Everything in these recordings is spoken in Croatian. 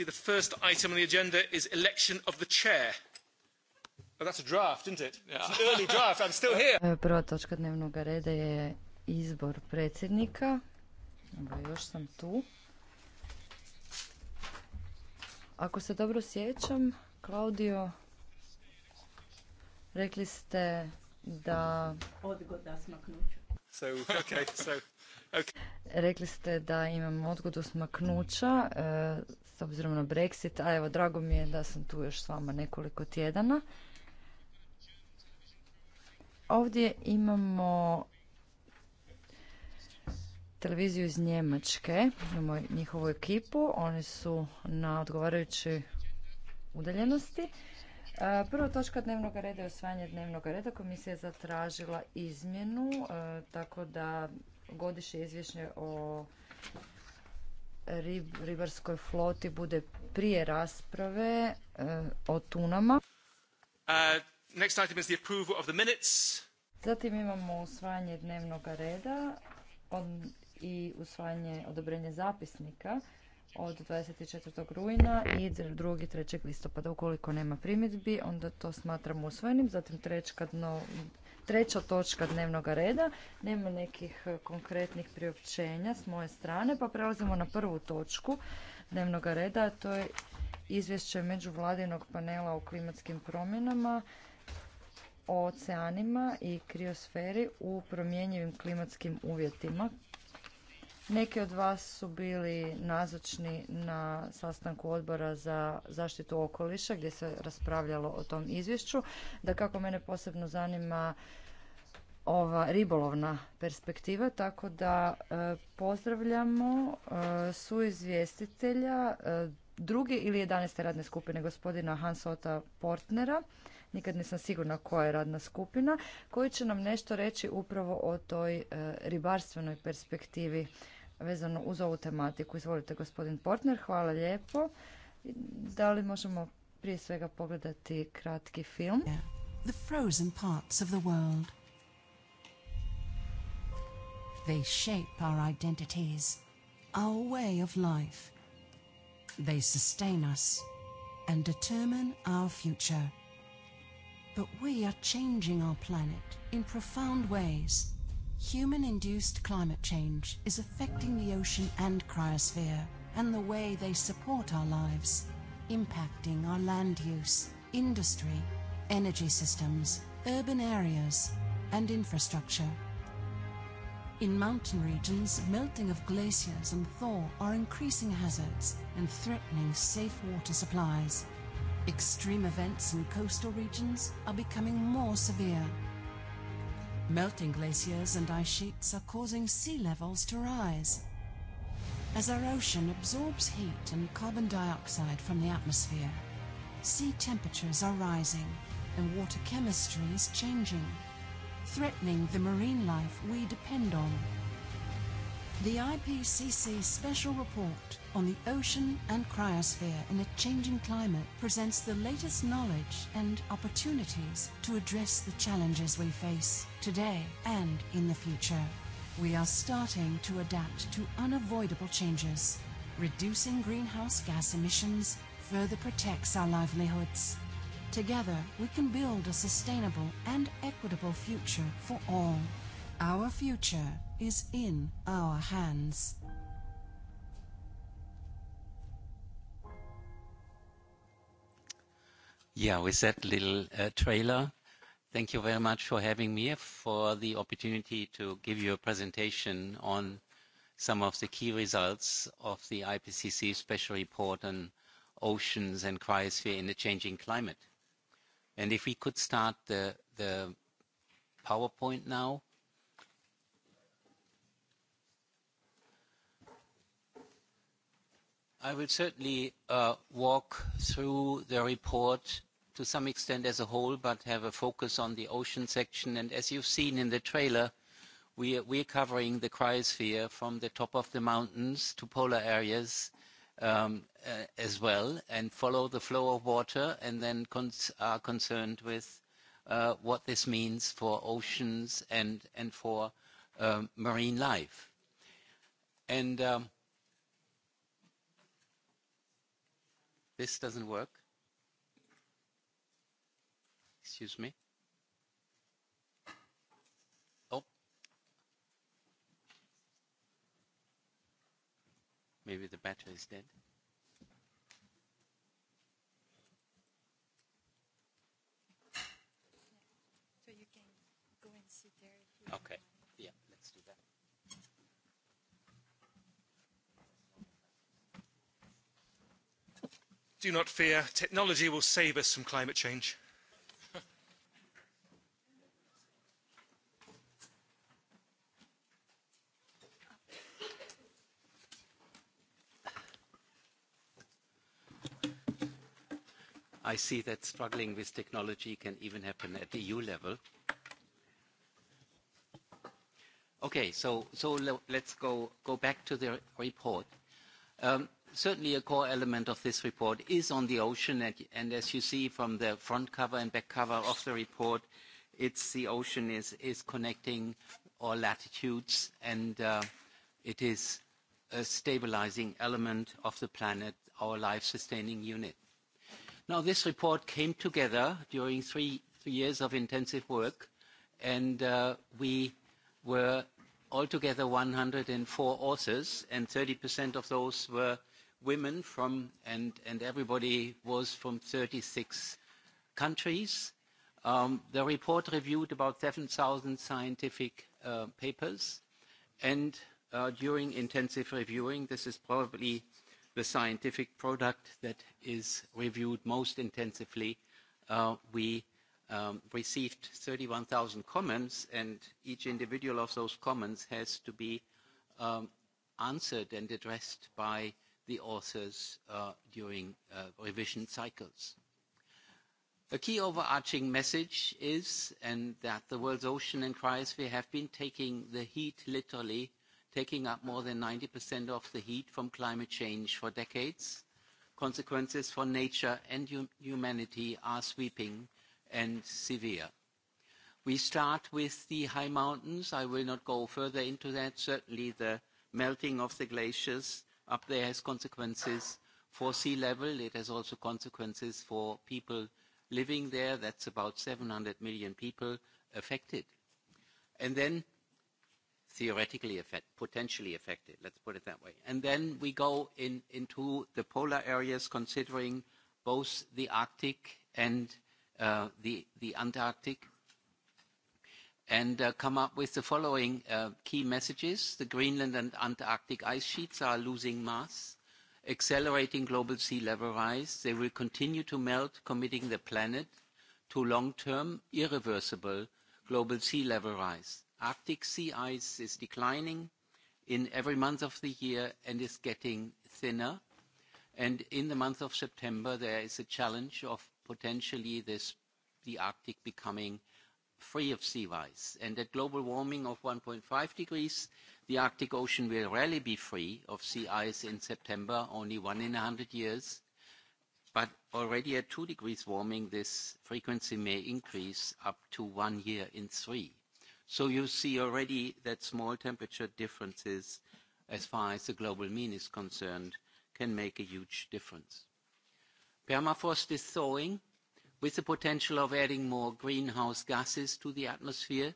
see the first item on the agenda is election of the chair. Oh, that's a draft, isn't it? Yeah. It's an early draft. I'm still here. Prva točka dnevnog reda je izbor predsjednika. Evo, još sam tu. Ako se dobro sjećam, Claudio, rekli ste da... Odgoda smaknuću. So, okay, so Rekli ste da imamo odgodu smaknuća e, s obzirom na Brexit, a evo drago mi je da sam tu još s vama nekoliko tjedana. Ovdje imamo televiziju iz Njemačke, imamo njihovu ekipu, oni su na odgovarajućoj udaljenosti. E, prva točka dnevnog reda je osvajanje dnevnog reda. Komisija je zatražila izmjenu, e, tako da godišnje izvješće o ribarskoj floti bude prije rasprave eh, o tunama. Uh, Zatim imamo usvajanje dnevnog reda i usvajanje odobrenje zapisnika od 24. rujna i 2. i 3. listopada. Ukoliko nema primjedbi, onda to smatramo usvojenim. Zatim trećka dno, treća točka dnevnog reda. Nema nekih e, konkretnih priopćenja s moje strane, pa prelazimo na prvu točku dnevnog reda, a to je izvješće međuvladinog panela o klimatskim promjenama, o oceanima i kriosferi u promjenjivim klimatskim uvjetima. Neki od vas su bili nazočni na sastanku odbora za zaštitu okoliša gdje se raspravljalo o tom izvješću. Da kako mene posebno zanima ova ribolovna perspektiva, tako da e, pozdravljamo e, su izvjestitelja e, druge ili 11. radne skupine gospodina Hansota Portnera, nikad nisam sigurna koja je radna skupina, koji će nam nešto reći upravo o toj ribarstvenoj perspektivi vezano uz ovu tematiku. Izvolite gospodin Portner, hvala lijepo. Da li možemo prije svega pogledati kratki film? The frozen parts of the world. They shape our identities, our way of life. They sustain us and determine our future. But we are changing our planet in profound ways. Human-induced climate change is affecting the ocean and cryosphere and the way they support our lives, impacting our land use, industry, energy systems, urban areas, and infrastructure. In mountain regions, melting of glaciers and thaw are increasing hazards and threatening safe water supplies. Extreme events in coastal regions are becoming more severe. Melting glaciers and ice sheets are causing sea levels to rise. As our ocean absorbs heat and carbon dioxide from the atmosphere, sea temperatures are rising and water chemistry is changing threatening the marine life we depend on. The IPCC Special Report on the Ocean and Cryosphere in a Changing Climate presents the latest knowledge and opportunities to address the challenges we face today and in the future. We are starting to adapt to unavoidable changes. Reducing greenhouse gas emissions further protects our livelihoods Together, we can build a sustainable and equitable future for all. Our future is in our hands. Yeah, with that little uh, trailer, thank you very much for having me, for the opportunity to give you a presentation on some of the key results of the IPCC special report on oceans and cryosphere in a changing climate. And if we could start the, the PowerPoint now. I will certainly uh, walk through the report to some extent as a whole, but have a focus on the ocean section. And as you've seen in the trailer, we are, we covering the cryosphere from the top of the mountains to polar areas um, uh, as well and follow the flow of water and then cons are concerned with uh, what this means for oceans and, and for um, marine life. And um, this doesn't work. Excuse me. Maybe the battery is dead. So you can go and sit there. If you okay. Yeah, let's do that. Do not fear. Technology will save us from climate change. I see that struggling with technology can even happen at the EU level. Okay, so, so let's go, go back to the report. Um, certainly a core element of this report is on the ocean, and, and as you see from the front cover and back cover of the report, it's the ocean is, is connecting all latitudes, and uh, it is a stabilizing element of the planet, our life-sustaining unit. Now, this report came together during three, years of intensive work, and uh, we were altogether 104 authors, and 30% of those were women from, and, and everybody was from 36 countries. Um, the report reviewed about 7,000 scientific uh, papers, and uh, during intensive reviewing, this is probably the scientific product that is reviewed most intensively. Uh, we um, received 31,000 comments, and each individual of those comments has to be um, answered and addressed by the authors uh, during uh, revision cycles. A key overarching message is and that the world's ocean and cryosphere have been taking the heat literally taking up more than 90% of the heat from climate change for decades. Consequences for nature and humanity are sweeping and severe. We start with the high mountains. I will not go further into that. Certainly, the melting of the glaciers up there has consequences for sea level. It has also consequences for people living there. That's about 700 million people affected. And then theoretically affect, potentially affected, let's put it that way. And then we go in, into the polar areas considering both the Arctic and uh, the, the Antarctic and uh, come up with the following uh, key messages. The Greenland and Antarctic ice sheets are losing mass, accelerating global sea level rise. They will continue to melt, committing the planet to long-term irreversible global sea level rise. Arctic sea ice is declining in every month of the year and is getting thinner. And in the month of September, there is a challenge of potentially this, the Arctic becoming free of sea ice. And at global warming of 1.5 degrees, the Arctic Ocean will rarely be free of sea ice in September, only one in a hundred years. But already at two degrees warming, this frequency may increase up to one year in three. So you see already that small temperature differences, as far as the global mean is concerned, can make a huge difference. Permafrost is thawing with the potential of adding more greenhouse gases to the atmosphere,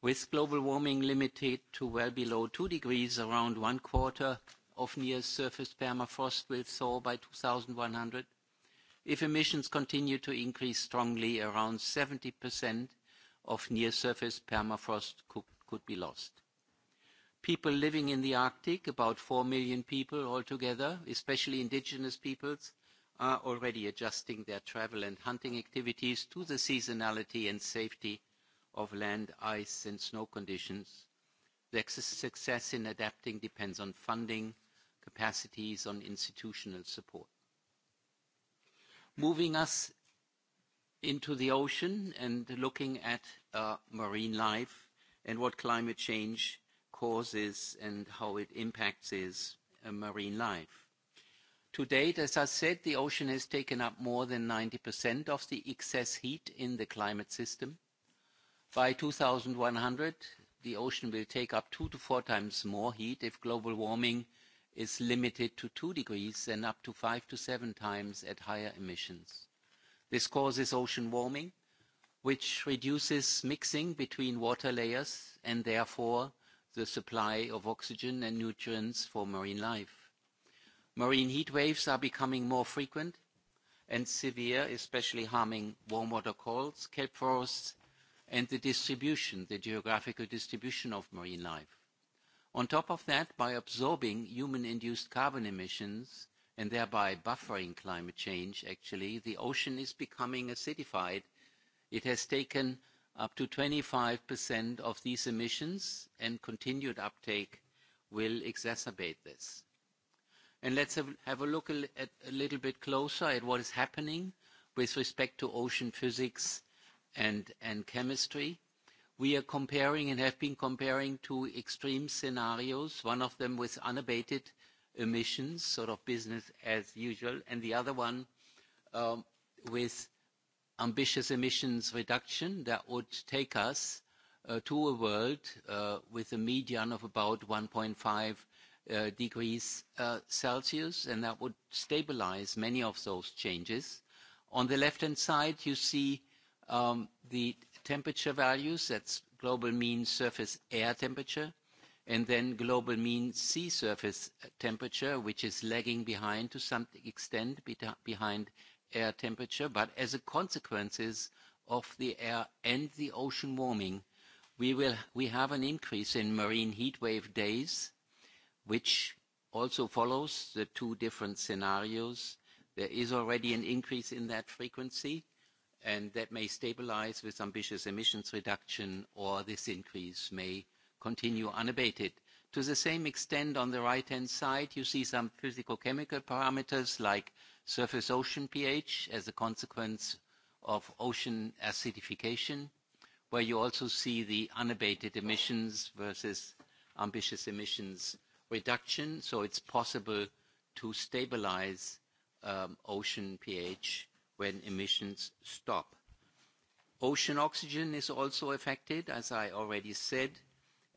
with global warming limited to well below 2 degrees, around one quarter of near surface permafrost will thaw by 2100. If emissions continue to increase strongly, around 70% of near-surface permafrost could, could be lost. People living in the Arctic, about 4 million people altogether, especially indigenous peoples, are already adjusting their travel and hunting activities to the seasonality and safety of land, ice, and snow conditions. The success in adapting depends on funding, capacities, on institutional support. Moving us into the ocean and looking at uh, marine life and what climate change causes and how it impacts is uh, marine life. To date, as I said, the ocean has taken up more than 90% of the excess heat in the climate system. By 2100, the ocean will take up two to four times more heat if global warming is limited to two degrees and up to five to seven times at higher emissions. This causes ocean warming, which reduces mixing between water layers and therefore the supply of oxygen and nutrients for marine life. Marine heat waves are becoming more frequent and severe, especially harming warm water corals, kelp forests, and the distribution, the geographical distribution of marine life. On top of that, by absorbing human-induced carbon emissions, and thereby buffering climate change, actually, the ocean is becoming acidified. It has taken up to 25% of these emissions, and continued uptake will exacerbate this. And let's have, a look a, at a little bit closer at what is happening with respect to ocean physics and, and chemistry. We are comparing and have been comparing two extreme scenarios, one of them with unabated emissions, sort of business as usual, and the other one um, with ambitious emissions reduction that would take us uh, to a world uh, with a median of about 1.5 uh, degrees Celsius, and that would stabilize many of those changes. On the left-hand side, you see um, the temperature values. That's global mean surface air temperature and then global mean sea surface uh, temperature, which is lagging behind to some extent behind air temperature. But as a consequences of the air and the ocean warming, we will we have an increase in marine heat wave days, which also follows the two different scenarios. There is already an increase in that frequency, and that may stabilize with ambitious emissions reduction, or this increase may continue unabated. To the same extent, on the right-hand side, you see some physicochemical parameters like surface ocean pH as a consequence of ocean acidification, where you also see the unabated emissions versus ambitious emissions reduction. So it's possible to stabilize um, ocean pH when emissions stop. Ocean oxygen is also affected, as I already said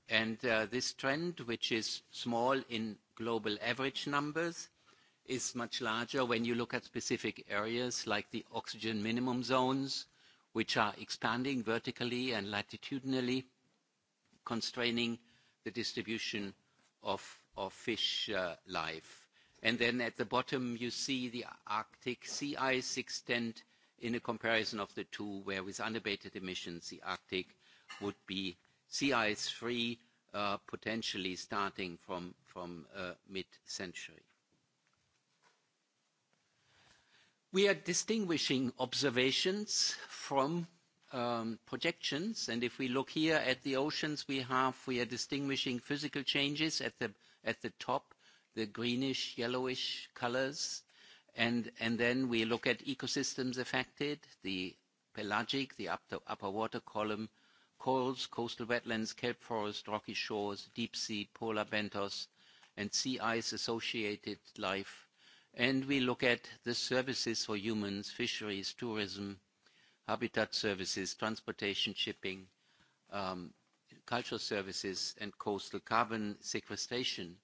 And uh, this trend, which is small in global average numbers, is much larger when you look at specific areas like the oxygen minimum zones, which are expanding vertically and latitudinally, constraining the distribution of, of fish uh, life. And then at the bottom, you see the Arctic sea ice extent in a comparison of the two, where with unabated emissions, the Arctic would be CIS3 uh, potentially starting from, uh, mid-century. We are distinguishing observations from um, projections, and if we look here at the oceans we have, we are distinguishing physical changes at the, at the top, the greenish, yellowish colors, and, and then we look at ecosystems affected, the pelagic, the upper water column, coals, coastal wetlands, kelp forests, rocky shores, deep sea, polar bentos, and sea ice associated life. And we look at the services for humans, fisheries, tourism, habitat services, transportation, shipping, um, cultural services, and coastal carbon sequestration.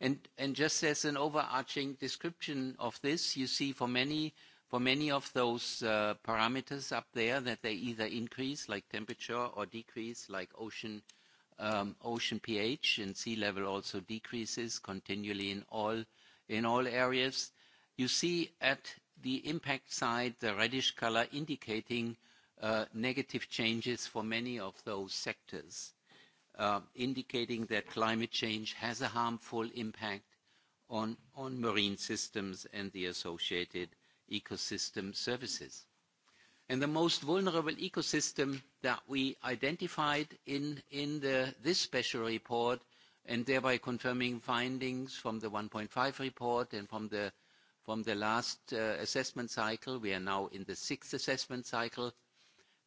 And, and just as an overarching description of this, you see for many For many of those uh, parameters up there that they either increase like temperature or decrease like ocean, um, ocean pH and sea level also decreases continually in all, in all areas. You see at the impact side the reddish color indicating uh, negative changes for many of those sectors, uh, indicating that climate change has a harmful impact on, on marine systems and the associated ecosystem services. And the most vulnerable ecosystem that we identified in, in the, this special report, and thereby confirming findings from the 1.5 report and from the, from the last uh, assessment cycle, we are now in the sixth assessment cycle,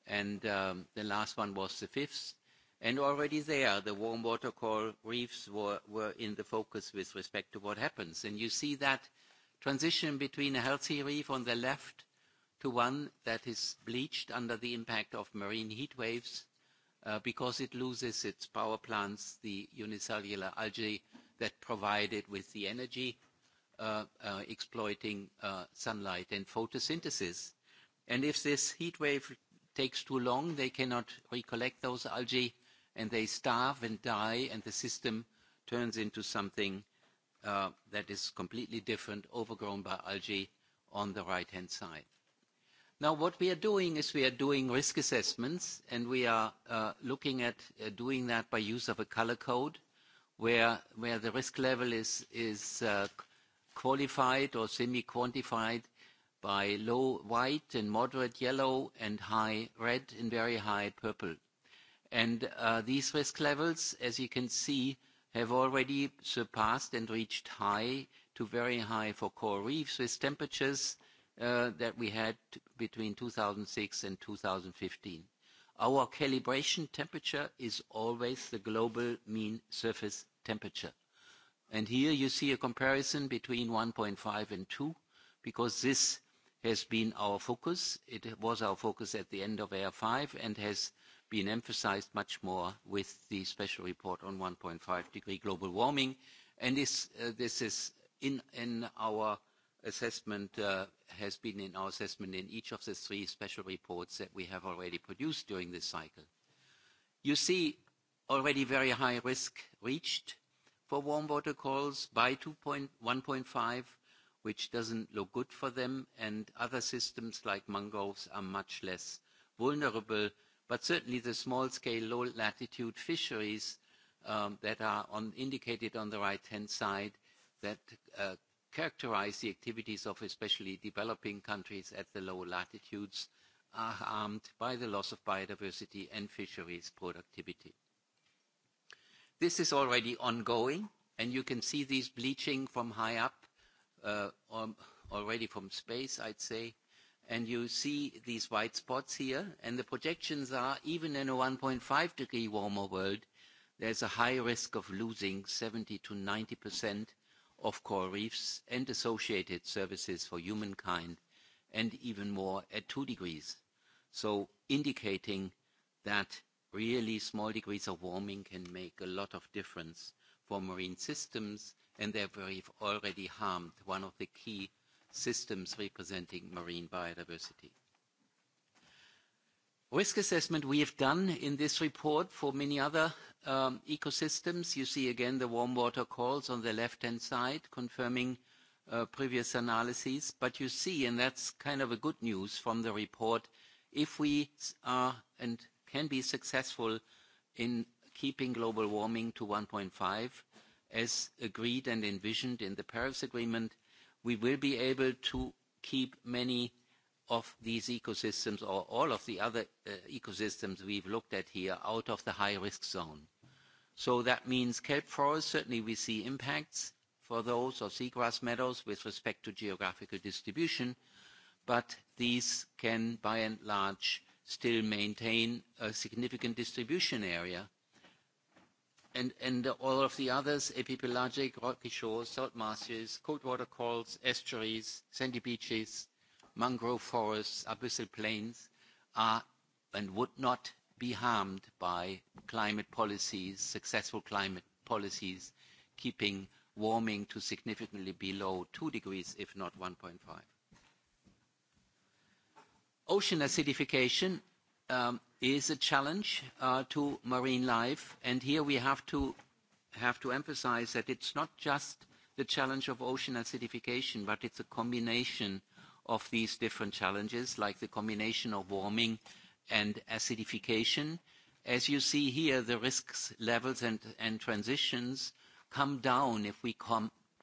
and um, the last one was the fifth. And already there, the warm water coral reefs were, were in the focus with respect to what happens. And you see that transition between a healthy reef on the left to one that is bleached under the impact of marine heat waves uh, because it loses its power plants, the unicellular algae that provide it with the energy, uh, uh, exploiting sunlight and photosynthesis. And if this heat wave takes too long, they cannot recollect those algae, and they starve and die, and the system turns into something uh, that is completely different, overgrown by algae on the right-hand side. Now, what we are doing is we are doing risk assessments, and we are uh, looking at uh, doing that by use of a color code, where the risk level is uh, qualified or semi-quantified by low white and moderate yellow and high red and very high purple. And These risk levels, as you can see, have already surpassed and reached high to very high for coral reefs with temperatures uh, that we had between 2006 and 2015. Our calibration temperature is always the global mean surface temperature. And here you see a comparison between 1.5 and 2, because this has been our focus. It was our focus at the end of AR5 and has been emphasized much more with the special report on 1.5 degree global warming. And this, uh, this is in, in our assessment, uh, has been in our assessment in each of the three special reports that we have already produced during this cycle. You see already very high risk reached for warm water corals by 2.1.5, which doesn't look good for them, and other systems like mangroves are much less vulnerable but certainly the small-scale, low-latitude fisheries um, that are on, indicated on the right-hand side that uh, characterize the activities of especially developing countries at the low latitudes are harmed by the loss of biodiversity and fisheries productivity. This is already ongoing, and you can see these bleaching from high up, uh, um, already from space, I'd say, and you see these white spots here, and the projections are even in a 1.5 degree warmer world, there's a high risk of losing 70 to 90% of coral reefs and associated services for humankind, and even more at 2 degrees. So indicating that really small degrees of warming can make a lot of difference for marine systems, and they've already harmed one of the key systems representing marine biodiversity. Risk assessment we have done in this report for many other um, ecosystems. You see again the warm water calls on the left-hand side confirming uh, previous analyses. But you see, and that's kind of a good news from the report, if we are and can be successful in keeping global warming to 1.5 as agreed and envisioned in the Paris Agreement, we will be able to keep many of these ecosystems or all of the other uh, ecosystems we've looked at here out of the high-risk zone. So that means kelp forests, certainly we see impacts for those or seagrass meadows with respect to geographical distribution, but these can, by and large, still maintain a significant distribution area and, and all of the others, epipelagic, rocky shores, salt marshes, cold water corals, estuaries, sandy beaches, mangrove forests, abyssal plains are and would not be harmed by climate policies, successful climate policies, keeping warming to significantly below 2 degrees, if not 1.5. Ocean acidification Um, is a challenge uh, to marine life. And here we have to, have to emphasize that it's not just the challenge of ocean acidification, but it's a combination of these different challenges, like the combination of warming and acidification. As you see here, the risks levels and, and transitions come down if we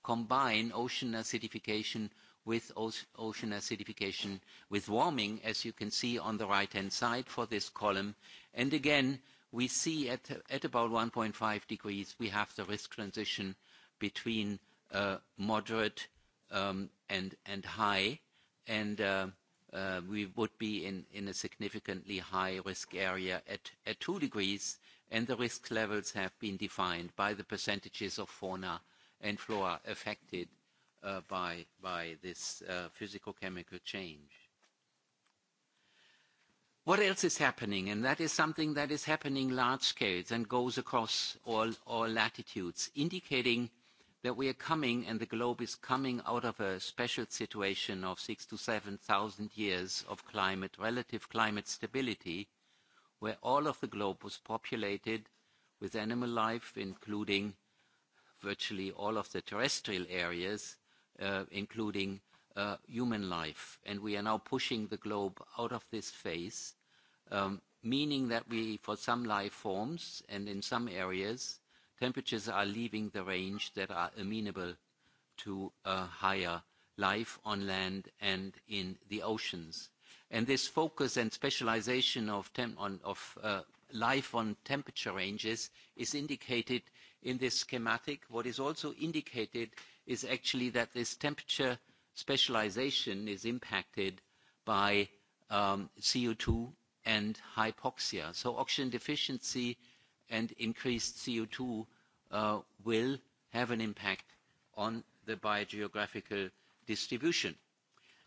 combine ocean acidification with ocean acidification, with warming, as you can see on the right-hand side for this column. And again, we see at, at about 1.5 degrees, we have the risk transition between uh, moderate um, and, and high, and uh, uh, we would be in, in a significantly high risk area at, at 2 degrees, and the risk levels have been defined by the percentages of fauna and flora affected uh, by, by this uh, physical chemical change. What else is happening? And that is something that is happening large scales and goes across all, all latitudes, indicating that we are coming and the globe is coming out of a special situation of six to seven thousand years of climate, relative climate stability, where all of the globe was populated with animal life, including virtually all of the terrestrial areas, Uh, including uh, human life. And we are now pushing the globe out of this phase, um, meaning that we, for some life forms and in some areas, temperatures are leaving the range that are amenable to higher life on land and in the oceans. And this focus and specialization of, temp on, of uh, life on temperature ranges is indicated in this schematic. What is also indicated is actually that this temperature specialization is impacted by um, CO2 and hypoxia. So oxygen deficiency and increased CO2 uh, will have an impact on the biogeographical distribution.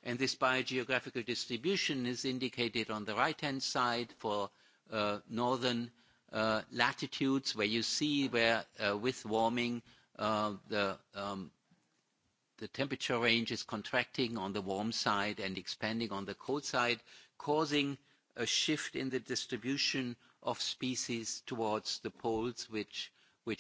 And this biogeographical distribution is indicated on the right-hand side for uh, northern uh, latitudes, where you see where with warming the um, the temperature range is contracting on the warm side and expanding on the cold side, causing a shift in the distribution of species towards the poles, which,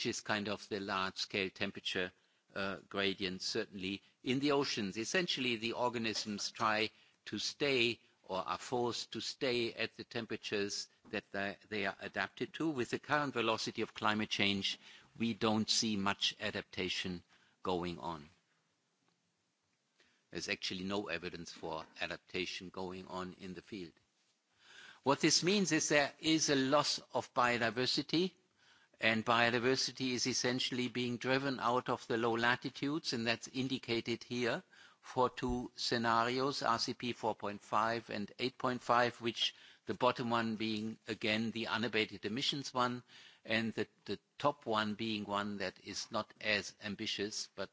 is kind of the large-scale temperature uh, gradient, certainly in the oceans. Essentially, the organisms try to stay or are forced to stay at the temperatures that they are adapted to. With the current velocity of climate change, we don't see much adaptation going on. There's actually no evidence for adaptation going on in the field. What this means is there is a loss of biodiversity, and biodiversity is essentially being driven out of the low latitudes, and that's indicated here for two scenarios, RCP 4.5 and 8.5, which the bottom one being, again, the unabated emissions one, and the, the top one being one that is not as ambitious, but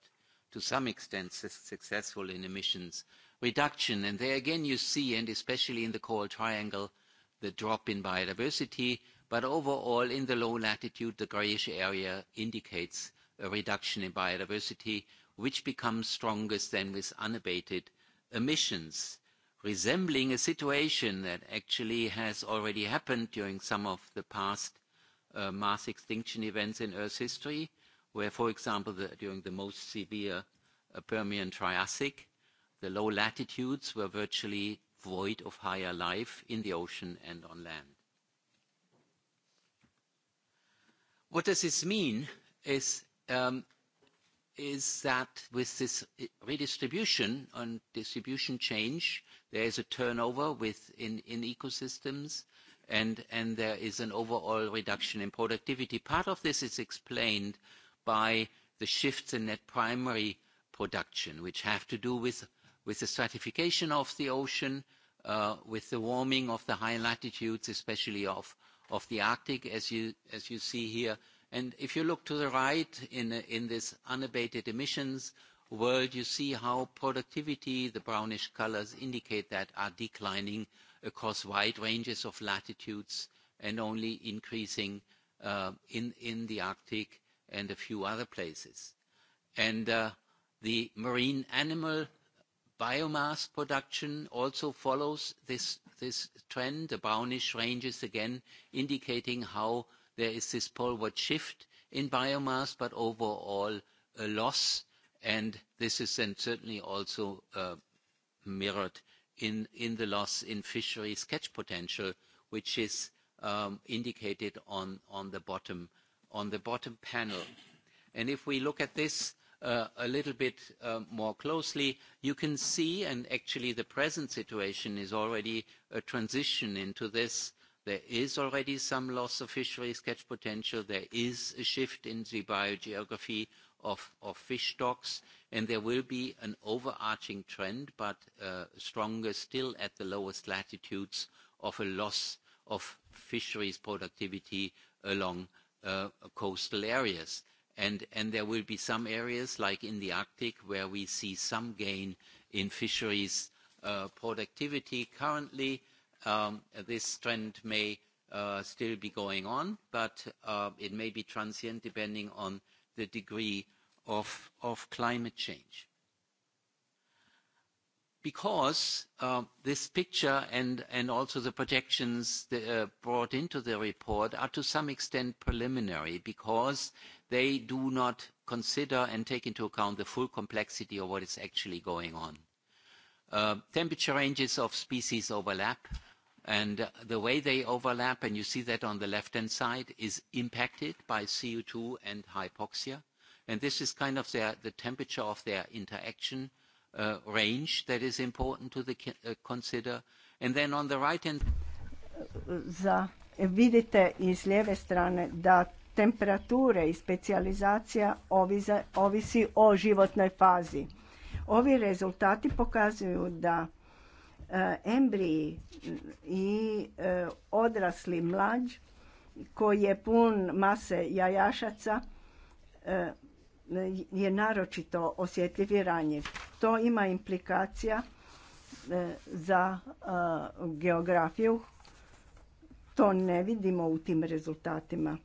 to some extent successful in emissions reduction. And there again you see, and especially in the Coral Triangle, the drop in biodiversity, but overall in the low latitude, the grayish area indicates a reduction in biodiversity, which becomes strongest then with unabated emissions, resembling a situation that actually has already happened during some of the past uh, mass extinction events in Earth's history, where, for example, during the most severe uh, Permian Triassic, the low latitudes were virtually void of higher life in the ocean and on land. What does this mean is, um, is that with this redistribution and distribution change, there is a turnover within in ecosystems and, and there is an overall reduction in productivity. Part of this is explained by the shifts in net primary production, which have to do with, the stratification of the ocean, uh, with the warming of the high latitudes, especially of, the Arctic, as you, see here. And if you look to the right in, this unabated emissions world, you see how productivity, the brownish colors indicate that, are declining across wide ranges of latitudes and only increasing uh, in the Arctic and a few other places. And uh, the marine animal biomass production also follows this, this trend. The brownish ranges again indicating how there is this poleward shift in biomass, but overall a loss. And this is then certainly also uh, mirrored in, in the loss in fisheries catch potential, which is um, indicated on, on the bottom on the bottom panel. And if we look at this uh, a little bit uh, more closely, you can see, and actually the present situation is already a transition into this. There is already some loss of fisheries catch potential. There is a shift in the biogeography of, of fish stocks, and there will be an overarching trend, but uh, stronger still at the lowest latitudes of a loss of fisheries productivity along Uh, coastal areas. And, and there will be some areas, like in the Arctic, where we see some gain in fisheries uh, productivity. Currently, um, this trend may uh, still be going on, but uh, it may be transient depending on the degree of, of climate change because uh, this picture and, and also the projections uh, brought into the report are to some extent preliminary because they do not consider and take into account the full complexity of what is actually going on. Uh, temperature ranges of species overlap, and the way they overlap, and you see that on the left-hand side, is impacted by CO2 and hypoxia. And this is kind of the temperature of their interaction Uh, range that is important to uh, consider. then on the right hand... vidite i s lijeve strane da temperature i specijalizacija ovisi o životnoj fazi. Ovi rezultati pokazuju da uh, embriji i odrasli mlađ koji je pun mase jajašaca Eh, je naročito osjetljiv i ranjiv. To ima implikacija eh, za eh, geografiju. To ne vidimo u tim rezultatima.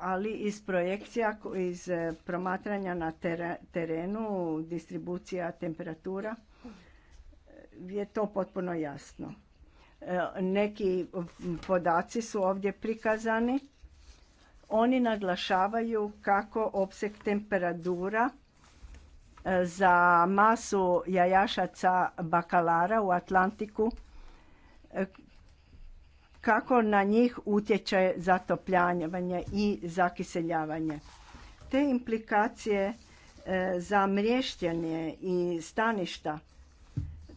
Ali iz projekcija, iz promatranja na terenu, distribucija temperatura, je to potpuno jasno. Neki podaci su ovdje prikazani oni naglašavaju kako opseg temperatura e, za masu jajašaca bakalara u Atlantiku e, kako na njih utječe zatopljavanje i zakiseljavanje. Te implikacije e, za mriještenje i staništa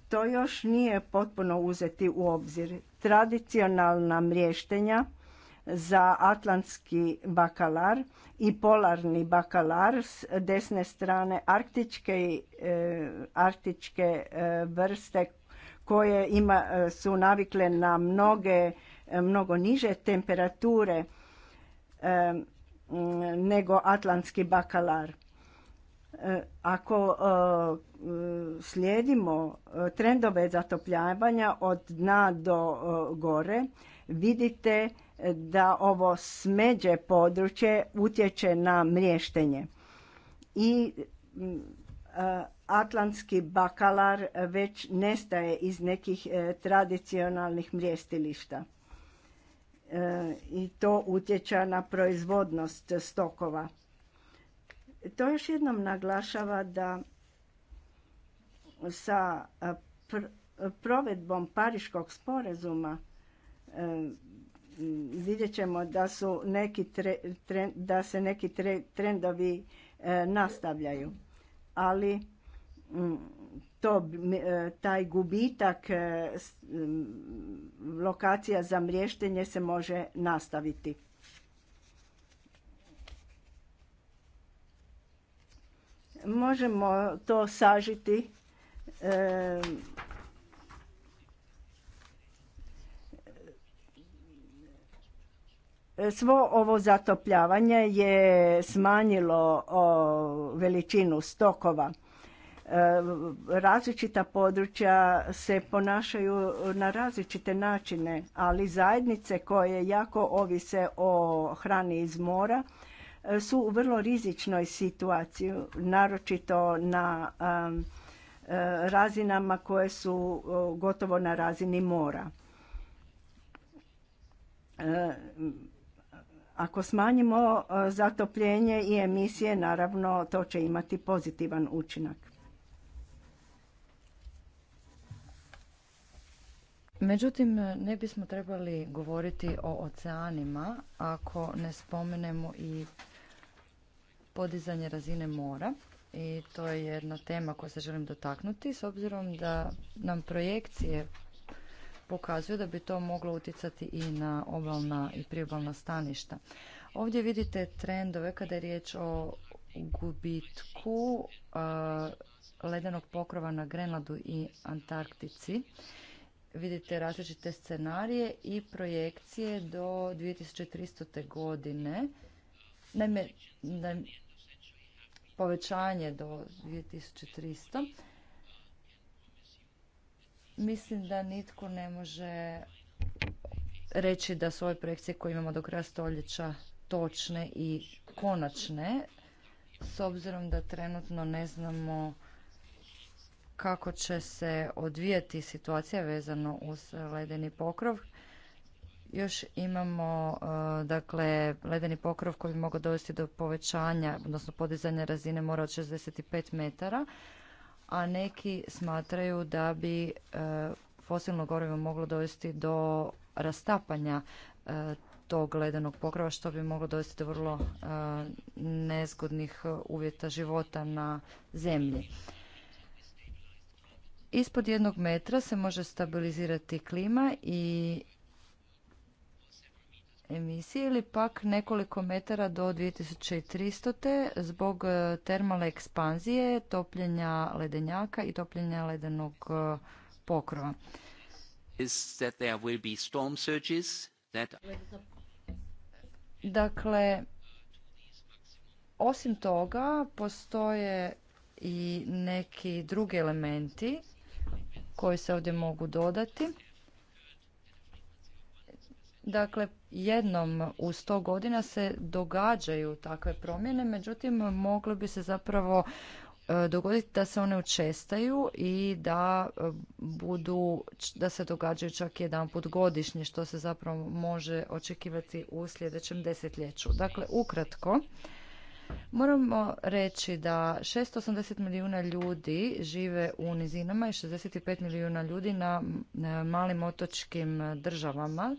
to još nije potpuno uzeti u obzir. Tradicionalna mriještenja za atlantski bakalar i polarni bakalar s desne strane arktičke, e, arktičke e, vrste koje ima, e, su navikle na mnoge, mnogo niže temperature nego atlantski bakalar. Ako slijedimo trendove zatopljavanja od dna do gore, vidite da ovo smeđe područje utječe na mriještenje. I mm, atlantski bakalar već nestaje iz nekih e, tradicionalnih mrijestilišta. E, I to utječe na proizvodnost stokova. To još jednom naglašava da sa e, provedbom Pariškog sporazuma vidjet ćemo da, su neki da se neki trendovi e, nastavljaju. Ali mm, to, e, taj gubitak e, lokacija za mriještenje se može nastaviti. Možemo to sažiti E, svo ovo zatopljavanje je smanjilo veličinu stokova. E, različita područja se ponašaju na različite načine, ali zajednice koje jako ovise o hrani iz mora e, su u vrlo rizičnoj situaciji, naročito na razinama koje su gotovo na razini mora ako smanjimo e, zatopljenje i emisije, naravno to će imati pozitivan učinak. Međutim, ne bismo trebali govoriti o oceanima ako ne spomenemo i podizanje razine mora i to je jedna tema koju se želim dotaknuti s obzirom da nam projekcije pokazuju da bi to moglo utjecati i na obalna i priobalna staništa. Ovdje vidite trendove kada je riječ o gubitku ledenog pokrova na Grenladu i Antarktici. Vidite različite scenarije i projekcije do 2300. godine. Naime, povećanje do 2300. Mislim da nitko ne može reći da su ove projekcije koje imamo do kraja stoljeća točne i konačne, s obzirom da trenutno ne znamo kako će se odvijati situacija vezano uz ledeni pokrov. Još imamo e, dakle ledeni pokrov koji bi mogao dovesti do povećanja, odnosno podizanja razine mora od 65 metara a neki smatraju da bi e, fosilno gorivo moglo dovesti do rastapanja e, tog ledenog pokrova što bi moglo dovesti do vrlo e, nezgodnih uvjeta života na zemlji. Ispod jednog metra se može stabilizirati klima i emisije ili pak nekoliko metara do 2300 te zbog e, termalne ekspanzije, topljenja ledenjaka i topljenja ledenog e, pokrova. Dakle, osim toga postoje i neki drugi elementi koji se ovdje mogu dodati. Dakle, jednom u sto godina se događaju takve promjene, međutim, moglo bi se zapravo e, dogoditi da se one učestaju i da e, budu, da se događaju čak jedan put godišnje, što se zapravo može očekivati u sljedećem desetljeću. Dakle, ukratko, Moramo reći da 680 milijuna ljudi žive u nizinama i 65 milijuna ljudi na malim otočkim državama.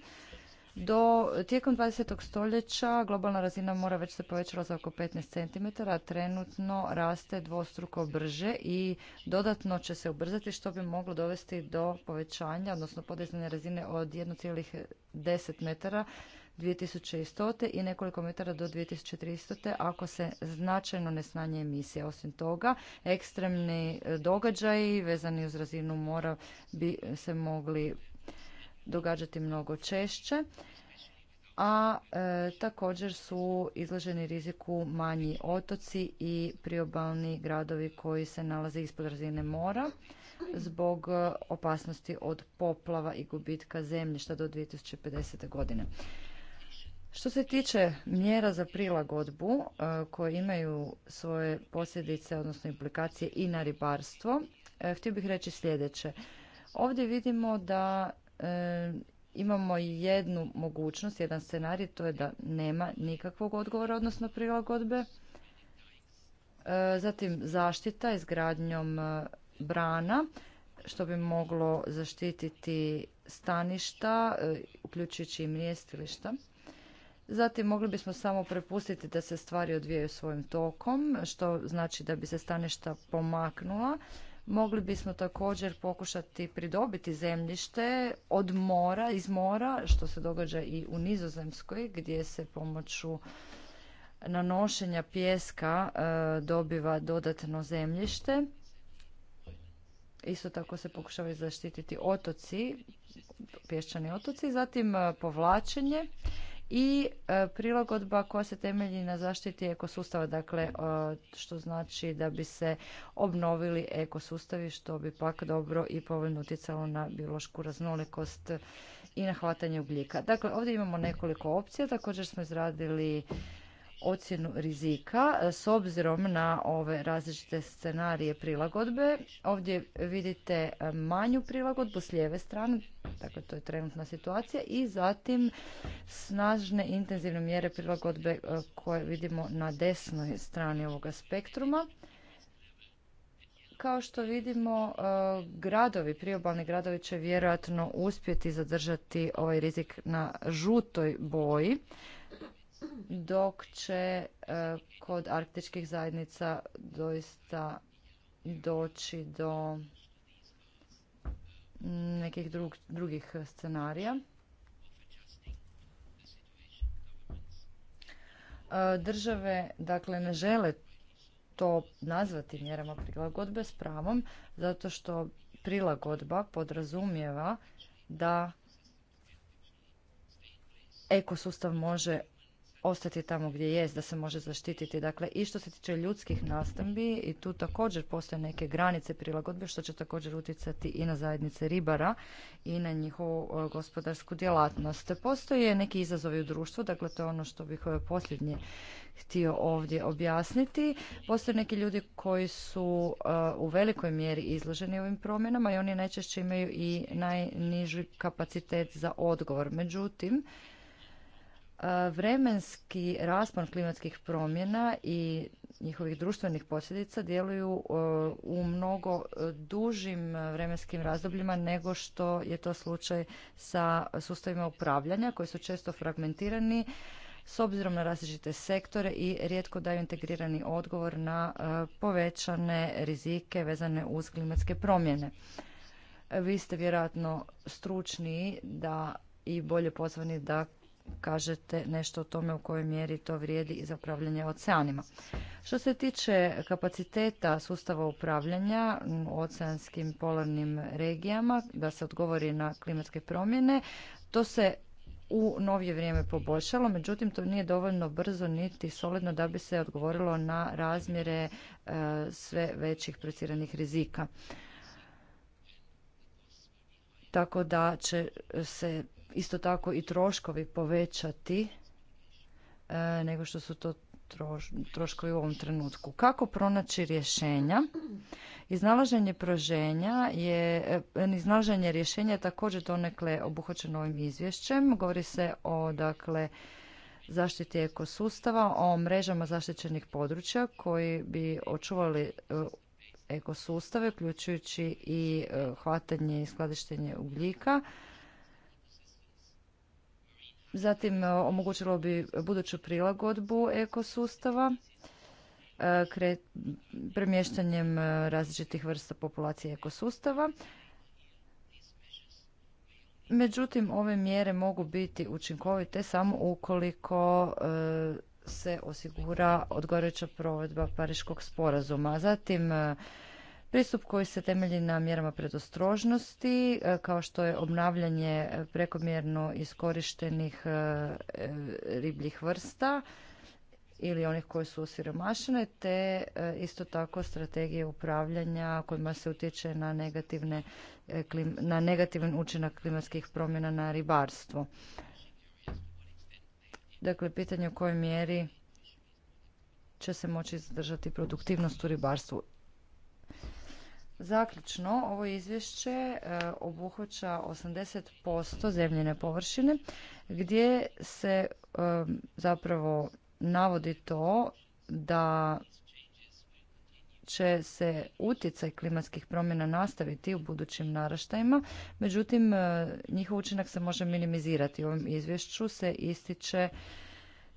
Do tijekom 20. stoljeća globalna razina mora već se povećala za oko 15 cm, a trenutno raste dvostruko brže i dodatno će se ubrzati što bi moglo dovesti do povećanja, odnosno podizanja razine od 1,10 metara 2100. i nekoliko metara do 2300. ako se značajno ne snanje emisije. Osim toga, ekstremni događaji vezani uz razinu mora bi se mogli događati mnogo češće a e, također su izloženi riziku manji otoci i priobalni gradovi koji se nalaze ispod razine mora zbog e, opasnosti od poplava i gubitka zemljišta do 2050. godine. Što se tiče mjera za prilagodbu e, koje imaju svoje posljedice, odnosno implikacije i na ribarstvo, htio bih reći sljedeće. Ovdje vidimo da E, imamo jednu mogućnost, jedan scenarij, to je da nema nikakvog odgovora, odnosno prilagodbe. E, zatim zaštita izgradnjom e, brana, što bi moglo zaštititi staništa, uključujući i mjestilišta. Zatim mogli bismo samo prepustiti da se stvari odvijaju svojim tokom, što znači da bi se staništa pomaknula Mogli bismo također pokušati pridobiti zemljište od mora, iz mora, što se događa i u Nizozemskoj, gdje se pomoću nanošenja pjeska e, dobiva dodatno zemljište. Isto tako se pokušavaju zaštititi otoci, pješčani otoci, zatim e, povlačenje i e, prilagodba koja se temelji na zaštiti ekosustava, dakle e, što znači da bi se obnovili ekosustavi što bi pak dobro i povoljno utjecalo na biološku raznolikost i na hvatanje ugljika. Dakle, ovdje imamo nekoliko opcija, također smo izradili ocjenu rizika e, s obzirom na ove različite scenarije prilagodbe. Ovdje vidite e, manju prilagodbu s lijeve strane, dakle to je trenutna situacija i zatim snažne intenzivne mjere prilagodbe e, koje vidimo na desnoj strani ovoga spektruma. Kao što vidimo, gradovi, priobalni gradovi će vjerojatno uspjeti zadržati ovaj rizik na žutoj boji dok će e, kod arktičkih zajednica doista doći do nekih drugih scenarija. E, države dakle ne žele to nazvati mjerama prilagodbe s pravom zato što prilagodba podrazumijeva da ekosustav može ostati tamo gdje jest, da se može zaštititi. Dakle, i što se tiče ljudskih nastambi, i tu također postoje neke granice prilagodbe, što će također utjecati i na zajednice ribara i na njihovu e, gospodarsku djelatnost. Postoje neki izazovi u društvu, dakle, to je ono što bih e, posljednje htio ovdje objasniti. Postoje neki ljudi koji su e, u velikoj mjeri izloženi ovim promjenama i oni najčešće imaju i najniži kapacitet za odgovor. Međutim, vremenski raspon klimatskih promjena i njihovih društvenih posljedica djeluju u mnogo e, dužim vremenskim razdobljima nego što je to slučaj sa sustavima upravljanja koji su često fragmentirani s obzirom na različite sektore i rijetko daju integrirani odgovor na e, povećane rizike vezane uz klimatske promjene. E, vi ste vjerojatno stručniji da i bolje pozvani da kažete nešto o tome u kojoj mjeri to vrijedi i za upravljanje oceanima. Što se tiče kapaciteta sustava upravljanja u oceanskim polarnim regijama, da se odgovori na klimatske promjene, to se u novije vrijeme poboljšalo, međutim to nije dovoljno brzo niti solidno da bi se odgovorilo na razmjere e, sve većih preciranih rizika. Tako da će se isto tako i troškovi povećati e, nego što su to troškovi u ovom trenutku. Kako pronaći rješenja? Iznalaženje proženja je, e, iznalaženje rješenja je također donekle obuhvaćeno ovim izvješćem. Govori se o dakle zaštiti ekosustava, o mrežama zaštićenih područja koji bi očuvali e, ekosustave, uključujući i hvatanje i skladištenje ugljika, Zatim e, omogućilo bi buduću prilagodbu ekosustava e, kre, premještanjem e, različitih vrsta populacije ekosustava. Međutim, ove mjere mogu biti učinkovite samo ukoliko se osigura odgovarajuća provedba Pariškog sporazuma. Zatim, Pristup koji se temelji na mjerama predostrožnosti, e, kao što je obnavljanje e, prekomjerno iskorištenih e, ribljih vrsta ili onih koji su osiromašene, te isto tako strategije upravljanja kojima se utječe na, negativne, na negativan učinak klimatskih promjena na ribarstvo. Dakle, pitanje u kojoj mjeri će se moći zadržati produktivnost u ribarstvu. Zaključno, ovo izvješće e, obuhvaća 80% zemljene površine gdje se e, zapravo navodi to da će se utjecaj klimatskih promjena nastaviti u budućim naraštajima, međutim e, njihov učinak se može minimizirati. U ovom izvješću se ističe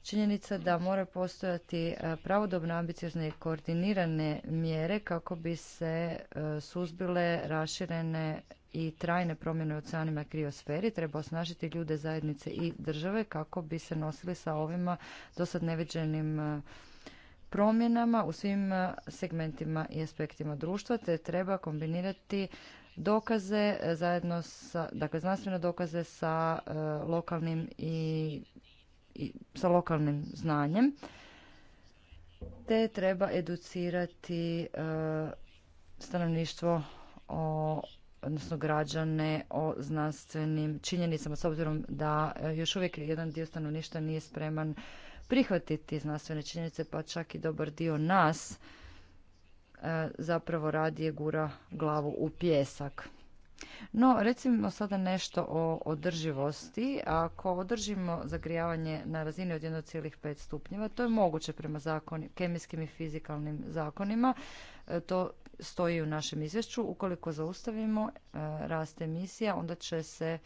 činjenica da mora postojati e, pravodobno ambiciozne i koordinirane mjere kako bi se e, suzbile raširene i trajne promjene u oceanima i kriosferi. Treba osnažiti ljude, zajednice i države kako bi se nosili sa ovima dosad neviđenim e, promjenama u svim segmentima i aspektima društva, te treba kombinirati dokaze zajedno sa, dakle znanstvene dokaze sa lokalnim i sa lokalnim znanjem, te treba educirati e, stanovništvo o odnosno građane o znanstvenim činjenicama s obzirom da e, još uvijek jedan dio stanovništva nije spreman prihvatiti znanstvene činjenice pa čak i dobar dio nas e, zapravo radije gura glavu u pjesak. No, recimo sada nešto o održivosti. Ako održimo zagrijavanje na razini od 1,5 stupnjeva, to je moguće prema zakoni, kemijskim i fizikalnim zakonima. E, to stoji u našem izvješću. Ukoliko zaustavimo e, rast emisija, onda će se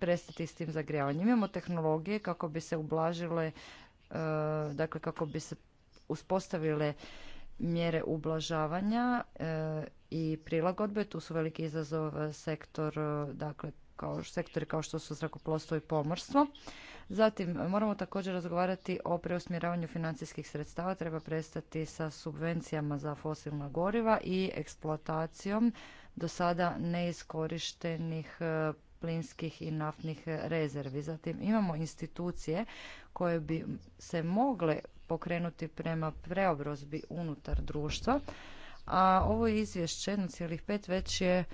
prestati s tim zagrijavanjem. Imamo tehnologije kako bi se ublažile, e, dakle kako bi se uspostavile mjere ublažavanja i prilagodbe. Tu su veliki izazov e, sektor, e, dakle, kao, sektori kao što su zrakoplovstvo i pomorstvo. Zatim, moramo također razgovarati o preusmjeravanju financijskih sredstava. Treba prestati sa subvencijama za fosilna goriva i eksploatacijom do sada neiskorištenih e, plinskih i naftnih rezervi. Zatim imamo institucije koje bi se mogle pokrenuti prema preobrozbi unutar društva a ovo izvješće 1,5 već je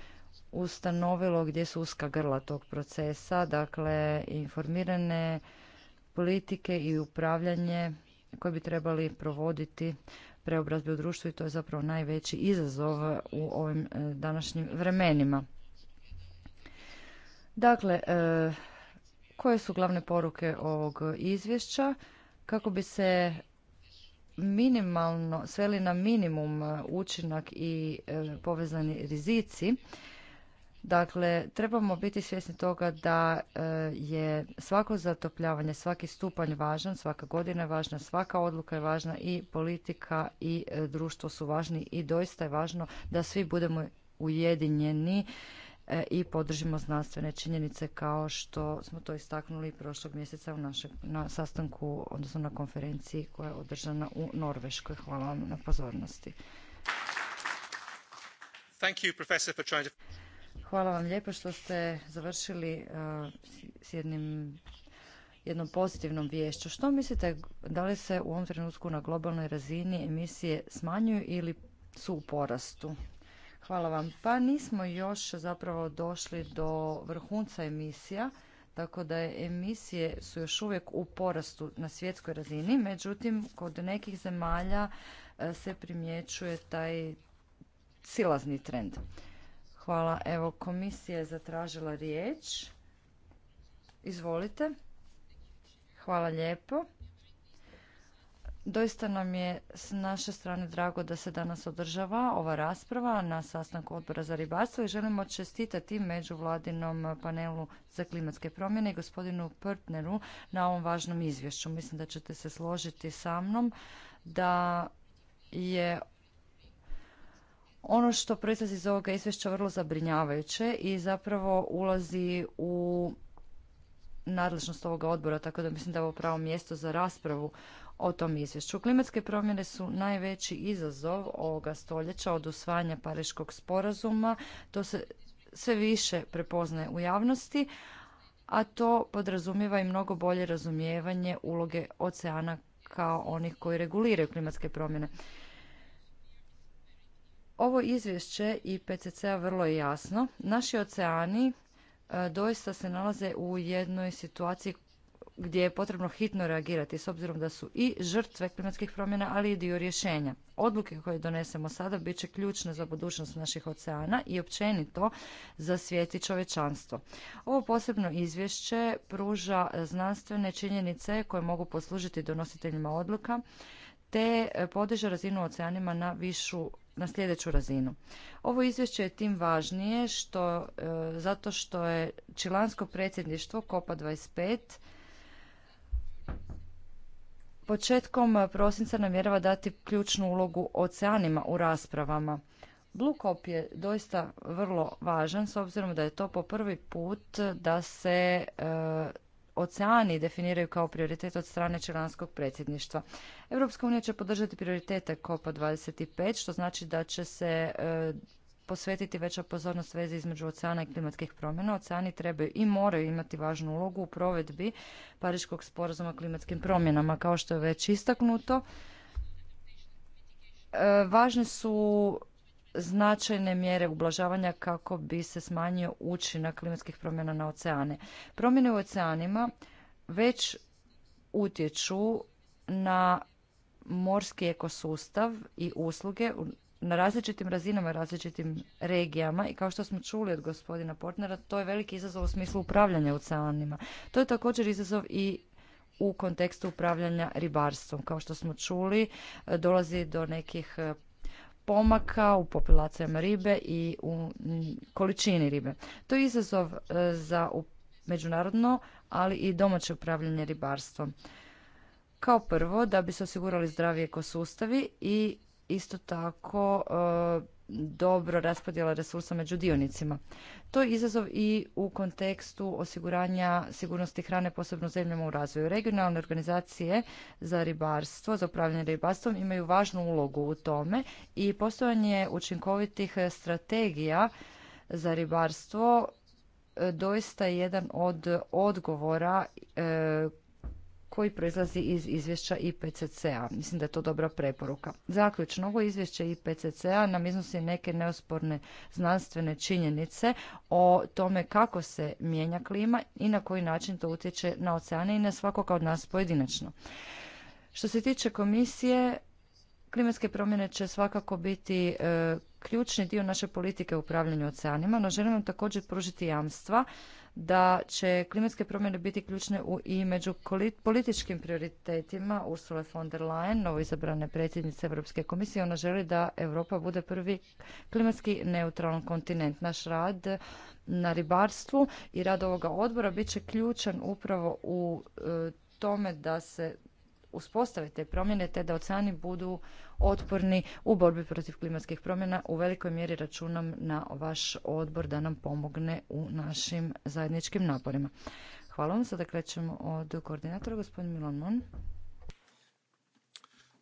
ustanovilo gdje su uska grla tog procesa, dakle informirane politike i upravljanje koje bi trebali provoditi preobrazbe u društvu i to je zapravo najveći izazov u ovim e, današnjim vremenima. Dakle, e, koje su glavne poruke ovog izvješća? Kako bi se minimalno, sveli na minimum e, učinak i e, povezani rizici, Dakle, trebamo biti svjesni toga da e, je svako zatopljavanje, svaki stupanj važan, svaka godina je važna, svaka odluka je važna i politika i društvo su važni i doista je važno da svi budemo ujedinjeni E, i podržimo znanstvene činjenice kao što smo to istaknuli prošlog mjeseca u našem, na sastanku, odnosno na konferenciji koja je održana u Norveškoj. Hvala vam na pozornosti. Hvala vam lijepo što ste završili e, s jednim jednom pozitivnom viješću. Što mislite, da li se u ovom trenutku na globalnoj razini emisije smanjuju ili su u porastu? Hvala vam. Pa nismo još zapravo došli do vrhunca emisija, tako da emisije su još uvijek u porastu na svjetskoj razini, međutim kod nekih zemalja e, se primjećuje taj silazni trend. Hvala. Evo, komisija je zatražila riječ. Izvolite. Hvala lijepo. Doista nam je s naše strane drago da se danas održava ova rasprava na sastanku odbora za ribarstvo i želimo čestitati vladinom panelu za klimatske promjene i gospodinu Prtneru na ovom važnom izvješću. Mislim da ćete se složiti sa mnom da je ono što proizlazi iz ovoga izvješća vrlo zabrinjavajuće i zapravo ulazi u nadležnost ovoga odbora, tako da mislim da je ovo pravo mjesto za raspravu o tom izvješću. Klimatske promjene su najveći izazov ovoga stoljeća od usvajanja Pariškog sporazuma. To se sve više prepoznaje u javnosti, a to podrazumijeva i mnogo bolje razumijevanje uloge oceana kao onih koji reguliraju klimatske promjene. Ovo izvješće IPCC-a vrlo je jasno. Naši oceani e, doista se nalaze u jednoj situaciji gdje je potrebno hitno reagirati s obzirom da su i žrtve klimatskih promjena, ali i dio rješenja. Odluke koje donesemo sada bit će ključne za budućnost naših oceana i općenito za svijet i čovečanstvo. Ovo posebno izvješće pruža znanstvene činjenice koje mogu poslužiti donositeljima odluka te podiže razinu oceanima na višu na sljedeću razinu. Ovo izvješće je tim važnije što, e, zato što je čilansko predsjedništvo COPA 25 Početkom prosinca namjerava dati ključnu ulogu oceanima u raspravama. Blue je doista vrlo važan s obzirom da je to po prvi put da se e, oceani definiraju kao prioritet od strane čelanskog predsjedništva. Europska unija će podržati prioritete COP25, što znači da će se e, posvetiti veća pozornost vezi između oceana i klimatskih promjena. Oceani trebaju i moraju imati važnu ulogu u provedbi Pariškog sporazuma o klimatskim promjenama, kao što je već istaknuto. E, važne su značajne mjere ublažavanja kako bi se smanjio učinak klimatskih promjena na oceane. Promjene u oceanima već utječu na morski ekosustav i usluge na različitim razinama i različitim regijama i kao što smo čuli od gospodina Portnera, to je veliki izazov u smislu upravljanja oceanima. To je također izazov i u kontekstu upravljanja ribarstvom. Kao što smo čuli, e, dolazi do nekih e, pomaka u populacijama ribe i u količini ribe. To je izazov e, za međunarodno, ali i domaće upravljanje ribarstvom. Kao prvo, da bi se osigurali zdravi ekosustavi i isto tako e, dobro raspodjela resursa među dionicima. To je izazov i u kontekstu osiguranja sigurnosti hrane posebno u zemljama u razvoju. Regionalne organizacije za ribarstvo, za upravljanje ribarstvom imaju važnu ulogu u tome i postojanje učinkovitih strategija za ribarstvo e, doista je jedan od odgovora e, koji proizlazi iz izvješća IPCC-a. Mislim da je to dobra preporuka. Zaključno, ovo izvješće IPCC-a nam iznosi neke neosporne znanstvene činjenice o tome kako se mijenja klima i na koji način to utječe na oceane i na svakoga od nas pojedinačno. Što se tiče komisije, klimatske promjene će svakako biti e, ključni dio naše politike u upravljanju oceanima, no želim vam također pružiti jamstva da će klimatske promjene biti ključne u, i među političkim prioritetima Ursula von der Leyen, novoizabrane predsjednice Europske komisije. Ona želi da Europa bude prvi klimatski neutralan kontinent. Naš rad na ribarstvu i rad ovoga odbora bit će ključan upravo u e, tome da se uspostave te promjene te da oceani budu otporni u borbi protiv klimatskih promjena u velikoj mjeri računam na vaš odbor da nam pomogne u našim zajedničkim naporima. Hvala vam. Sada krećemo od koordinatora, gospodin Milan Mon.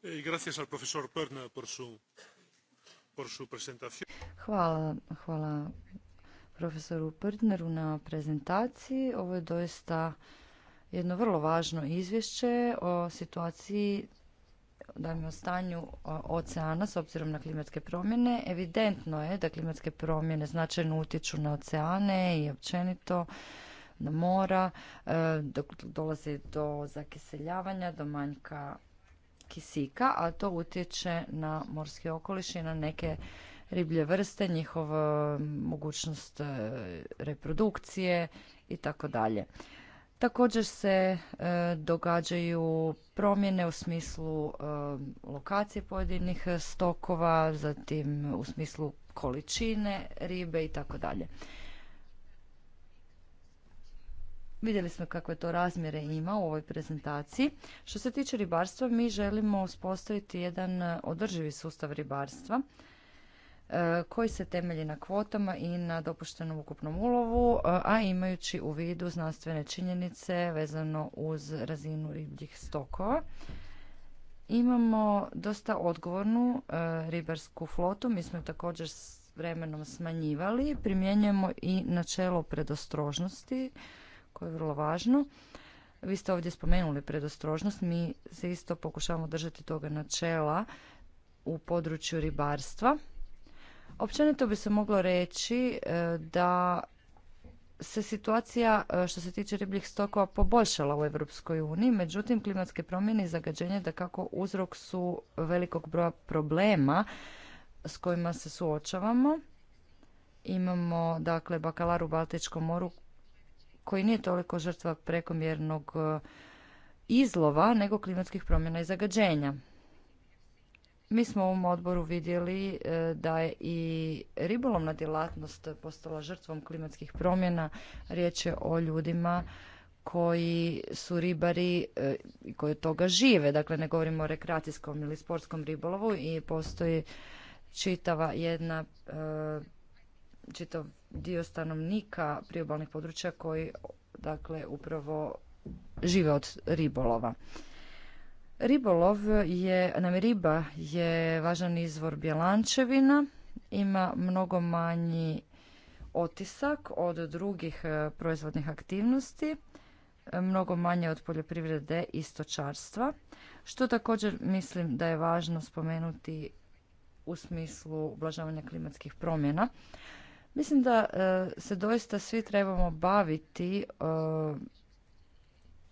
Eh, hvala, hvala profesoru Prdneru na prezentaciji. Ovo je doista jedno vrlo važno izvješće o situaciji da o stanju oceana s obzirom na klimatske promjene. Evidentno je da klimatske promjene značajno utječu na oceane i općenito na mora, e, dok dolazi do zakiseljavanja, do manjka kisika, a to utječe na morski okoliš i na neke riblje vrste, njihova e, mogućnost e, reprodukcije i tako dalje. Također se e, događaju promjene u smislu e, lokacije pojedinih stokova, zatim u smislu količine ribe i tako dalje. Vidjeli smo kakve to razmjere ima u ovoj prezentaciji. Što se tiče ribarstva, mi želimo uspostaviti jedan održivi sustav ribarstva E, koji se temelji na kvotama i na dopuštenom ukupnom ulovu, e, a imajući u vidu znanstvene činjenice vezano uz razinu ribljih stokova. Imamo dosta odgovornu e, ribarsku flotu, mi smo također s vremenom smanjivali, primjenjujemo i načelo predostrožnosti koje je vrlo važno. Vi ste ovdje spomenuli predostrožnost, mi se isto pokušavamo držati toga načela u području ribarstva Općenito bi se moglo reći e, da se situacija e, što se tiče ribljih stokova poboljšala u Europskoj uniji, međutim klimatske promjene i zagađenje da kako uzrok su velikog broja problema s kojima se suočavamo. Imamo dakle bakalar u Baltičkom moru koji nije toliko žrtva prekomjernog e, izlova nego klimatskih promjena i zagađenja. Mi smo u ovom odboru vidjeli e, da je i ribolovna djelatnost postala žrtvom klimatskih promjena. Riječ je o ljudima koji su ribari e, i koji od toga žive. Dakle, ne govorimo o rekreacijskom ili sportskom ribolovu i postoji čitava jedna e, čitav dio stanovnika priobalnih područja koji dakle upravo žive od ribolova. Ribolov je, nam riba je važan izvor bjelančevina, ima mnogo manji otisak od drugih e, proizvodnih aktivnosti, e, mnogo manje od poljoprivrede i stočarstva, što također mislim da je važno spomenuti u smislu ublažavanja klimatskih promjena. Mislim da e, se doista svi trebamo baviti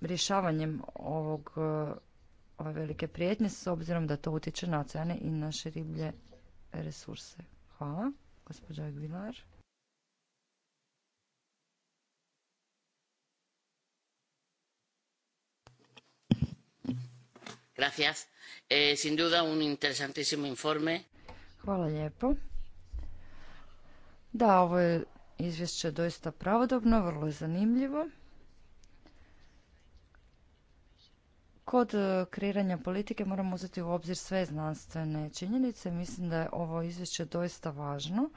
rješavanjem ovog ove velike prijetnje s obzirom da to utječe na oceane i naše riblje resurse. Hvala. Gospođa Aguilar. Gracias. Eh, sin duda un interesantísimo informe. Hvala lijepo. Da, ovo je izvješće doista pravodobno, vrlo je zanimljivo. Kod e, kreiranja politike moramo uzeti u obzir sve znanstvene činjenice. Mislim da je ovo izvješće doista važno.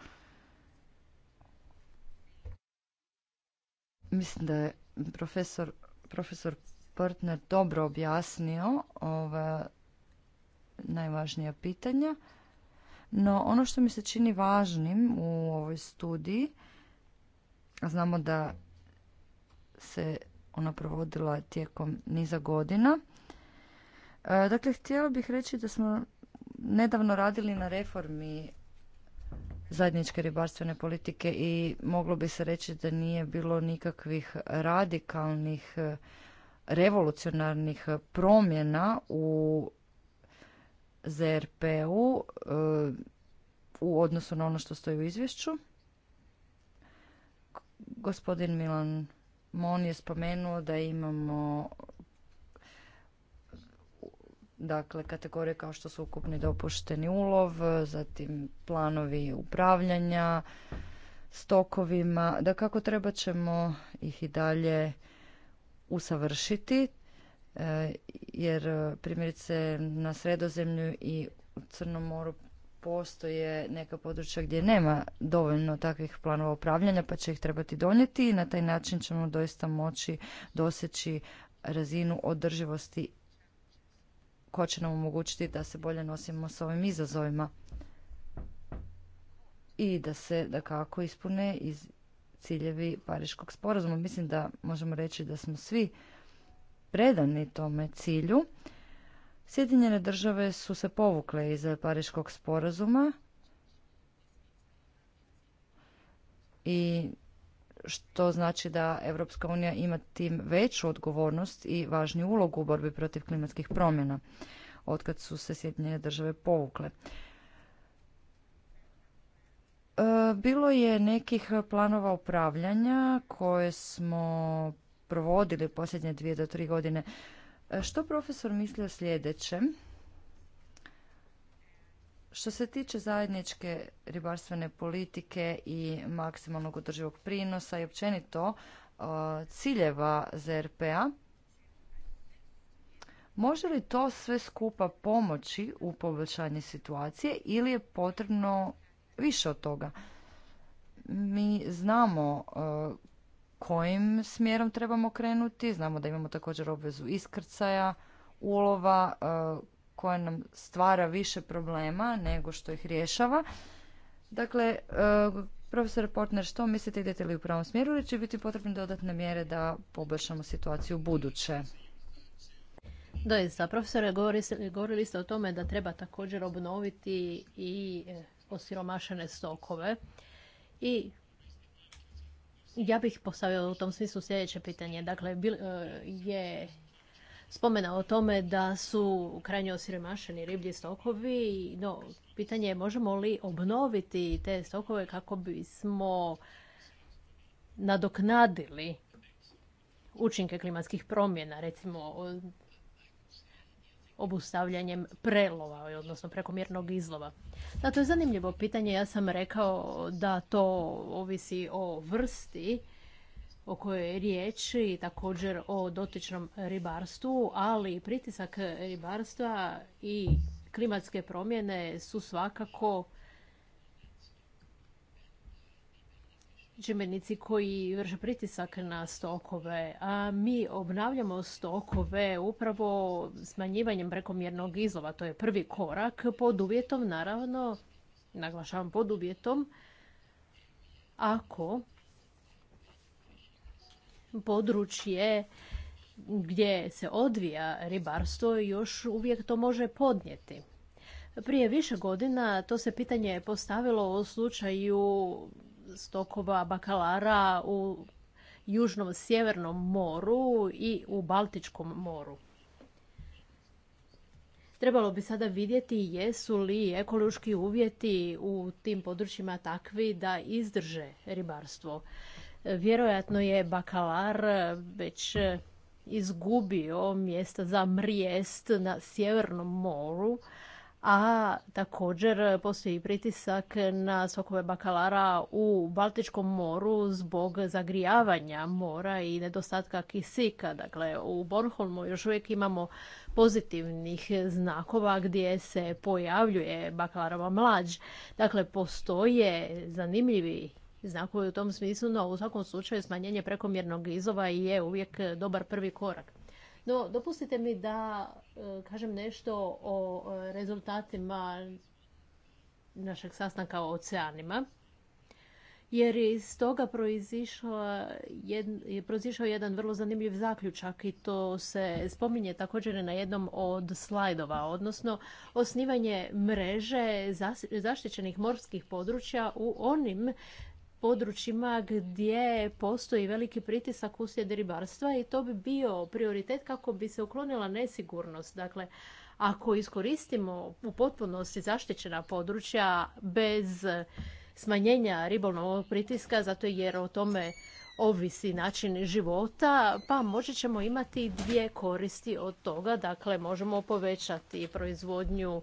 Mislim da je profesor, profesor Partner dobro objasnio ova najvažnija pitanja. No ono što mi se čini važnim u ovoj studiji, znamo da se ona provodila tijekom niza godina, E, dakle, htjela bih reći da smo nedavno radili na reformi zajedničke ribarstvene politike i moglo bi se reći da nije bilo nikakvih radikalnih e, revolucionarnih promjena u ZRP-u e, u odnosu na ono što stoji u izvješću. Gospodin Milan Mon je spomenuo da imamo dakle kategorije kao što su ukupni dopušteni ulov, zatim planovi upravljanja stokovima, da kako treba ćemo ih i dalje usavršiti, e, jer primjerice na Sredozemlju i u Crnom moru postoje neka područja gdje nema dovoljno takvih planova upravljanja pa će ih trebati donijeti i na taj način ćemo doista moći doseći razinu održivosti koja će nam omogućiti da se bolje nosimo s ovim izazovima i da se da kako ispune iz ciljevi Pariškog sporazuma. Mislim da možemo reći da smo svi predani tome cilju. Sjedinjene države su se povukle iz Pariškog sporazuma i što znači da Europska unija ima tim veću odgovornost i važniju ulogu u borbi protiv klimatskih promjena otkad su se Sjedinjene države povukle. E, bilo je nekih planova upravljanja koje smo provodili posljednje dvije do tri godine. E, što profesor misli o sljedećem? Što se tiče zajedničke ribarstvene politike i maksimalnog održivog prinosa i općenito uh, ciljeva ZRP-a, Može li to sve skupa pomoći u poboljšanju situacije ili je potrebno više od toga? Mi znamo uh, kojim smjerom trebamo krenuti, znamo da imamo također obvezu iskrcaja, ulova, uh, koja nam stvara više problema nego što ih rješava. Dakle, e, profesor Portner, što mislite, idete li u pravom smjeru ili će biti potrebne dodatne mjere da poboljšamo situaciju u buduće? Doista, profesore, govorili ste o tome da treba također obnoviti i e, osiromašene stokove. I ja bih postavila u tom smislu sljedeće pitanje. Dakle, e, je spomena o tome da su krajnje osiromašeni riblji stokovi, no pitanje je možemo li obnoviti te stokove kako bismo nadoknadili učinke klimatskih promjena, recimo obustavljanjem prelova, odnosno prekomjernog izlova. Da, to je zanimljivo pitanje. Ja sam rekao da to ovisi o vrsti o kojoj je riječ i također o dotičnom ribarstvu, ali pritisak ribarstva i klimatske promjene su svakako čimbenici koji vrše pritisak na stokove, a mi obnavljamo stokove upravo smanjivanjem prekomjernog izlova. To je prvi korak pod uvjetom, naravno, naglašavam pod uvjetom, ako područje gdje se odvija ribarstvo još uvijek to može podnijeti. Prije više godina to se pitanje postavilo u slučaju stokova bakalara u Južnom sjevernom moru i u Baltičkom moru. Trebalo bi sada vidjeti jesu li ekološki uvjeti u tim područjima takvi da izdrže ribarstvo. Vjerojatno je bakalar e, već e, izgubio mjesta za mrijest na Sjevernom moru, a također e, postoji pritisak na sokove bakalara u Baltičkom moru zbog zagrijavanja mora i nedostatka kisika. Dakle, u Bornholmu još uvijek imamo pozitivnih znakova gdje se pojavljuje bakalarova mlađ. Dakle, postoje zanimljivi znakuje u tom smislu, no u svakom slučaju smanjenje prekomjernog izova je uvijek e, dobar prvi korak. No, dopustite mi da e, kažem nešto o e, rezultatima našeg sastanka o oceanima jer je iz toga proizišao jedan vrlo zanimljiv zaključak i to se spominje također na jednom od slajdova, odnosno osnivanje mreže zaštićenih morskih područja u onim područjima gdje postoji veliki pritisak uslijed ribarstva i to bi bio prioritet kako bi se uklonila nesigurnost. Dakle, ako iskoristimo u potpunosti zaštićena područja bez smanjenja ribolovnog pritiska, zato jer o tome ovisi način života, pa možda ćemo imati dvije koristi od toga. Dakle, možemo povećati proizvodnju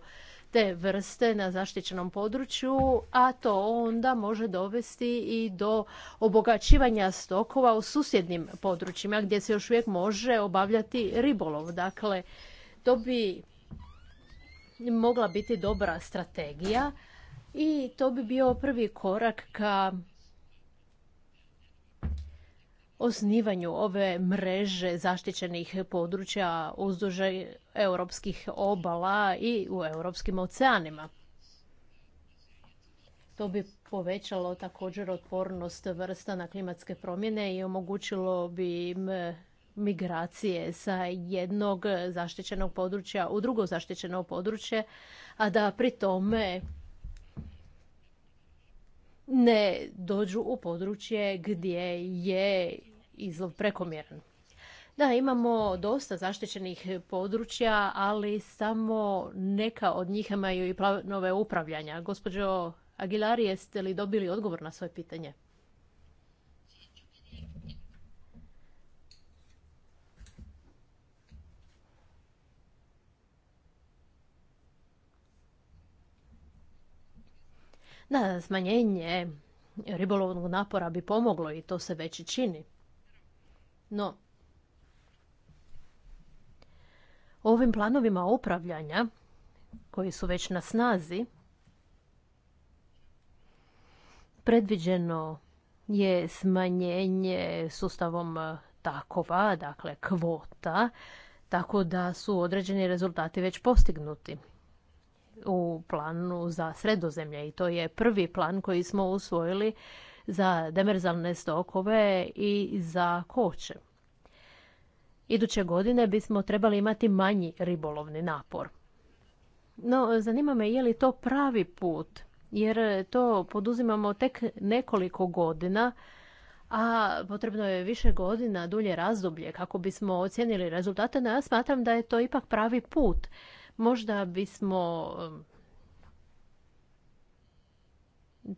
te vrste na zaštićenom području, a to onda može dovesti i do obogaćivanja stokova u susjednim područjima gdje se još uvijek može obavljati ribolov. Dakle, to bi mogla biti dobra strategija i to bi bio prvi korak ka osnivanju ove mreže zaštićenih područja uzduž europskih obala i u europskim oceanima. To bi povećalo također otpornost vrsta na klimatske promjene i omogućilo bi im migracije sa jednog zaštićenog područja u drugo zaštićeno područje, a da pri tome ne dođu u područje gdje je izlov prekomjeran. Da, imamo dosta zaštićenih područja, ali samo neka od njih imaju i planove upravljanja. Gospođo Aguilar, jeste li dobili odgovor na svoje pitanje? Da, smanjenje ribolovnog napora bi pomoglo i to se već i čini. No, ovim planovima upravljanja koji su već na snazi, predviđeno je smanjenje sustavom takova, dakle kvota, tako da su određeni rezultati već postignuti u planu za sredozemlje i to je prvi plan koji smo usvojili za demerzalne stokove i za koće. Iduće godine bismo trebali imati manji ribolovni napor. No, zanima me je li to pravi put, jer to poduzimamo tek nekoliko godina, a potrebno je više godina, dulje razdoblje kako bismo ocijenili rezultate, no ja smatram da je to ipak pravi put. Možda bismo um,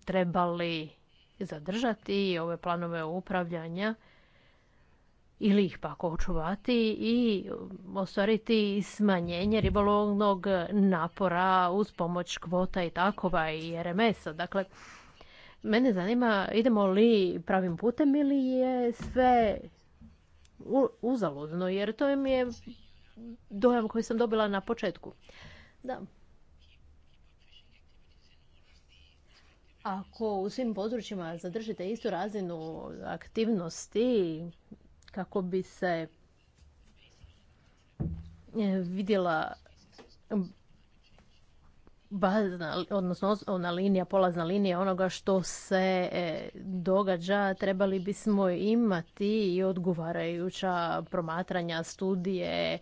trebali zadržati ove planove upravljanja ili ih pak očuvati i um, ostvariti smanjenje ribolovnog napora uz pomoć kvota i takova i RMS-a. Dakle, mene zanima idemo li pravim putem ili je sve uzaludno, jer to mi je dojam koji sam dobila na početku. Da. Ako u svim područjima zadržite istu razinu aktivnosti kako bi se e, vidjela bazna, odnosno osnovna linija, polazna linija onoga što se e, događa, trebali bismo imati i odgovarajuća promatranja, studije,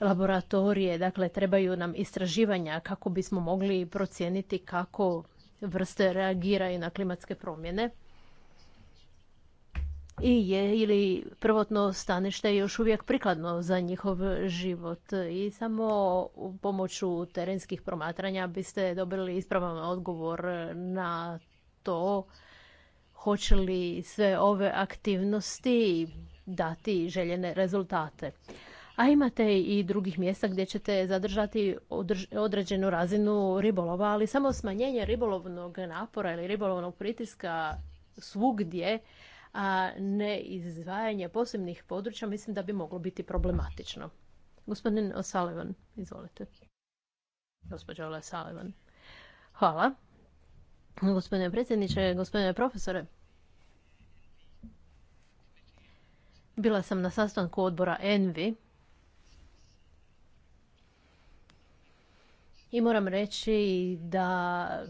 laboratorije, dakle trebaju nam istraživanja kako bismo mogli procijeniti kako vrste reagiraju na klimatske promjene. I je ili prvotno stanište još uvijek prikladno za njihov život i samo u pomoću terenskih promatranja biste dobili ispravan odgovor na to hoće li sve ove aktivnosti dati željene rezultate a imate i drugih mjesta gdje ćete zadržati određenu razinu ribolova, ali samo smanjenje ribolovnog napora ili ribolovnog pritiska svugdje, a ne izdvajanje posebnih područja, mislim da bi moglo biti problematično. Gospodin O'Sullivan, izvolite. Gospodin O'Sullivan. Hvala. Gospodine predsjedniče, gospodine profesore. Bila sam na sastanku odbora ENVI I moram reći da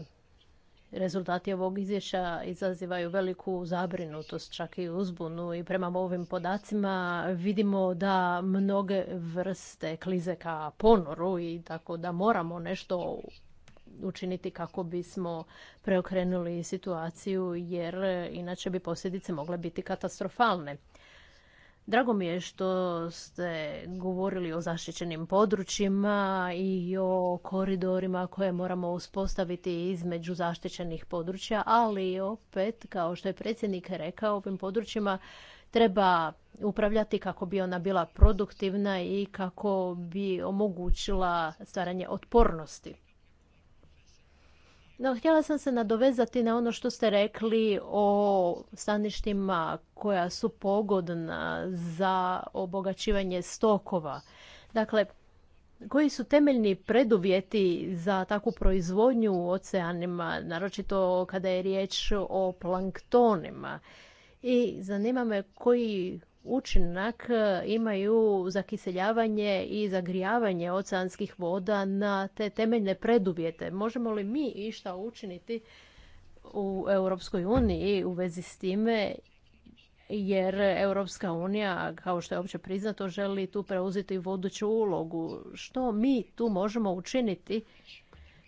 rezultati ovog izvješća izazivaju veliku zabrinutost, čak i uzbunu. I prema ovim podacima vidimo da mnoge vrste klize ka ponoru i tako da moramo nešto učiniti kako bismo preokrenuli situaciju jer inače bi posljedice mogle biti katastrofalne. Drago mi je što ste govorili o zaštićenim područjima i o koridorima koje moramo uspostaviti između zaštićenih područja, ali opet, kao što je predsjednik rekao, ovim područjima treba upravljati kako bi ona bila produktivna i kako bi omogućila stvaranje otpornosti. No, htjela sam se nadovezati na ono što ste rekli o staništima koja su pogodna za obogaćivanje stokova. Dakle, koji su temeljni preduvjeti za takvu proizvodnju u oceanima, naročito kada je riječ o planktonima? I zanima me koji učinak e, imaju zakiseljavanje i zagrijavanje oceanskih voda na te temeljne preduvjete. Možemo li mi išta učiniti u Europskoj uniji u vezi s time jer Europska unija, kao što je opće priznato, želi tu preuzeti voduću ulogu. Što mi tu možemo učiniti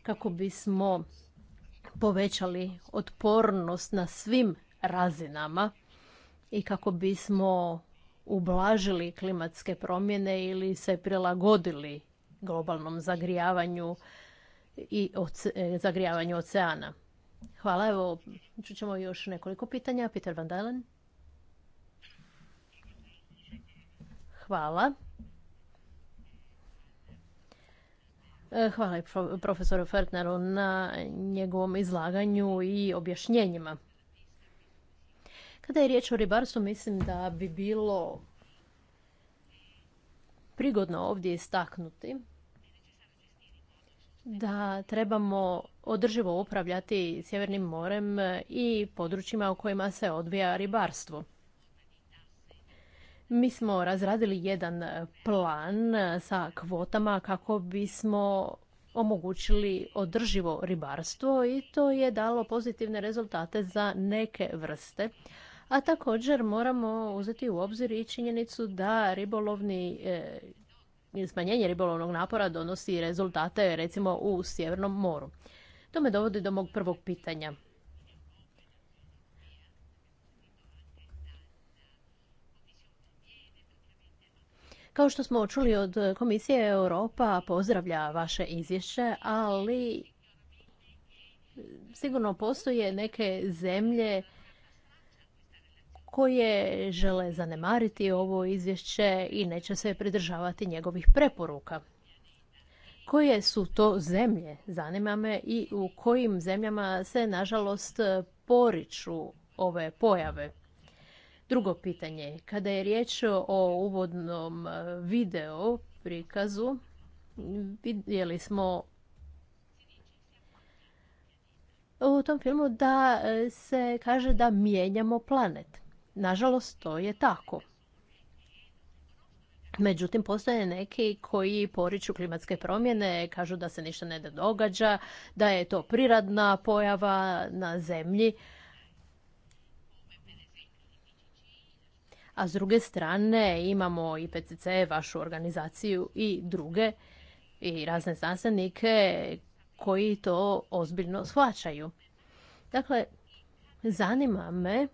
kako bismo povećali otpornost na svim razinama i kako bismo ublažili klimatske promjene ili se prilagodili globalnom zagrijavanju i e, zagrijavanju oceana. Hvala, evo ćemo još nekoliko pitanja. Peter Van Dalen. Hvala. E, hvala profesoru Fertneru na njegovom izlaganju i objašnjenjima. Kada pa je riječ o ribarstvu, mislim da bi bilo prigodno ovdje istaknuti da trebamo održivo upravljati Sjevernim morem i područjima u kojima se odvija ribarstvo. Mi smo razradili jedan plan sa kvotama kako bismo omogućili održivo ribarstvo i to je dalo pozitivne rezultate za neke vrste a također moramo uzeti u obzir i činjenicu da ribolovni e, smanjenje ribolovnog napora donosi rezultate recimo u Sjevernom moru. To me dovodi do mog prvog pitanja. Kao što smo čuli od Komisije Europa pozdravlja vaše izvješće, ali sigurno postoje neke zemlje koje žele zanemariti ovo izvješće i neće se pridržavati njegovih preporuka. Koje su to zemlje, zanima me, i u kojim zemljama se, nažalost, poriču ove pojave? Drugo pitanje, kada je riječ o uvodnom video prikazu, vidjeli smo u tom filmu da se kaže da mijenjamo planet. Nažalost, to je tako. Međutim, postoje neki koji poriču klimatske promjene, kažu da se ništa ne događa, da je to prirodna pojava na zemlji. A s druge strane imamo i PCC, vašu organizaciju i druge i razne znanstvenike koji to ozbiljno shvaćaju. Dakle, zanima me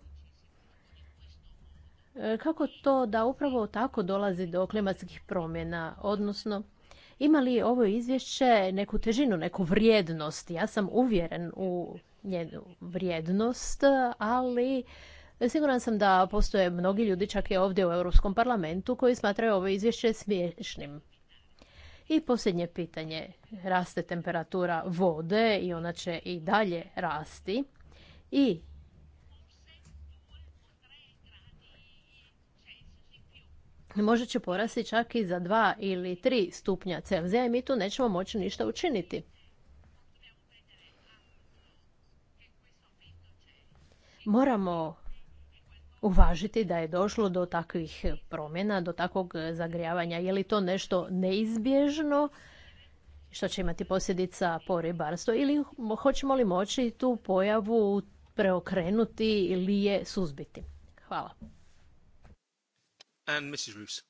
E, kako to da upravo tako dolazi do klimatskih promjena, odnosno ima li ovo izvješće neku težinu, neku vrijednost? Ja sam uvjeren u njenu vrijednost, ali Siguran sam da postoje mnogi ljudi, čak i ovdje u Europskom parlamentu, koji smatraju ovo izvješće smiješnim. I posljednje pitanje. Raste temperatura vode i ona će i dalje rasti. I možda će porasti čak i za dva ili tri stupnja Celzija i mi tu nećemo moći ništa učiniti. Moramo uvažiti da je došlo do takvih promjena, do takvog zagrijavanja. Je li to nešto neizbježno što će imati posljedica po ribarstvu ili hoćemo li moći tu pojavu preokrenuti ili je suzbiti? Hvala and Mrs.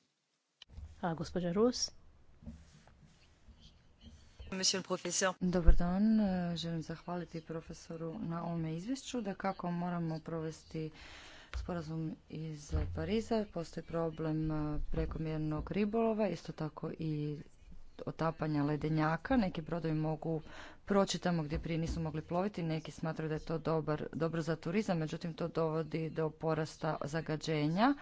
Dobar dan, želim zahvaliti profesoru na ovome izvješću da kako moramo provesti sporazum iz Pariza, postoji problem eh, prekomjernog ribolova, isto tako i otapanja ledenjaka. Neki brodovi mogu proći tamo gdje prije nisu mogli ploviti, neki smatraju da je to dobar, dobro za turizam, međutim to dovodi do porasta zagađenja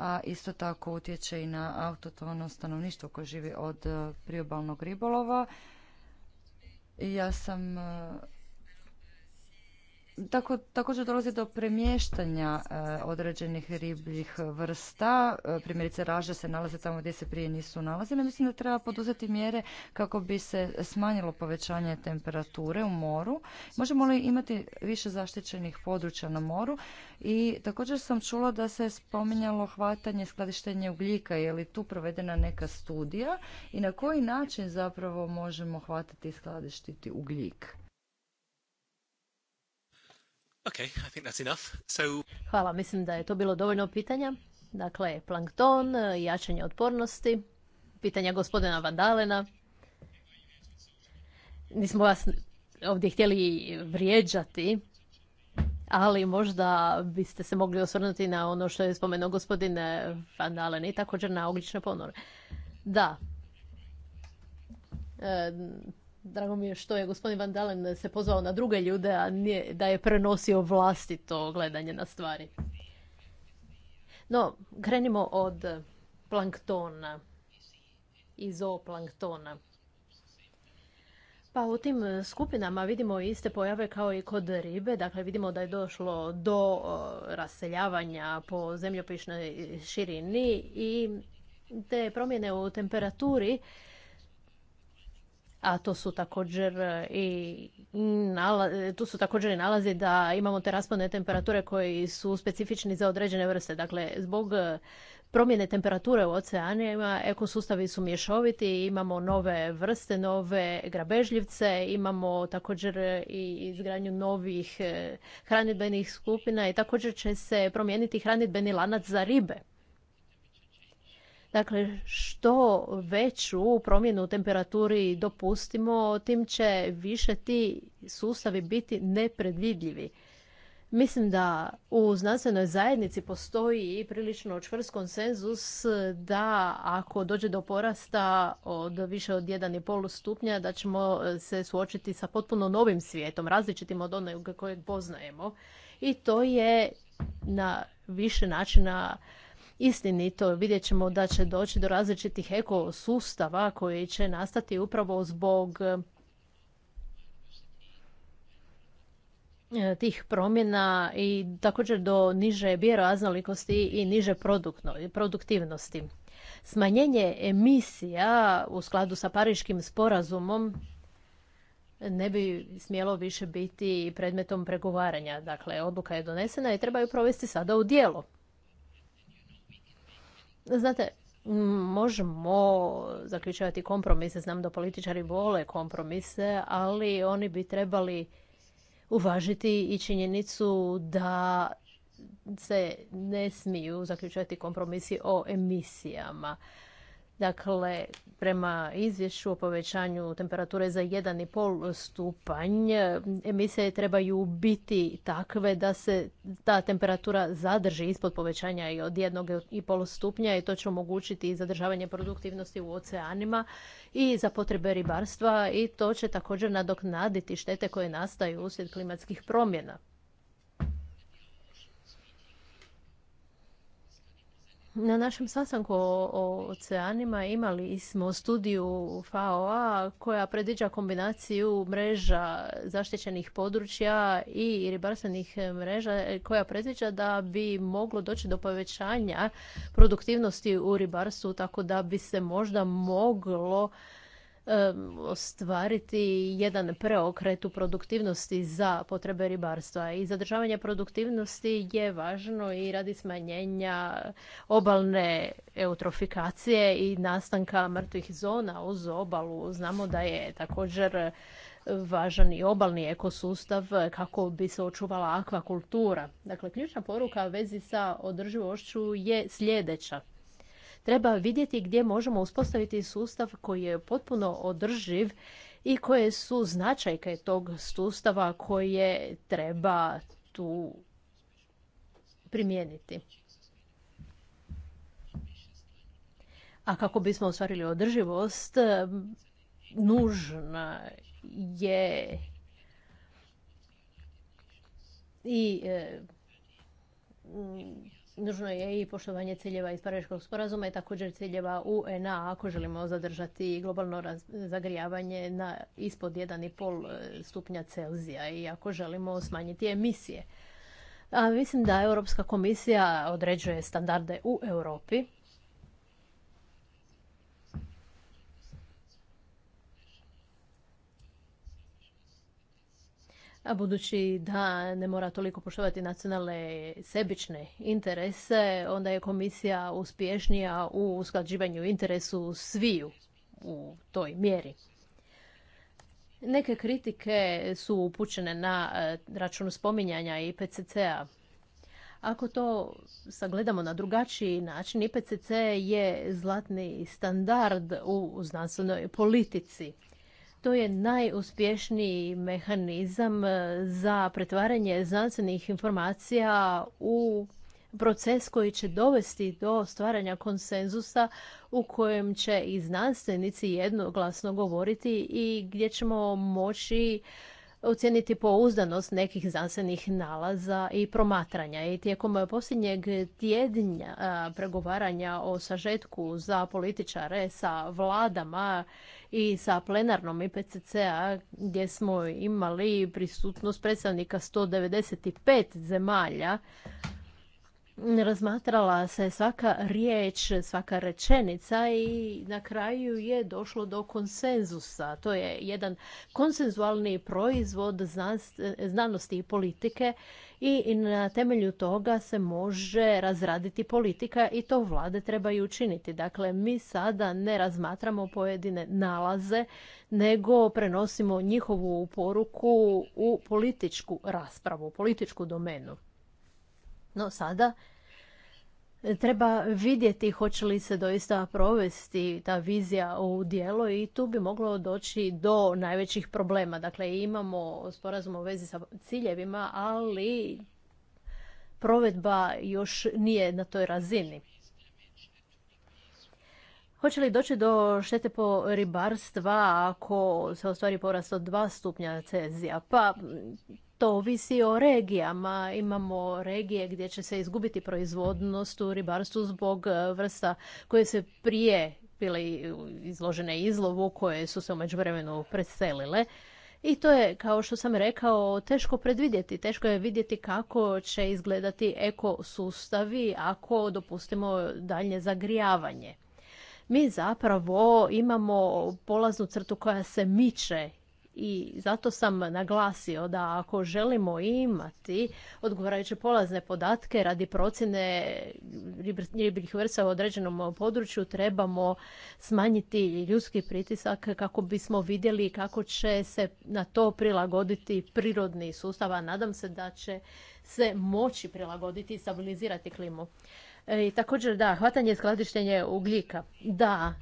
a isto tako utječe i na autotono stanovništvo koje živi od eh, priobalnog ribolova. Ja sam eh, tako, također dolazi do premještanja e, određenih ribljih vrsta. E, primjerice raže se nalaze tamo gdje se prije nisu nalazile. Mislim da treba poduzeti mjere kako bi se smanjilo povećanje temperature u moru. Možemo li imati više zaštićenih područja na moru? I također sam čula da se spominjalo hvatanje, skladištenje ugljika. Je li tu provedena neka studija i na koji način zapravo možemo hvatati i skladištiti ugljik? Okay, Hvala, mislim da je to bilo dovoljno pitanja. Dakle, plankton, jačanje otpornosti, pitanja gospodina Vandalena. Nismo vas ovdje htjeli vrijeđati, ali možda biste se mogli osvrnuti na ono što je spomenuo gospodin Van i također na oglične ponore. Da. E, Drago mi je što je gospodin Van Dalen se pozvao na druge ljude, a nije da je prenosio vlastito gledanje na stvari. No, krenimo od planktona i zooplanktona. Pa u tim skupinama vidimo iste pojave kao i kod ribe. Dakle, vidimo da je došlo do raseljavanja po zemljopišnoj širini i te promjene u temperaturi a to su također e, i tu su također i nalazi da imamo te raspadne temperature koji su specifični za određene vrste. Dakle, zbog e, promjene temperature u oceanima ekosustavi su mješoviti, imamo nove vrste, nove grabežljivce, imamo također e, i izgradnju novih hranidbenih skupina i također će se promijeniti hranidbeni lanac za ribe. Dakle, što veću promjenu u temperaturi dopustimo, tim će više ti sustavi biti nepredvidljivi. Mislim da u znanstvenoj zajednici postoji prilično čvrst konsenzus da ako dođe do porasta od više od 1,5 stupnja da ćemo se suočiti sa potpuno novim svijetom, različitim od onog kojeg poznajemo. I to je na više načina istinito. Vidjet ćemo da će doći do različitih sustava koji će nastati upravo zbog e, tih promjena i također do niže bioraznolikosti i niže produktivnosti. Smanjenje emisija u skladu sa Pariškim sporazumom ne bi smjelo više biti predmetom pregovaranja. Dakle, odluka je donesena i treba ju provesti sada u djelo. Znate, možemo zaključivati kompromise, znam da političari vole kompromise, ali oni bi trebali uvažiti i činjenicu da se ne smiju zaključivati kompromisi o emisijama. Dakle, prema izvješću o povećanju temperature za 1,5 stupanj, emisije trebaju biti takve da se ta temperatura zadrži ispod povećanja i od 1,5 stupnja i to će omogućiti i zadržavanje produktivnosti u oceanima i za potrebe ribarstva i to će također nadoknaditi štete koje nastaju uslijed klimatskih promjena. Na našem sastanku o, oceanima imali smo studiju fao koja predviđa kombinaciju mreža zaštićenih područja i ribarstvenih mreža e, koja predviđa da bi moglo doći do povećanja produktivnosti u ribarstvu tako da bi se možda moglo ostvariti jedan preokret u produktivnosti za potrebe ribarstva. I zadržavanje produktivnosti je važno i radi smanjenja obalne eutrofikacije i nastanka mrtvih zona uz obalu. Znamo da je također važan i obalni ekosustav kako bi se očuvala akvakultura. Dakle, ključna poruka u vezi sa održivošću je sljedeća. Treba vidjeti gdje možemo uspostaviti sustav koji je potpuno održiv i koje su značajke tog sustava koje treba tu primijeniti. A kako bismo ostvarili održivost, nužna je i e, nužno je i poštovanje ciljeva iz Pariškog sporazuma i također ciljeva UNA ako želimo zadržati globalno zagrijavanje na ispod 1,5 e, stupnja Celzija i ako želimo smanjiti emisije. mislim da Europska komisija određuje standarde u Europi A budući da ne mora toliko poštovati nacionalne sebične interese, onda je komisija uspješnija u usklađivanju interesu sviju u toj mjeri. Neke kritike su upućene na e, račun spominjanja IPCC-a. Ako to sagledamo na drugačiji način, IPCC je zlatni standard u znanstvenoj politici. To je najuspješniji mehanizam eh, za pretvaranje znanstvenih informacija u proces koji će dovesti do stvaranja konsenzusa u kojem će i znanstvenici jednoglasno govoriti i gdje ćemo moći ocijeniti pouzdanost nekih znanstvenih nalaza i promatranja. I tijekom posljednjeg tjednja eh, pregovaranja o sažetku za političare sa vladama i sa plenarnom IPCC-a gdje smo imali prisutnost predstavnika 195 zemalja razmatrala se svaka riječ, svaka rečenica i na kraju je došlo do konsenzusa. To je jedan konsenzualni proizvod znanosti i politike i na temelju toga se može razraditi politika i to vlade trebaju učiniti. Dakle, mi sada ne razmatramo pojedine nalaze, nego prenosimo njihovu poruku u političku raspravu, u političku domenu. No sada e, treba vidjeti hoće li se doista provesti ta vizija u dijelo i tu bi moglo doći do najvećih problema. Dakle, imamo sporazum u vezi sa ciljevima, ali provedba još nije na toj razini. Hoće li doći do štete po ribarstva ako se ostvari porast od dva stupnja Celzija? Pa to ovisi o regijama. Imamo regije gdje će se izgubiti proizvodnost u ribarstvu zbog e, vrsta koje se prije bile izložene izlovu, koje su se umeđu vremenu preselile. I to je, kao što sam rekao, teško predvidjeti. Teško je vidjeti kako će izgledati ekosustavi ako dopustimo dalje zagrijavanje. Mi zapravo imamo polaznu crtu koja se miče i zato sam naglasio da ako želimo imati odgovarajuće polazne podatke radi procjene ribljih vrsta u određenom području, trebamo smanjiti ljudski pritisak kako bismo vidjeli kako će se na to prilagoditi prirodni sustav, a nadam se da će se moći prilagoditi i stabilizirati klimu. E, I također da, hvatanje i skladištenje ugljika. Da,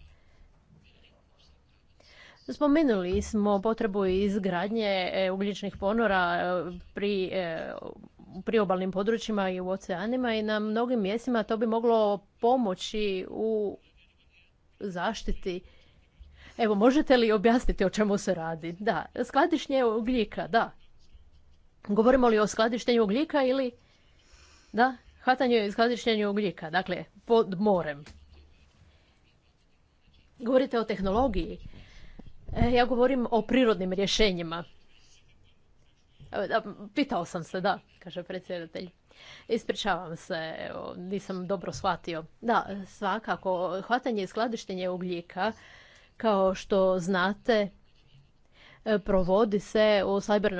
Spomenuli smo potrebu izgradnje e, ugljičnih ponora e, pri e, priobalnim područjima i u oceanima i na mnogim mjestima to bi moglo pomoći u zaštiti. Evo, možete li objasniti o čemu se radi? Da, skladišnje ugljika, da. Govorimo li o skladištenju ugljika ili... Da, hvatanje i skladištenju ugljika, dakle, pod morem. Govorite o tehnologiji. E, ja govorim o prirodnim rješenjima. E, pitao sam se, da, kaže predsjedatelj. Ispričavam se, nisam dobro shvatio. Da, svakako, hvatanje i skladištenje ugljika, kao što znate, e, provodi se u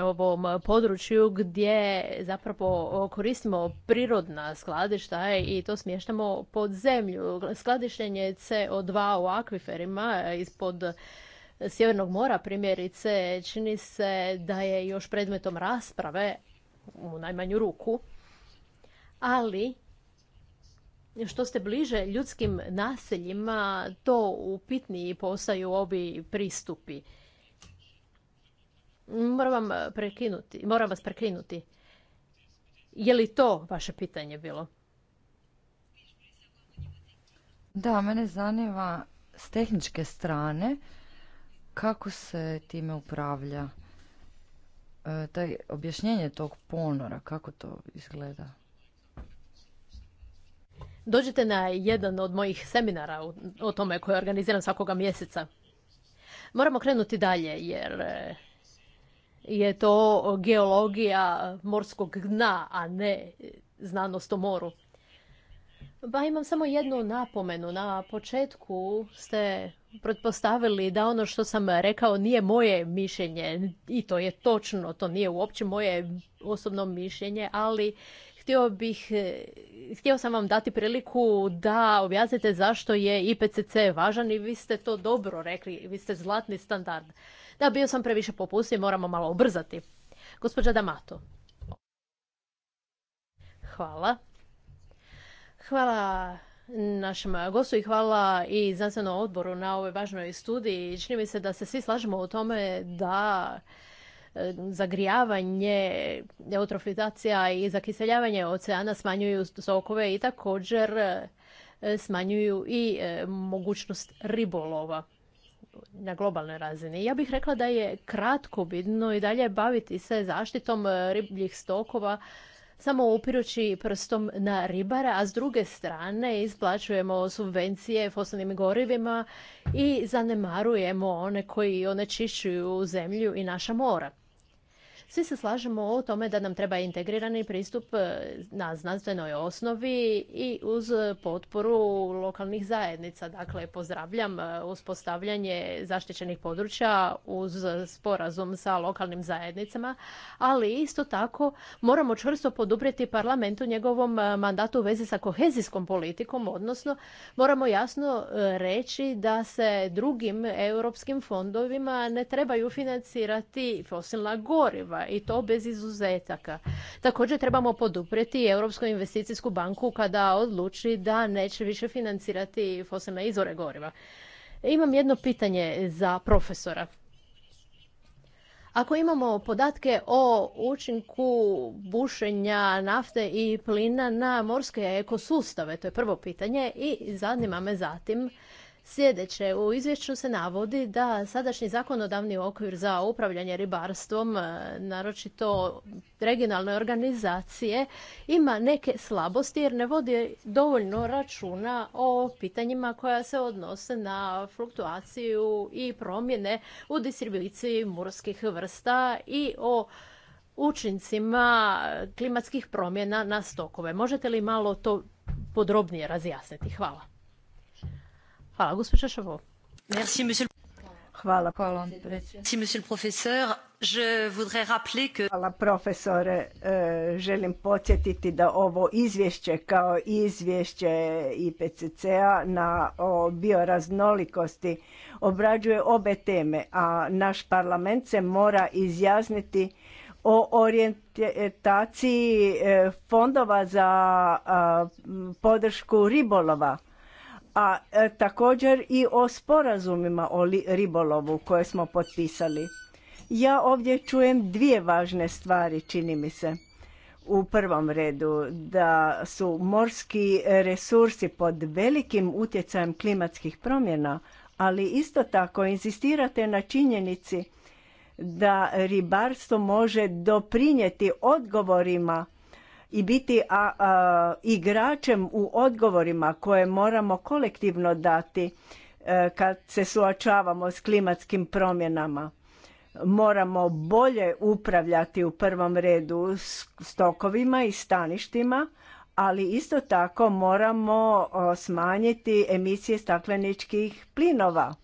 ovom području gdje zapravo koristimo prirodna skladišta i to smještamo pod zemlju. Skladištenje CO2 u akviferima ispod Sjevernog mora primjerice čini se da je još predmetom rasprave u najmanju ruku, ali što ste bliže ljudskim naseljima, to upitniji postaju ovi pristupi. Moram, prekinuti, moram vas prekinuti. Je li to vaše pitanje bilo? Da, mene zanima s tehničke strane kako se time upravlja? E, taj objašnjenje tog ponora, kako to izgleda? Dođite na jedan od mojih seminara o tome koje organiziram svakoga mjeseca. Moramo krenuti dalje jer e, je to geologija morskog dna, a ne znanost o moru. Ba imam samo jednu napomenu. Na početku ste pretpostavili da ono što sam rekao nije moje mišljenje i to je točno, to nije uopće moje osobno mišljenje, ali htio bih, e, htio sam vam dati priliku da objasnite zašto je IPCC važan i vi ste to dobro rekli, vi ste zlatni standard. Da, bio sam previše popusti, i moramo malo ubrzati. Gospođa Damato. Hvala. Hvala našem gostu i hvala i znanstvenom odboru na ovoj važnoj studiji. Čini mi se da se svi slažemo u tome da e, zagrijavanje, eutrofizacija i zakiseljavanje oceana smanjuju sokove i također e, smanjuju i e, mogućnost ribolova na globalnoj razini. Ja bih rekla da je kratko bitno i dalje baviti se zaštitom ribljih stokova samo upirući prstom na ribara, a s druge strane isplaćujemo subvencije fosilnim gorivima i zanemarujemo one koji onečišćuju zemlju i naša mora. Svi se slažemo o tome da nam treba integrirani pristup e, na znanstvenoj osnovi i uz potporu lokalnih zajednica. Dakle, pozdravljam e, uspostavljanje zaštićenih područja uz sporazum sa lokalnim zajednicama, ali isto tako moramo čvrsto poduprijeti parlamentu njegovom e, mandatu u vezi sa kohezijskom politikom, odnosno moramo jasno reći da se drugim europskim fondovima ne trebaju financirati fosilna goriva i to bez izuzetaka. Također trebamo poduprijeti Europsku investicijsku banku kada odluči da neće više financirati fosilne izvore goriva. Imam jedno pitanje za profesora. Ako imamo podatke o učinku bušenja nafte i plina na morske ekosustave, to je prvo pitanje, i zanima me zatim Sljedeće, u izvješću se navodi da sadašnji zakonodavni okvir za upravljanje ribarstvom, e, naročito regionalne organizacije, ima neke slabosti jer ne vodi dovoljno računa o pitanjima koja se odnose na fluktuaciju i promjene u distribuciji morskih vrsta i o učincima klimatskih promjena na stokove. Možete li malo to podrobnije razjasniti? Hvala. Hvala, gospođa Hvala. Hvala profesore. E, želim podsjetiti da ovo izvješće kao izvješće IPCC-a na o bioraznolikosti obrađuje obe teme, a naš parlament se mora izjasniti o orijentaciji e, fondova za podršku ribolova a e, također i o sporazumima o ribolovu koje smo potpisali. Ja ovdje čujem dvije važne stvari, čini mi se. U prvom redu da su morski resursi pod velikim utjecajem klimatskih promjena, ali isto tako inzistirate na činjenici da ribarstvo može doprinijeti odgovorima i biti a, igračem u odgovorima koje moramo kolektivno dati e, kad se suočavamo s klimatskim promjenama. Moramo bolje upravljati u prvom redu stokovima i staništima, ali isto tako moramo smanjiti emisije stakleničkih plinova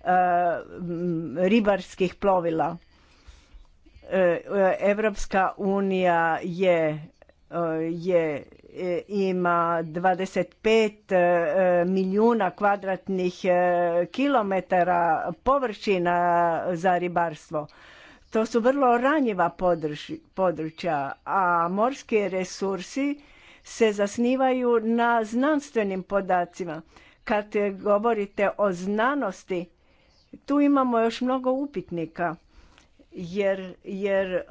e, ribarskih plovila. Europska e, unija je je e, ima 25 e, milijuna kvadratnih e, kilometara površina za ribarstvo. To su vrlo ranjiva područja, a morski resursi se zasnivaju na znanstvenim podacima. Kad govorite o znanosti, tu imamo još mnogo upitnika jer, jer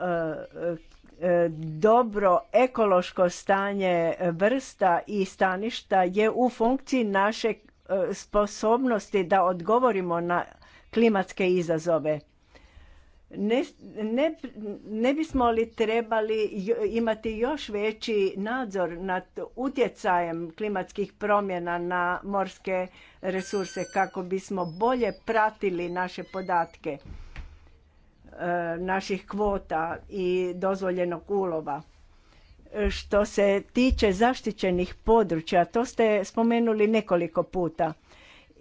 E, dobro ekološko stanje vrsta i staništa je u funkciji naše e, sposobnosti da odgovorimo na klimatske izazove. Ne, ne, bismo li trebali imati još veći nadzor nad utjecajem klimatskih promjena na morske resurse kako bismo bolje pratili naše podatke? Eh, naših kvota i dozvoljenog ulova. Eh, što se tiče zaštićenih područja, to ste spomenuli nekoliko puta.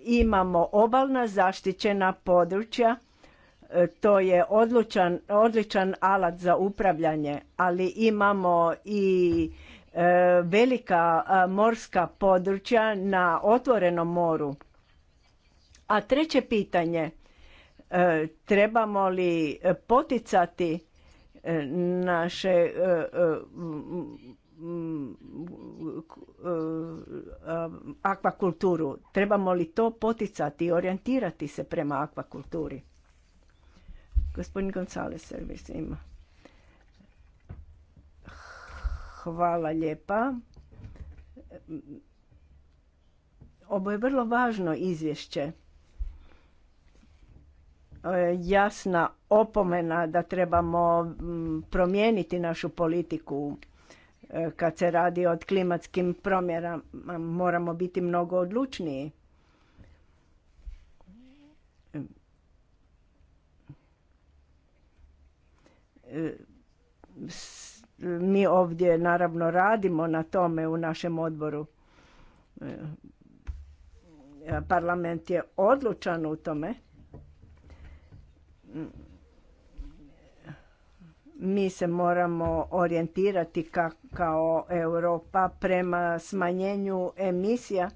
Imamo obalna zaštićena područja, eh, to je odličan alat za upravljanje, ali imamo i velika morska područja na otvorenom moru. A treće pitanje E, trebamo li e, poticati e, naše akvakulturu? Trebamo li to poticati i orijentirati se prema akvakulturi? Gospodin Gonzales servis ima. Hvala lijepa. Ovo je vrlo važno izvješće. E, jasna opomena da trebamo promijeniti našu politiku e, kad se radi o klimatskim promjerama. Moramo biti mnogo odlučniji. E, mi ovdje naravno radimo na tome u našem odboru. Parlament je odlučan u tome mi se moramo orijentirati kao Europa prema smanjenju emisija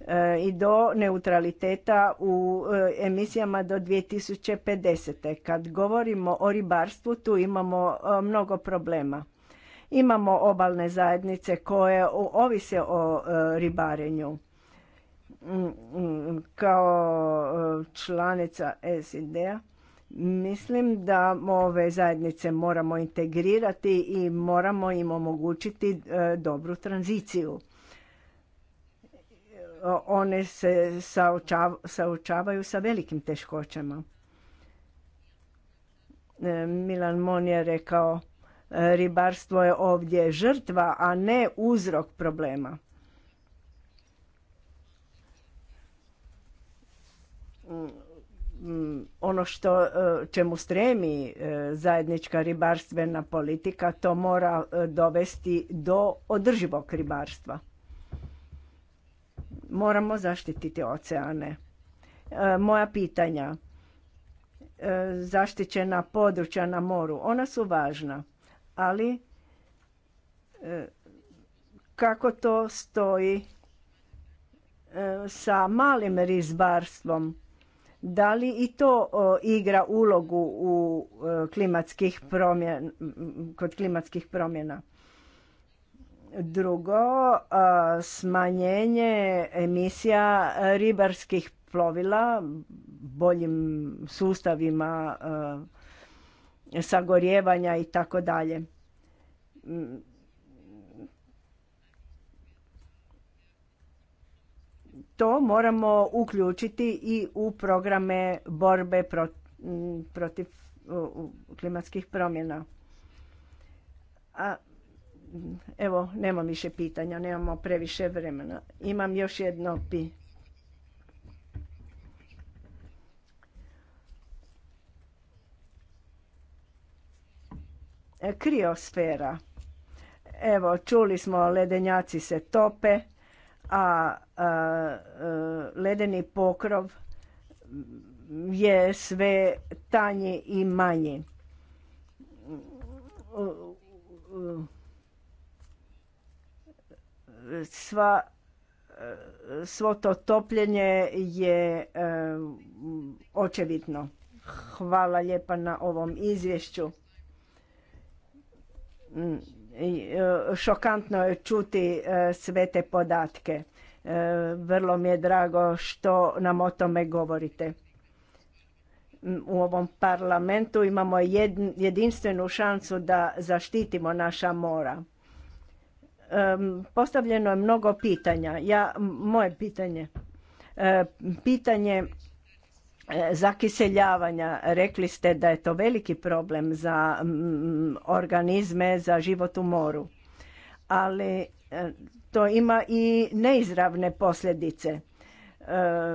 e, i do neutraliteta u e, emisijama do 2050. Kad govorimo o ribarstvu, tu imamo e, mnogo problema. Imamo obalne zajednice koje ovise o ribarenju. Mm, mm, kao članica SID-a Mislim da ove zajednice moramo integrirati i moramo im omogućiti e, dobru tranziciju. E, one se saočavaju sa velikim teškoćama. E, Milan Mon je rekao ribarstvo je ovdje žrtva, a ne uzrok problema. Mm Mm, ono što e, čemu stremi e, zajednička ribarstvena politika to mora e, dovesti do održivog ribarstva. Moramo zaštititi oceane. Moja pitanja zaštićena područja na moru, ona su važna, ali kako to stoji sa malim ribarstvom? Da li i to igra ulogu u e, klimatskih promjena, kod klimatskih promjena? Drugo, smanjenje emisija ribarskih plovila boljim sustavima e, sagorijevanja i tako dalje To moramo uključiti i u programe borbe protiv klimatskih promjena. A, evo, nemam više pitanja, nemamo previše vremena. Imam još jedno pi. Kriosfera. Evo, čuli smo, ledenjaci se tope a e, ledeni pokrov je sve tanji i manji. Sva, svo to topljenje je e, očevitno. Hvala lijepa na ovom izvješću. E, šokantno je čuti e, sve te podatke. E, vrlo mi je drago što nam o tome govorite. U ovom parlamentu imamo jedinstvenu šansu da zaštitimo naša mora. Postavljeno je mnogo pitanja. Ja, moje pitanje, pitanje E, zakiseljavanja. Rekli ste da je to veliki problem za organizme, za život u moru. Ali e, to ima i neizravne posljedice. E,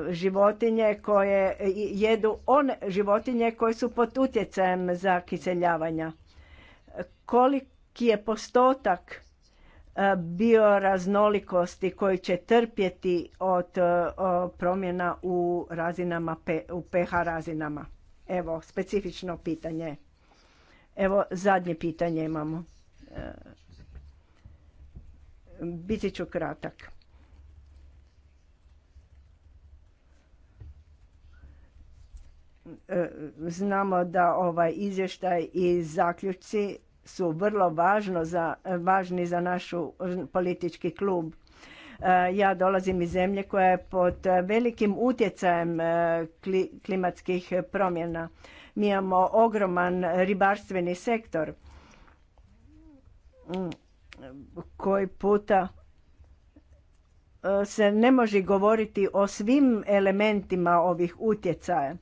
životinje koje jedu one životinje koje su pod utjecajem zakiseljavanja. Koliki je postotak E, bioraznolikosti koji će trpjeti od e, promjena u razinama, u pH razinama? Evo, specifično pitanje. Evo, zadnje pitanje imamo. E, biti ću kratak. Znamo da ovaj izvještaj i zaključci su vrlo važno za, važni za našu politički klub. E, ja dolazim iz zemlje koja je pod velikim utjecajem e, klimatskih promjena. Mi imamo ogroman ribarstveni sektor mm, koji puta e, se ne može govoriti o svim elementima ovih utjecaja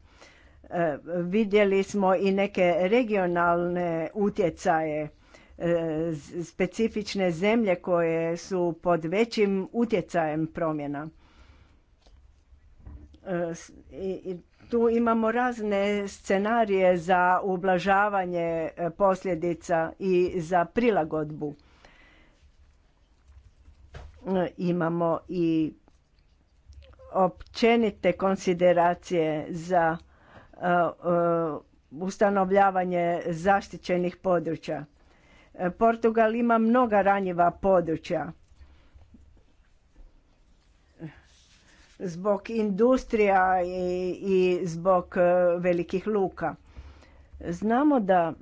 Vidjeli smo i neke regionalne utjecaje, e, specifične zemlje koje su pod većim utjecajem promjena. E, tu imamo razne scenarije za ublažavanje e, posljedica i za prilagodbu. Imamo i općenite konsideracije za Uh, uh, ustanovljavanje zaštićenih područja. Uh, Portugal ima mnoga ranjiva područja. Zbog industrija i, i zbog velikih luka. Znamo da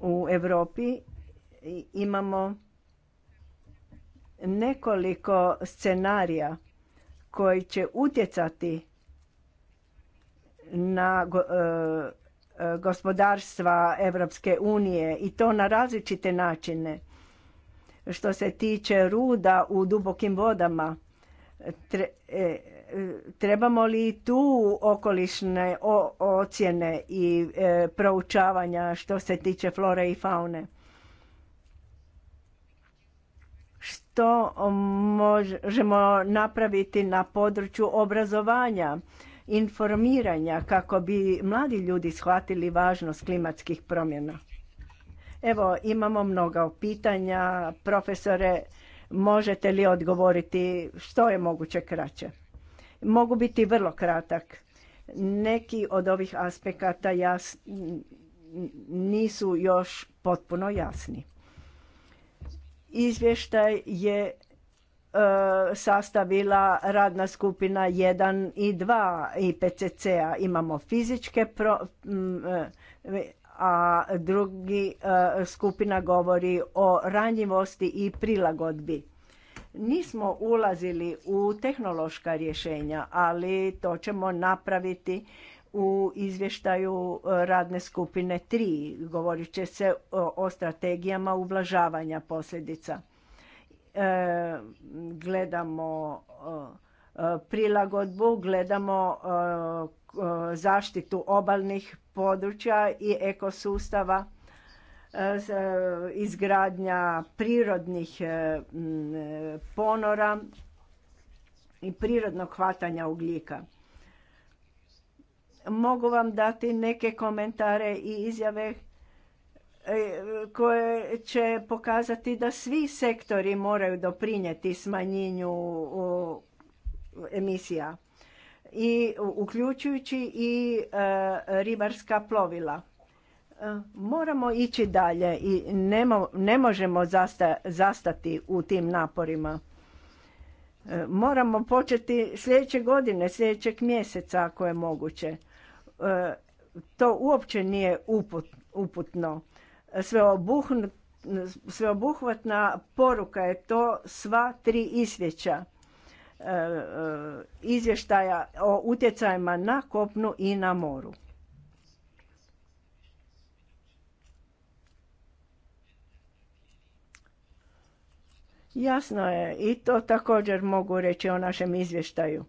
u Europi imamo nekoliko scenarija koji će utjecati na e, e, gospodarstva Europske unije i to na različite načine. Što se tiče ruda u dubokim vodama, e, trebamo li tu okolišne ocjene i proučavanja što se tiče flore i faune? Što možemo napraviti na području obrazovanja? informiranja kako bi mladi ljudi shvatili važnost klimatskih promjena. Evo, imamo mnogo pitanja. Profesore, možete li odgovoriti što je moguće kraće? Mogu biti vrlo kratak. Neki od ovih aspekata nisu još potpuno jasni. Izvještaj je E, sastavila radna skupina 1 i 2 IPCC-a. Imamo fizičke, e, a drugi e, skupina govori o ranjivosti i prilagodbi. Nismo ulazili u tehnološka rješenja, ali to ćemo napraviti u izvještaju radne skupine 3. Govorit će se o strategijama ublažavanja posljedica E, gledamo e, e, prilagodbu, gledamo zaštitu obalnih područja i ekosustava, izgradnja prirodnih ponora i prirodnog hvatanja ugljika. Mogu vam dati neke komentare i izjave E, koje će pokazati da svi sektori moraju doprinijeti smanjenju emisija i uključujući i e, ribarska plovila. E, moramo ići dalje i ne možemo zastati u tim naporima. Moramo početi sljedeće godine, sljedećeg mjeseca ako je moguće. To uopće nije uputno sveobuhvatna poruka je to sva tri izvješća e, e, izvještaja o utjecajima na kopnu i na moru. Jasno je i to također mogu reći o našem izvještaju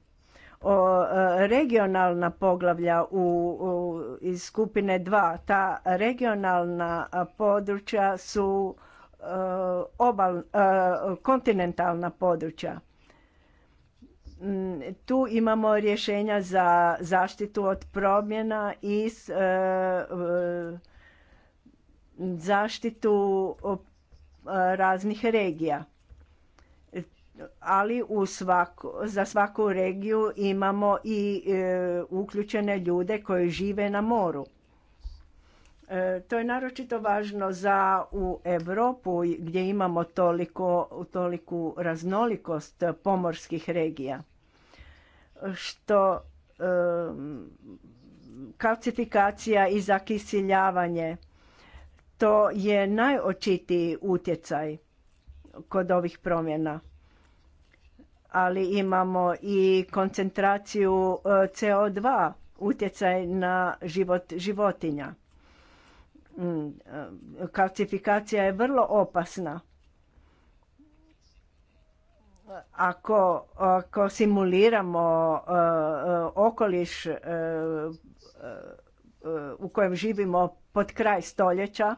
o e, regionalna poglavlja u, iz skupine 2 ta regionalna područja su e, obal e, kontinentalna područja mm, tu imamo rješenja za zaštitu od promjena i zaštitu raznih regija ali u svaku, za svaku regiju imamo i e, uključene ljude koji žive na moru. E, to je naročito važno za u Europu gdje imamo toliko, toliku raznolikost pomorskih regija. Što e, kalcifikacija i zakisiljavanje to je najočitiji utjecaj kod ovih promjena ali imamo i koncentraciju e, CO2, utjecaj na život životinja. Mm, e, kalcifikacija je vrlo opasna. Ako, ako simuliramo e, okoliš u kojem živimo pod kraj stoljeća,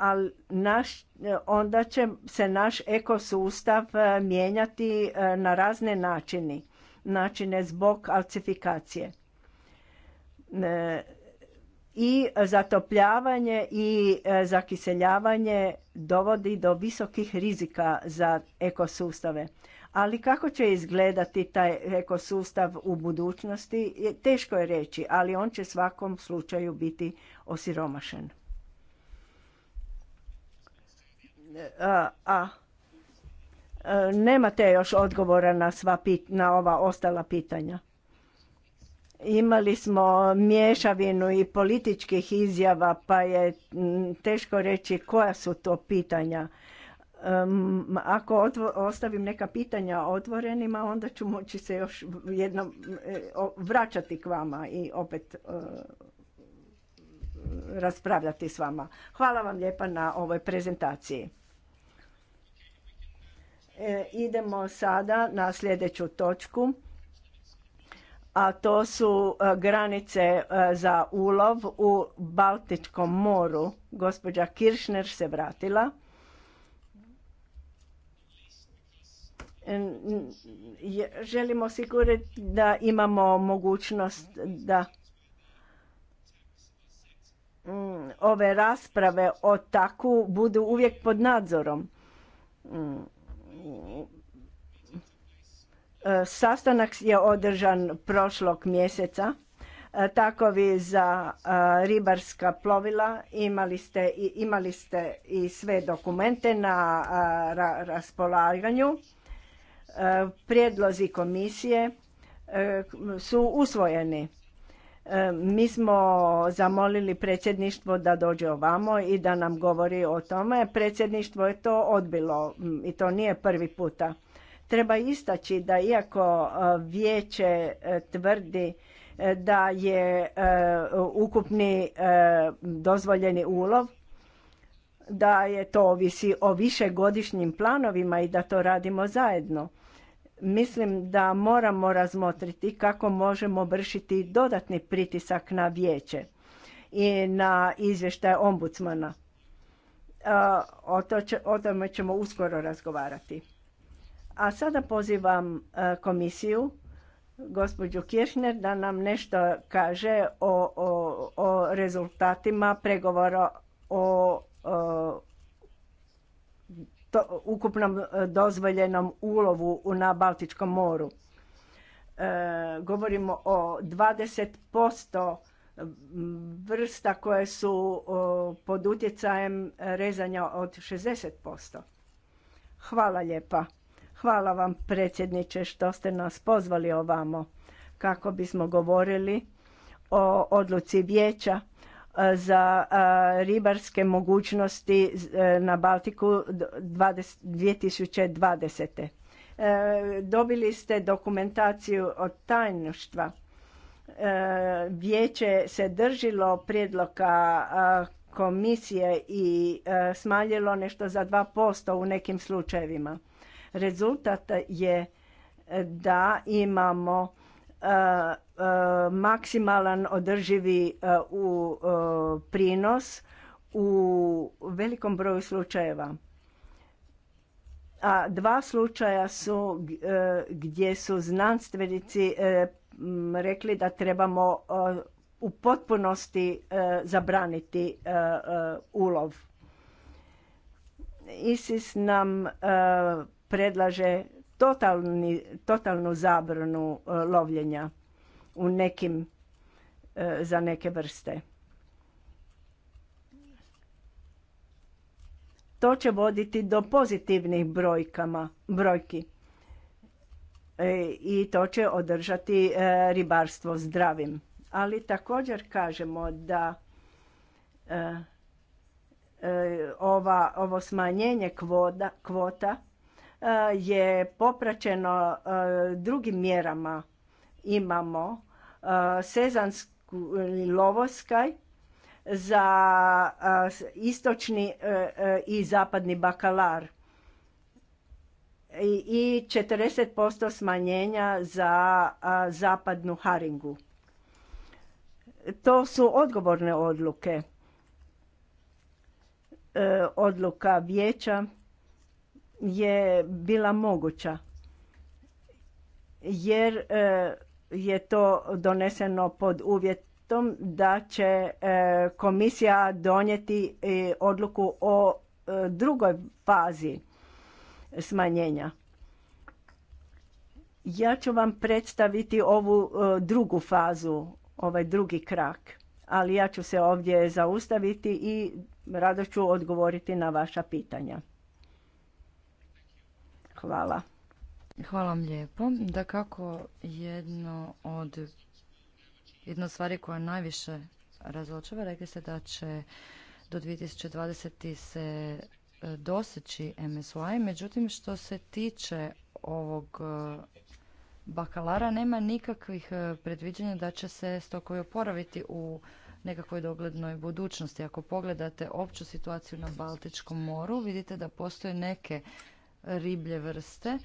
ali naš, onda će se naš ekosustav e, mijenjati e, na razne načine, načine zbog alcifikacije e, i zatopljavanje i zakiseljavanje dovodi do visokih rizika za ekosustave. Ali kako će izgledati taj ekosustav u budućnosti, teško je reći, ali on će svakom slučaju biti osiromašen. a e, nemate još odgovora na sva na ova ostala pitanja. Imali smo mješavinu i političkih izjava, pa je teško reći koja su to pitanja. ako ostavim neka pitanja otvorenima, onda ću moći se još jednom e, vraćati k vama i opet e, raspravljati s vama. Hvala vam lijepa na ovoj prezentaciji. E, idemo sada na sljedeću točku, a to su e, granice e, za ulov u Baltičkom moru. Gospođa Kiršner se vratila. Želimo siguriti da imamo mogućnost da mm, ove rasprave o taku budu uvijek pod nadzorom mm. Sastanak je održan prošlog mjeseca. E, takovi za e, ribarska plovila imali ste, imali ste i sve dokumente na e, raspolaganju. Prijedlozi komisije su usvojeni. E, mi smo zamolili predsjedništvo da dođe ovamo i da nam govori o tome. Predsjedništvo je to odbilo i to nije prvi puta. Treba istaći da iako e, vijeće e, tvrdi da je ukupni dozvoljeni ulov, da je to ovisi o višegodišnjim planovima i da to radimo zajedno. Mislim da moramo razmotriti kako možemo vršiti dodatni pritisak na vijeće i na izvještaj ombudsmana. O, to o tome ćemo uskoro razgovarati. A sada pozivam e, komisiju, gospođu Kiršner, da nam nešto kaže o, o, o rezultatima pregovora o to, ukupnom e, dozvoljenom ulovu na Baltičkom moru. E, govorimo o 20% vrsta koje su pod utjecajem rezanja od 60%. Hvala lijepa. Hvala vam predsjedniče što ste nas pozvali ovamo kako bismo govorili o odluci vijeća za ribarske mogućnosti e, na Baltiku 2020. E, dobili ste dokumentaciju od tajništva. E, vijeće se držilo prijedloga komisije i smanjilo nešto za 2% u nekim slučajevima. Rezultat je da imamo maksimalan održivi e, u e, prinos u velikom broju slučajeva. A dva slučaja su e, gdje su znanstvenici rekli da trebamo u potpunosti zabraniti ulov. ISIS nam predlaže totalni, totalnu zabranu e, lovljenja u nekim, e, za neke vrste. To će voditi do pozitivnih brojkama, brojki e, i to će održati ribarstvo zdravim. Ali također kažemo da ova, ovo smanjenje kvoda, kvota Eh, je popraćeno eh, drugim mjerama. Imamo eh, sezanski lovoskaj za istočni i zapadni bakalar i 40% smanjenja za zapadnu haringu. To su odgovorne odluke. Odluka vijeća je bila moguća jer e, je to doneseno pod uvjetom da će e, komisija donijeti e, odluku o drugoj fazi smanjenja. Ja ću vam predstaviti ovu drugu fazu, ovaj drugi krak, ali ja ću se ovdje zaustaviti i rado ću odgovoriti na vaša pitanja. Hvala. Hvala vam lijepo. Da kako jedno od jedna stvari koja najviše razočava, rekli ste da će do 2020. se e, doseći MSY, međutim što se tiče ovog e, bakalara nema nikakvih e, predviđanja da će se stokovi oporaviti u nekakvoj doglednoj budućnosti. Ako pogledate opću situaciju na Baltičkom moru, vidite da postoje neke riblje vrste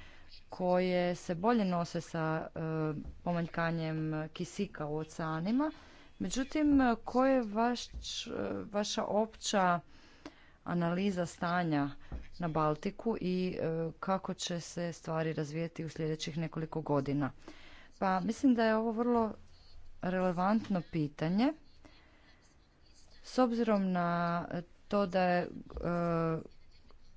koje se bolje nose sa e, pomanjkanjem kisika u oceanima. Međutim, koja je vaš, vaša opća analiza stanja na Baltiku i e, kako će se stvari razvijeti u sljedećih nekoliko godina? Pa mislim da je ovo vrlo relevantno pitanje s obzirom na to da je e,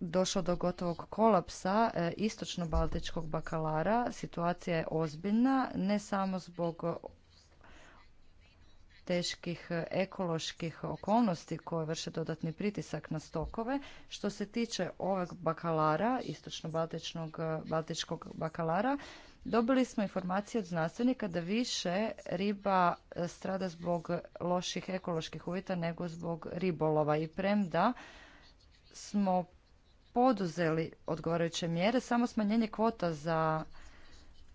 došlo do gotovog kolapsa e, istočno-baltičkog bakalara. Situacija je ozbiljna, ne samo zbog teških e, ekoloških okolnosti koje vrše dodatni pritisak na stokove. Što se tiče ovog bakalara, istočno e, baltičkog bakalara, dobili smo informacije od znanstvenika da više riba strada zbog loših ekoloških uvjeta nego zbog ribolova i premda smo poduzeli odgovarajuće mjere, samo smanjenje kvota za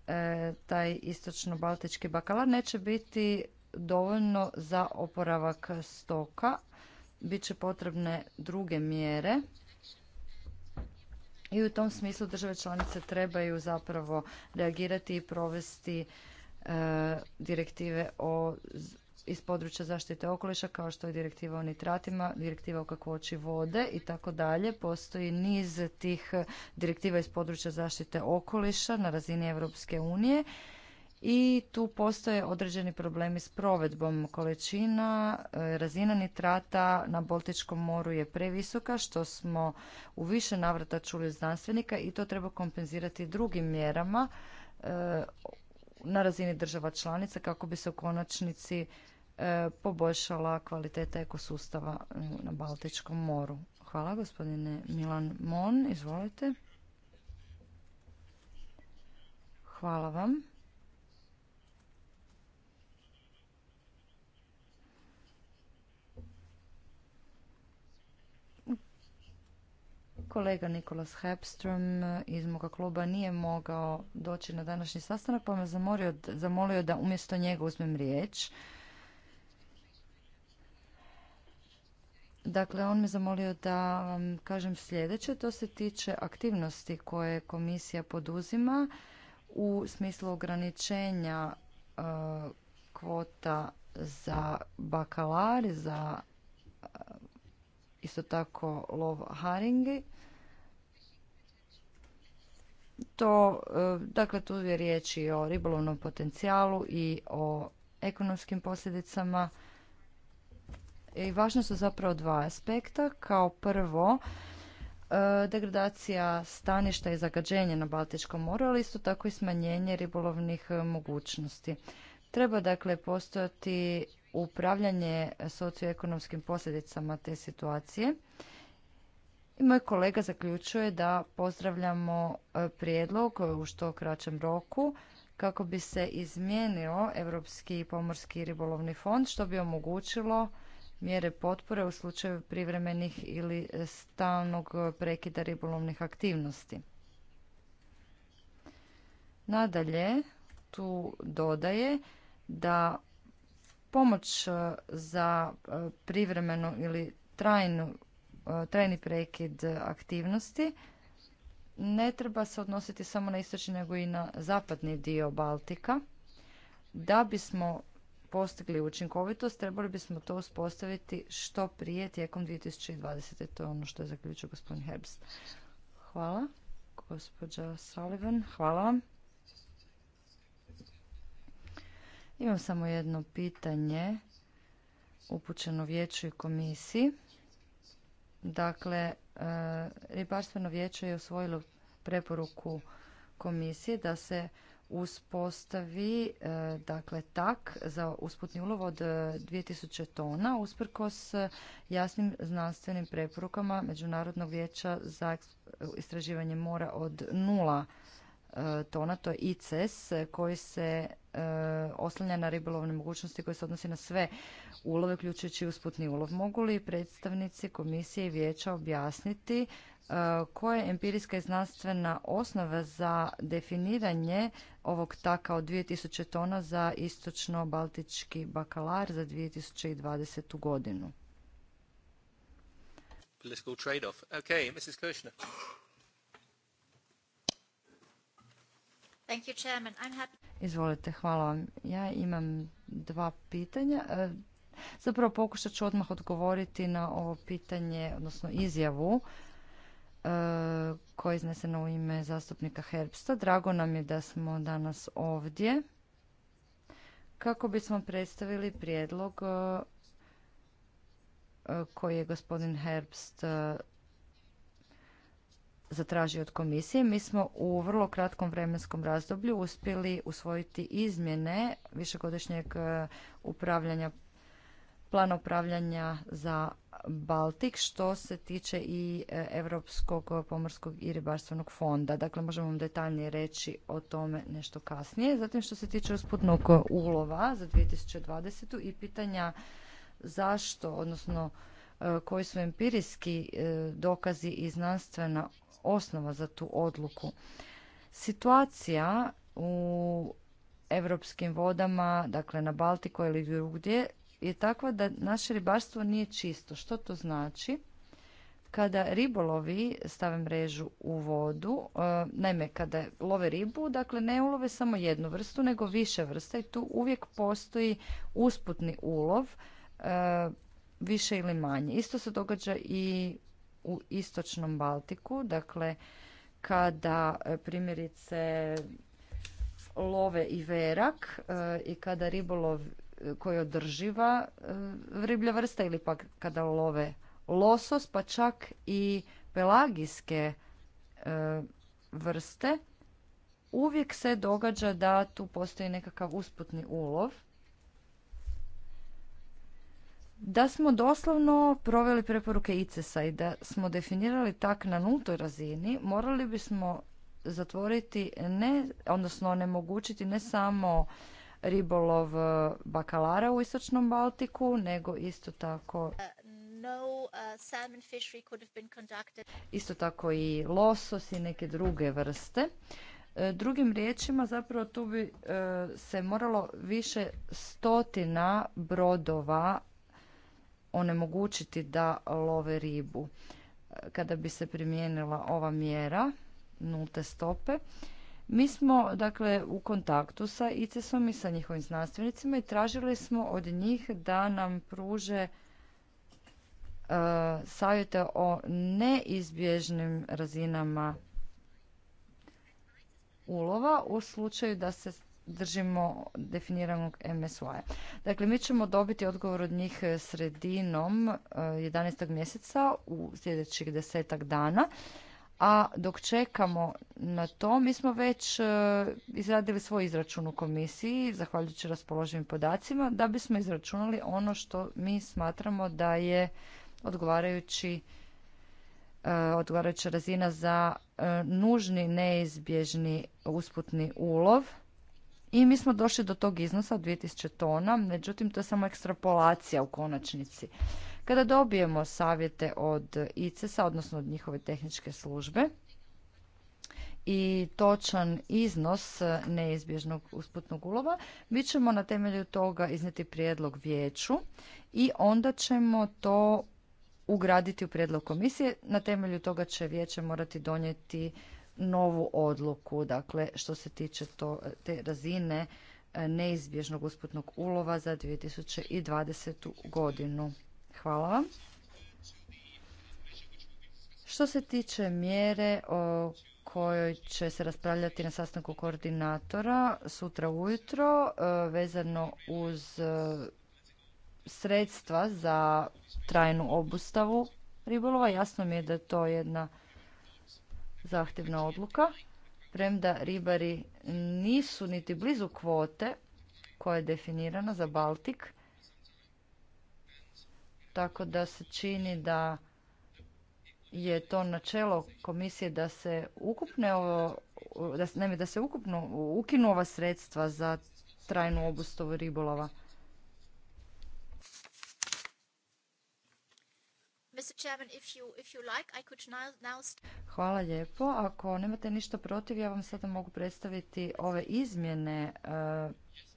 e, taj istočno-baltički bakalar neće biti dovoljno za oporavak stoka. Biće potrebne druge mjere i u tom smislu države članice trebaju zapravo reagirati i provesti e, direktive o iz područja zaštite okoliša kao što je direktiva o nitratima, direktiva o kakvoći vode i tako dalje. Postoji niz tih direktiva iz područja zaštite okoliša na razini Europske unije i tu postoje određeni problemi s provedbom. Količina e, razina nitrata na Baltičkom moru je previsoka, što smo u više navrata čuli od znanstvenika i to treba kompenzirati drugim mjerama e, na razini država članica kako bi se u konačnici E, poboljšala kvaliteta ekosustava na Baltičkom moru. Hvala gospodine Milan Mon, izvolite. Hvala vam. Kolega Nikolas Hepstrom iz moga kluba nije mogao doći na današnji sastanak pa me zamolio da umjesto njega uzmem riječ. Dakle, on me zamolio da vam kažem sljedeće. To se tiče aktivnosti koje komisija poduzima u smislu ograničenja e, kvota za bakalari, za e, isto tako lov haringi. To, e, dakle, tu je riječ i o ribolovnom potencijalu i o ekonomskim posljedicama i e, važna su zapravo dva aspekta. Kao prvo, e, degradacija staništa i zagađenje na Baltičkom moru, ali isto tako i smanjenje ribolovnih e, mogućnosti. Treba dakle postojati upravljanje socioekonomskim posljedicama te situacije. I moj kolega zaključuje da pozdravljamo prijedlog u što kraćem roku kako bi se izmijenio Europski pomorski ribolovni fond što bi omogućilo mjere potpore u slučaju privremenih ili stalnog prekida ribolovnih aktivnosti. Nadalje, tu dodaje da pomoć za e, privremenu ili trajnu, e, trajni prekid aktivnosti ne treba se odnositi samo na istočni nego i na zapadni dio Baltika. Da bismo postigli učinkovitost, trebali bismo to uspostaviti što prije tijekom 2020. To je ono što je zaključio gospodin Herbst. Hvala. Gospođa Sullivan, hvala vam. Imam samo jedno pitanje upućeno vijeću i komisiji. Dakle, e, ribarstveno vijeće je usvojilo preporuku komisije da se uspostavi e, dakle tak za usputni ulov od 2000 e, tona usprkos e, jasnim znanstvenim preporukama Međunarodnog vijeća za istraživanje mora od nula tona, to je ICES koji se e, oslanja na ribolovne mogućnosti koji se odnosi na sve ulove, uključujući usputni ulov. Mogu li predstavnici komisije i vijeća objasniti e, koja je empirijska i znanstvena osnova za definiranje ovog taka od 2000 tona za istočno-baltički bakalar za 2020. godinu? Political trade-off. Okay, Mrs. Izvolite, hvala vam. Ja imam dva pitanja. E, zapravo pokušat ću odmah odgovoriti na ovo pitanje, odnosno izjavu e, koja je iznesena u ime zastupnika Herbsta. Drago nam je da smo danas ovdje kako bismo predstavili prijedlog e, koji je gospodin Herbst zatražio od komisije. Mi smo u vrlo kratkom vremenskom razdoblju uspjeli usvojiti izmjene višegodišnjeg e, upravljanja plana upravljanja za Baltik što se tiče i e, Europskog pomorskog i ribarstvenog fonda. Dakle, možemo vam detaljnije reći o tome nešto kasnije. Zatim što se tiče usputnog ulova za 2020. i pitanja zašto, odnosno e, koji su empirijski dokazi i znanstvena osnova za tu odluku. Situacija u europskim vodama, dakle na Baltiku ili drugdje, je takva da naše ribarstvo nije čisto. Što to znači? Kada ribolovi stave mrežu u vodu, e, naime kada love ribu, dakle ne ulove samo jednu vrstu, nego više vrsta i tu uvijek postoji usputni ulov, e, više ili manje. Isto se događa i u istočnom Baltiku, dakle kada e, primjerice love i verak e, i kada ribolov e, koji održiva riblja vrsta ili pak kada love losos pa čak i pelagijske vrste uvijek se događa da tu postoji nekakav usputni ulov da smo doslovno proveli preporuke ICES-a i da smo definirali tak na nultoj razini, morali bismo zatvoriti ne, odnosno onemogućiti ne samo ribolov e, bakalara u istočnom Baltiku, nego isto tako uh, uh, isto tako i losos i neke druge vrste. E, drugim riječima, zapravo tu bi e, se moralo više stotina brodova onemogućiti da love ribu e, kada bi se primijenila ova mjera nulte stope. Mi smo dakle u kontaktu sa ICES-om i sa njihovim znanstvenicima i tražili smo od njih da nam pruže e, savjete o neizbježnim razinama ulova u slučaju da se držimo definiranog msy Dakle, mi ćemo dobiti odgovor od njih e, sredinom 11. E, mjeseca u sljedećih desetak dana. A dok čekamo na to, mi smo već e, izradili svoj izračun u komisiji, zahvaljujući raspoloživim podacima, da bismo izračunali ono što mi smatramo da je odgovarajući odgovarajuća razina za nužni, neizbježni usputni ulov i mi smo došli do tog iznosa od 2000 tona, međutim to je samo ekstrapolacija u konačnici. Kada dobijemo savjete od ICES-a, odnosno od njihove tehničke službe, i točan iznos neizbježnog usputnog ulova, mi ćemo na temelju toga iznijeti prijedlog vijeću i onda ćemo to ugraditi u prijedlog komisije. Na temelju toga će vijeće morati donijeti novu odluku, dakle što se tiče to, te razine e, neizbježnog usputnog ulova za 2020. godinu. Hvala vam. Što se tiče mjere o kojoj će se raspravljati na sastanku koordinatora sutra ujutro e, vezano uz e, sredstva za trajnu obustavu ribolova, jasno mi je da je to jedna zahtjevna odluka, premda ribari nisu niti blizu kvote koja je definirana za Baltik, tako da se čini da je to načelo komisije da se ukupne ovo, da, ne, da se ukupno ukinu ova sredstva za trajnu obustavu ribolova. Hvala lijepo. Ako nemate ništa protiv, ja vam sada mogu predstaviti ove izmjene e,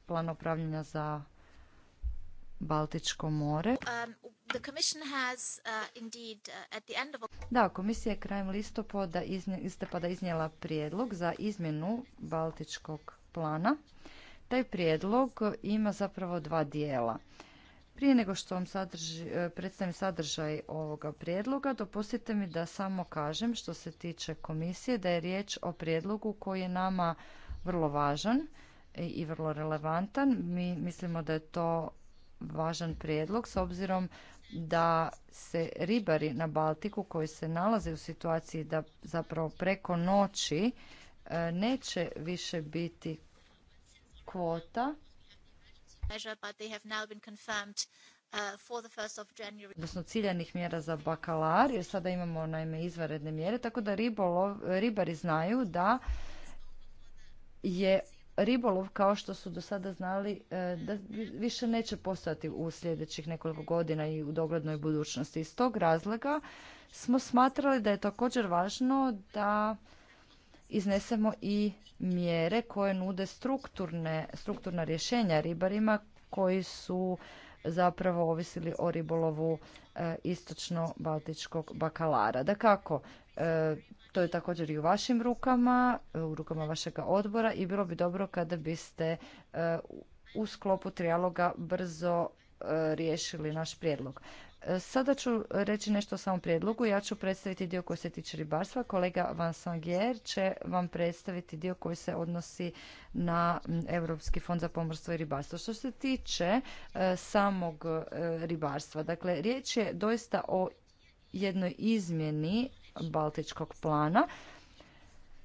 plana upravljanja za Baltičko more. Da, komisija je krajem listopada iznijela iznijela prijedlog za izmjenu Baltičkog plana. Taj prijedlog ima zapravo dva dijela. Prije nego što vam sadrži, e, predstavim sadržaj ovoga prijedloga, dopustite mi da samo kažem što se tiče komisije da je riječ o prijedlogu koji je nama vrlo važan i vrlo relevantan. Mi mislimo da je to važan prijedlog s obzirom da se ribari na Baltiku koji se nalaze u situaciji da zapravo preko noći e, neće više biti kvota Odnosno ciljanih mjera za bakalar, jer sada imamo naime izvanredne mjere, tako da ribolov, ribari znaju da je ribolov kao što su do sada znali uh, da više neće postojati u sljedećih nekoliko godina i u doglednoj budućnosti. Iz tog razloga smo smatrali da je također važno da iznesemo i mjere koje nude strukturne, strukturna rješenja ribarima koji su zapravo ovisili o ribolovu e, istočno-baltičkog bakalara. Da kako, e, to je također i u vašim rukama, e, u rukama vašega odbora i bilo bi dobro kada biste u sklopu trijaloga brzo riješili naš prijedlog. Sada ću reći nešto o samom prijedlogu. Ja ću predstaviti dio koji se tiče ribarstva. Kolega Van Sangier će vam predstaviti dio koji se odnosi na Europski fond za pomorstvo i ribarstvo. Što se tiče e, samog e, ribarstva, dakle, riječ je doista o jednoj izmjeni Baltičkog plana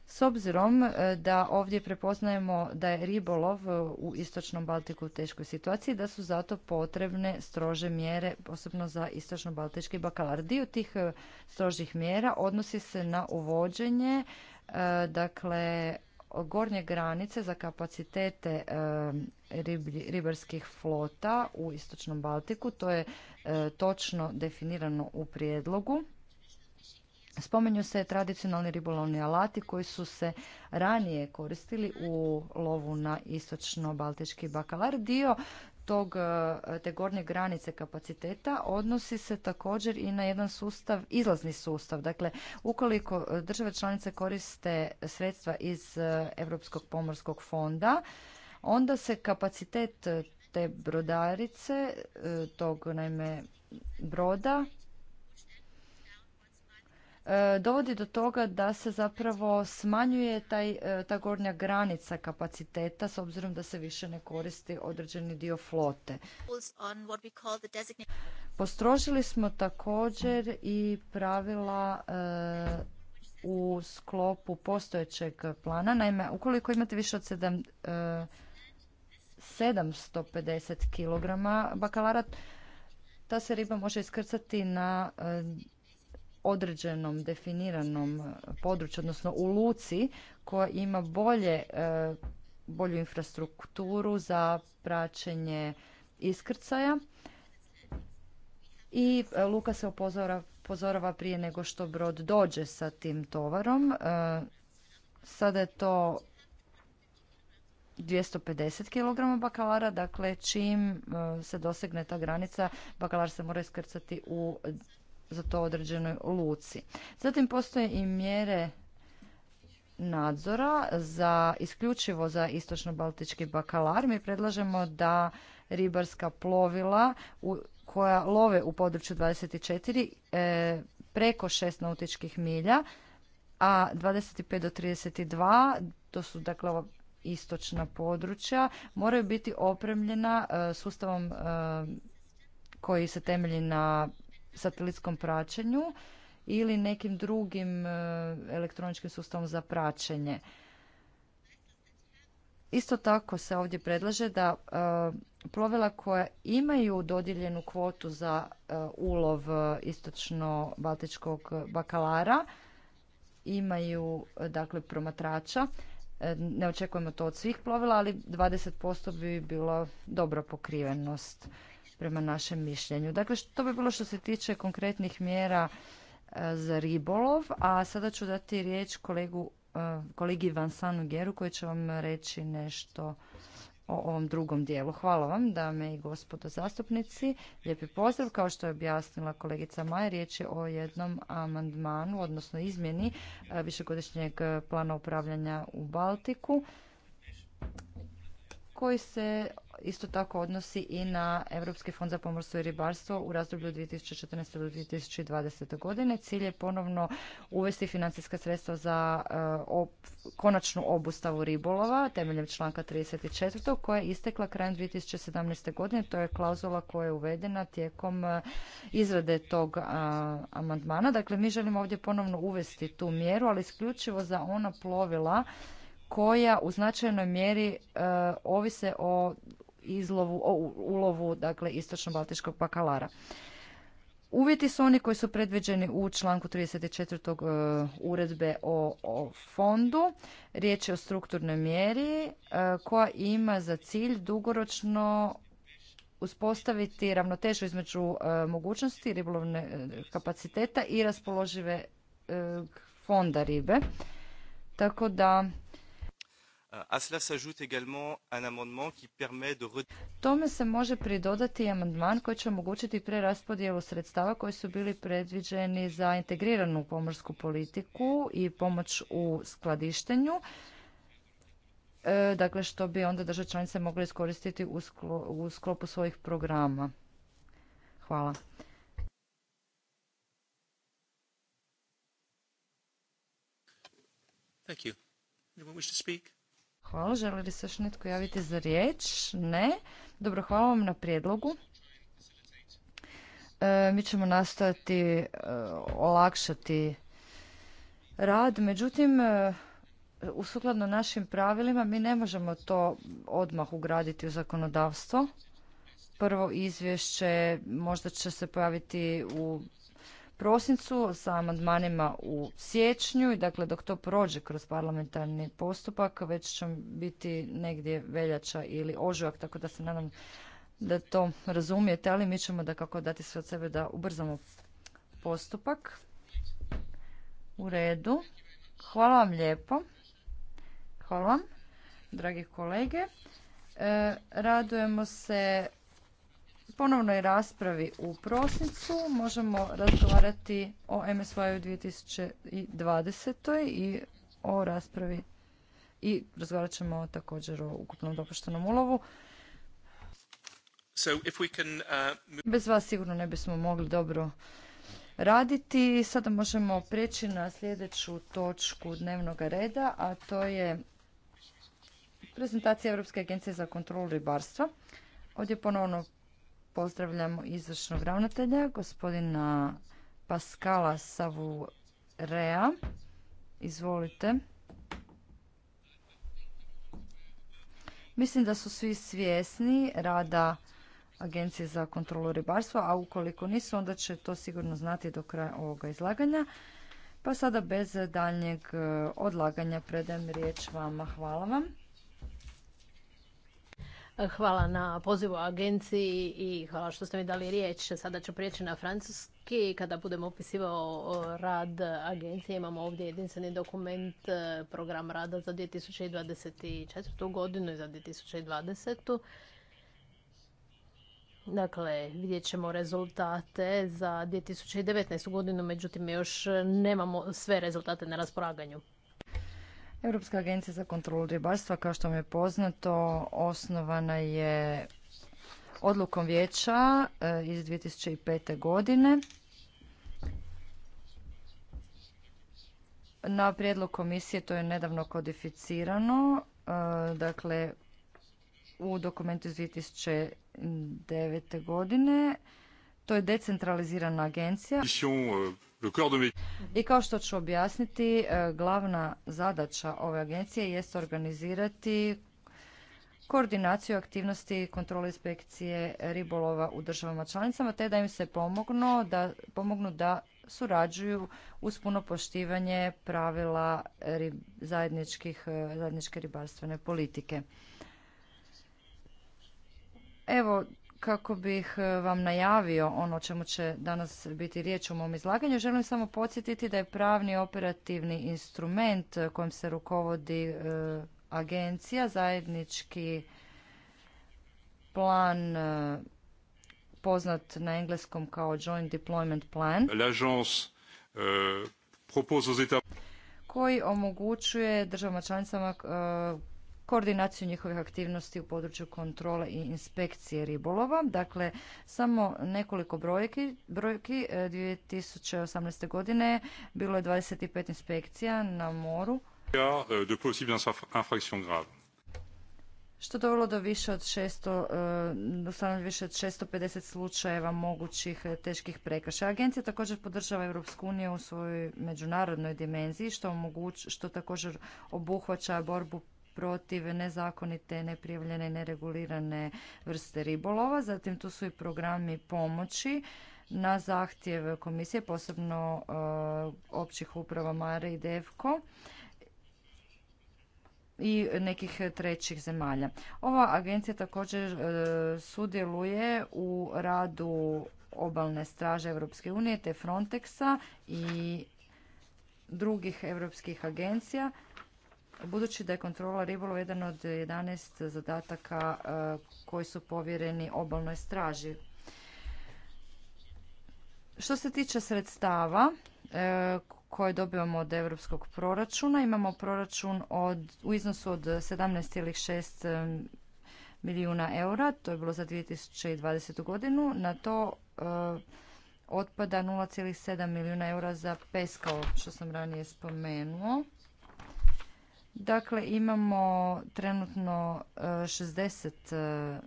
s obzirom e, da ovdje prepoznajemo da je ribolov e, u Istočnom Baltiku u teškoj situaciji, da su zato potrebne strože mjere, posebno za Istočno-Baltički bakalar. Dio tih e, strožih mjera odnosi se na uvođenje dakle, gornje granice za kapacitete ribarskih flota u Istočnom Baltiku. To je točno definirano u prijedlogu Spomenju se tradicionalni ribolovni alati koji su se ranije koristili u lovu na istočno-baltički bakalar. Dio tog, e, te gornje granice kapaciteta odnosi se također i na jedan sustav, izlazni sustav. Dakle, ukoliko e, države članice koriste sredstva iz e, Europskog pomorskog fonda, onda se kapacitet te brodarice, tog naime broda, E, dovodi do toga da se zapravo smanjuje taj, e, ta gornja granica kapaciteta s obzirom da se više ne koristi određeni dio flote. Postrožili smo također i pravila e, u sklopu postojećeg plana. Naime, ukoliko imate više od 7, 750 kg bakalara, ta se riba može iskrcati na određenom definiranom području, odnosno u luci koja ima bolje, e, bolju infrastrukturu za praćenje iskrcaja i e, luka se opozora, pozorava prije nego što brod dođe sa tim tovarom. E, sada je to 250 kg bakalara, dakle čim se dosegne ta granica, bakalar se mora iskrcati u za to određenoj luci. Zatim postoje i mjere nadzora za isključivo za istočno-baltički bakalar. Mi predlažemo da ribarska plovila koja love u području 24 e, preko 6 nautičkih milja, a 25 do 32, to su dakle ova istočna područja, moraju biti opremljena e, sustavom e, koji se temelji na satelitskom praćenju ili nekim drugim e, elektroničkim sustavom za praćenje. Isto tako se ovdje predlaže da e, plovila koja imaju dodijeljenu kvotu za e, ulov istočno-baltičkog bakalara imaju dakle promatrača. Ne očekujemo to od svih plovila, ali 20% bi bilo dobra pokrivenost prema našem mišljenju. Dakle, to bi bilo što se tiče konkretnih mjera e, za ribolov, a sada ću dati riječ kolegu, e, kolegi Vansanu Geru koji će vam reći nešto o ovom drugom dijelu. Hvala vam, dame i gospodo zastupnici. Lijepi pozdrav, kao što je objasnila kolegica Maja, riječ je o jednom amandmanu, odnosno izmjeni e, višegodišnjeg plana upravljanja u Baltiku koji se isto tako odnosi i na Europski fond za pomorstvo i ribarstvo u razdoblju 2014. do 2020. godine. Cilj je ponovno uvesti financijska sredstva za eh, konačnu obustavu ribolova temeljem članka 34. koja je istekla krajem 2017. godine. To je klauzula koja je uvedena tijekom eh, izrade tog eh, amandmana. Dakle, mi želimo ovdje ponovno uvesti tu mjeru, ali isključivo za ona plovila koja u značajnoj mjeri ovise o izlovu, o, ulovu dakle, istočno-baltičkog bakalara. Uvjeti su oni koji su predviđeni u članku 34. E, uredbe o, o fondu. Riječ je o strukturnoj mjeri e, koja ima za cilj dugoročno uspostaviti ravnotežu između e, mogućnosti ribolovne kapaciteta i raspoložive fonda ribe. Tako da Tome se može pridodati amandman koji će omogućiti preraspodjelu sredstava koji su bili predviđeni za integriranu pomorsku politiku i pomoć u skladištenju. E, dakle, što bi onda države članice mogle iskoristiti u, sklopu svojih programa. Hvala. Thank you. Anyone wish to speak? Hvala. Želi li se još netko javiti za riječ? Ne. Dobro, hvala vam na prijedlogu. E, mi ćemo nastojati e, olakšati rad, međutim, e, u sukladno našim pravilima mi ne možemo to odmah ugraditi u zakonodavstvo. Prvo izvješće možda će se pojaviti u prosincu sa amandmanima u siječnju i dakle dok to prođe kroz parlamentarni postupak već će biti negdje veljača ili ožujak tako da se nadam da to razumijete, ali mi ćemo da kako dati sve od sebe da ubrzamo postupak. U redu. Hvala vam lijepo. Hvala vam, dragi kolege. E, radujemo se ponovnoj raspravi u prosincu možemo razgovarati o MSY-u 2020. i o raspravi i razgovarat ćemo također o ukupnom dopuštenom ulovu. Uh, Bez vas sigurno ne bismo mogli dobro raditi. Sada možemo preći na sljedeću točku dnevnog reda, a to je prezentacija Europske agencije za kontrolu ribarstva. Ovdje ponovno Pozdravljamo izvršnog ravnatelja, gospodina Paskala Savurea. Izvolite. Mislim da su svi svjesni rada Agencije za kontrolu ribarstva, a ukoliko nisu, onda će to sigurno znati do kraja ovoga izlaganja. Pa sada bez daljnjeg eh, odlaganja predajem riječ vama. Hvala vam. Hvala na pozivu agenciji i hvala što ste mi dali riječ. Sada ću prijeći na francuski. Kada budem opisivao rad agencije, imamo ovdje jedinstveni dokument e, program rada za 2024. godinu i za 2020. Dakle, vidjet ćemo rezultate za 2019. godinu, međutim još nemamo sve rezultate na raspolaganju. Europska agencija za kontrolu ribarstva, kao što vam je poznato, osnovana je odlukom vijeća e, iz 2005. godine na prijedlog komisije to je nedavno kodificirano e, dakle u dokumentu iz 2009. godine to je decentralizirana agencija. Euh, I kao što ću objasniti, e, glavna zadaća ove agencije jest organizirati koordinaciju aktivnosti kontrole inspekcije ribolova u državama članicama te da im se pomognu da, pomognu da surađuju uz puno poštivanje pravila zajedničkih, e, zajedničke ribarstvene politike. Evo, kako bih e, vam najavio ono o čemu će danas biti riječ u mom izlaganju, želim samo podsjetiti da je pravni operativni instrument kojim se rukovodi e, agencija, zajednički plan e, poznat na engleskom kao Joint Deployment Plan, koji omogućuje državama članicama koordinaciju njihovih aktivnosti u području kontrole i inspekcije ribolova. Dakle, samo nekoliko brojki. brojki 2018. E, godine bilo je 25 inspekcija na moru. E, što dovelo do više od 600, ustanovljeno e, više od 650 slučajeva mogućih teških prekršaja. Agencija također podržava Europsku uniju u svojoj međunarodnoj dimenziji, što, omoguć, što također obuhvaća borbu protiv nezakonite, neprijavljene i neregulirane vrste ribolova. Zatim tu su i programi pomoći na zahtjev komisije, posebno e, općih uprava Mare i Devko i nekih trećih zemalja. Ova agencija također e, sudjeluje u radu obalne straže Europske unije te Frontexa i drugih europskih agencija Budući da je kontrola ribolova jedan od 11 zadataka e, koji su povjereni obalnoj straži. Što se tiče sredstava e, koje dobivamo od europskog proračuna, imamo proračun od, u iznosu od 17,6 e, milijuna eura, to je bilo za 2020. godinu, na to otpada 0,7 milijuna eura za peskao, što sam ranije spomenuo. Dakle, imamo trenutno 60 e, e,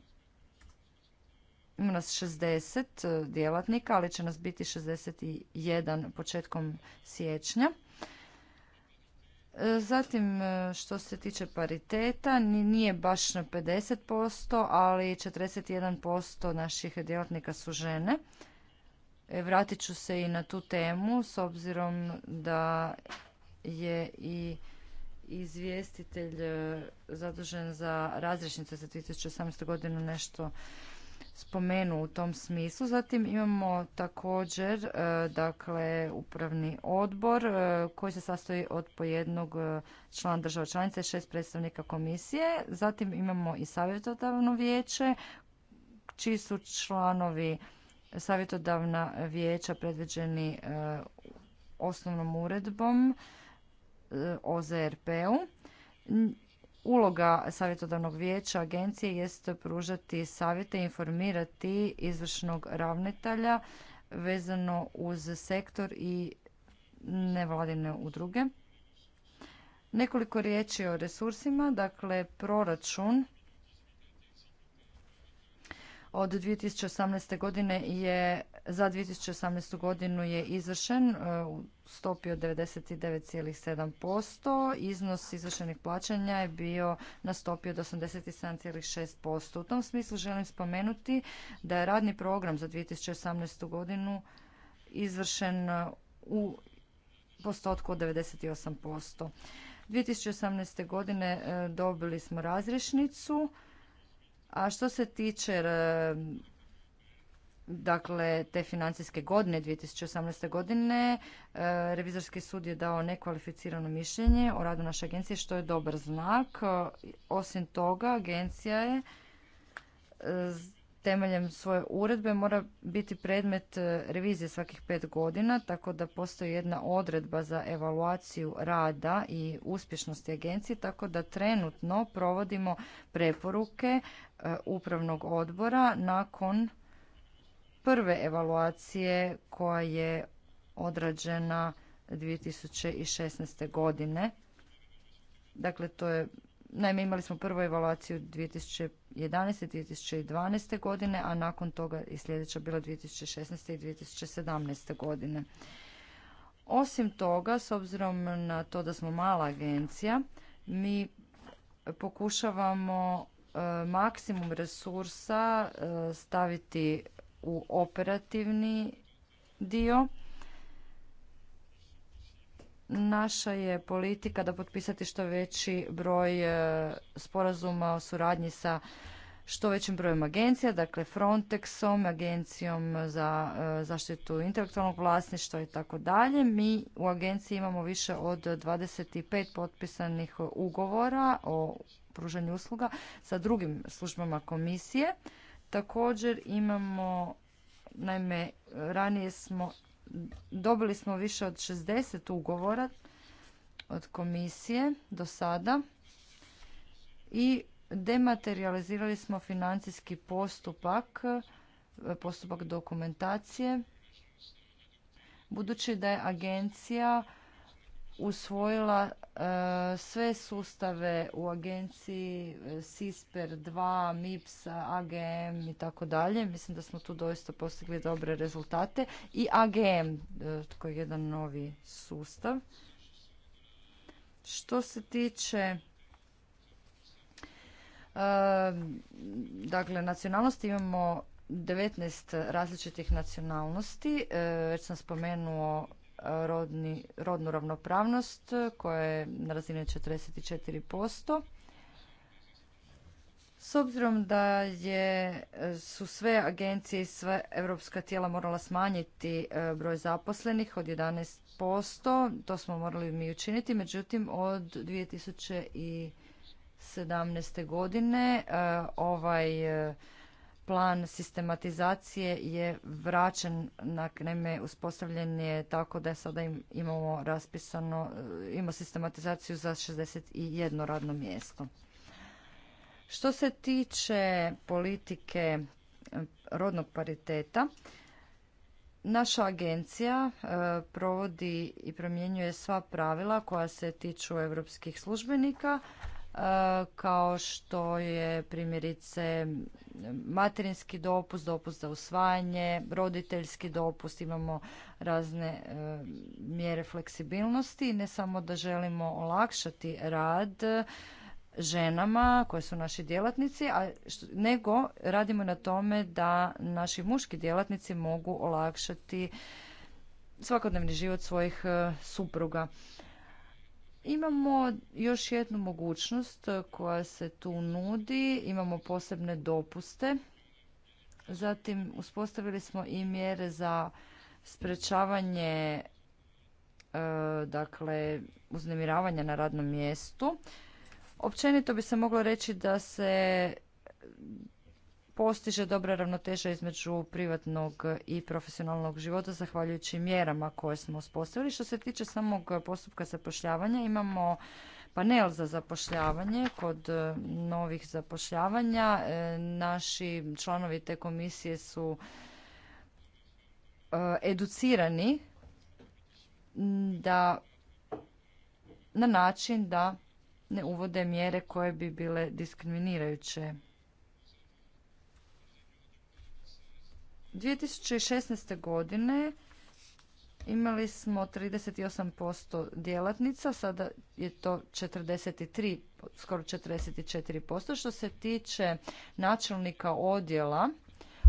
ima nas 60 e, djelatnika, ali će nas biti 61 početkom siječnja. Zatim, što se tiče pariteta, nije baš na 50%, ali 41% naših djelatnika su žene. Vratit ću se i na tu temu, s obzirom da je i izvjestitelj e, zadužen za razrešnice za 2018. godinu nešto spomenu u tom smislu. Zatim imamo također e, dakle upravni odbor e, koji se sastoji od pojednog jednog člana država članice i šest predstavnika komisije. Zatim imamo i savjetodavno vijeće čiji su članovi savjetodavna vijeća predviđeni osnovnom uredbom E, zrp u Uloga savjetodavnog vijeća agencije jest pružati savjete i informirati izvršnog ravnatelja vezano uz sektor i nevladine udruge. Nekoliko riječi o resursima, dakle proračun od 2018. godine je za 2018. godinu je izvršen e, u stopi od 99,7%. Iznos izvršenih plaćanja je bio na stopi od 87,6%. U tom smislu želim spomenuti da je radni program za 2018. godinu izvršen e, u postotku od 98%. 2018. godine e, dobili smo razrješnicu a što se tiče e, dakle te financijske godine 2018. godine e, revizorski sud je dao nekvalificirano mišljenje o radu naše agencije što je dobar znak. E, osim toga agencija je temeljem svoje uredbe mora biti predmet e, revizije svakih pet godina, tako da postoji jedna odredba za evaluaciju rada i uspješnosti agencije, tako da trenutno provodimo preporuke e, upravnog odbora nakon prve evaluacije koja je odrađena 2016. godine. Dakle, to je Naime, imali smo prvu evaluaciju 2011. 2012. godine, a nakon toga i sljedeća bila 2016. i 2017. godine. Osim toga, s obzirom na to da smo mala agencija, mi pokušavamo e, maksimum resursa e, staviti u operativni dio Naša je politika da potpisati što veći broj e, sporazuma o suradnji sa što većim brojem agencija, dakle Frontexom, agencijom za e, zaštitu intelektualnog vlasništva i tako dalje. Mi u agenciji imamo više od 25 potpisanih ugovora o pružanju usluga sa drugim službama komisije. Također imamo Naime, ranije smo dobili smo više od 60 ugovora od komisije do sada i dematerializirali smo financijski postupak, postupak dokumentacije, budući da je agencija usvojila E, sve sustave u agenciji e, SISPER 2, MIPS, AGM i tako dalje. Mislim da smo tu doista postigli dobre rezultate. I AGM e, koji je jedan novi sustav. Što se tiče dakle nacionalnosti imamo 19 različitih nacionalnosti. Već sam spomenuo rodni, rodnu ravnopravnost eh, koja je na razine 44%. S obzirom da je, eh, su sve agencije i sve europska tijela morala smanjiti eh, broj zaposlenih od 11%, to smo morali mi učiniti, međutim od 2017. godine ovaj plan sistematizacije je vraćen na naime uspostavljen je tako da sada imamo raspisano e, imamo sistematizaciju za 61 radno mjesto. Što se tiče politike e, rodnog pariteta naša agencija e, provodi i promjenjuje sva pravila koja se tiču europskih službenika E, kao što je primjerice materinski dopust, dopust za usvajanje, roditeljski dopust, imamo razne e, mjere fleksibilnosti. Ne samo da želimo olakšati rad ženama koje su naši djelatnici, a nego radimo na tome da naši muški djelatnici mogu olakšati svakodnevni život svojih e, supruga. Imamo još jednu mogućnost koja se tu nudi, imamo posebne dopuste. Zatim uspostavili smo i mjere za sprečavanje e, dakle uznemiravanja na radnom mjestu. Općenito bi se moglo reći da se postiže dobra ravnoteža između privatnog i profesionalnog života zahvaljujući mjerama koje smo uspostavili. Što se tiče samog postupka zapošljavanja, imamo panel za zapošljavanje kod e, novih zapošljavanja. E, naši članovi te komisije su e, educirani da na način da ne uvode mjere koje bi bile diskriminirajuće 2016. godine imali smo 38% djelatnica, sada je to 43, skoro 44%. Što se tiče načelnika odjela,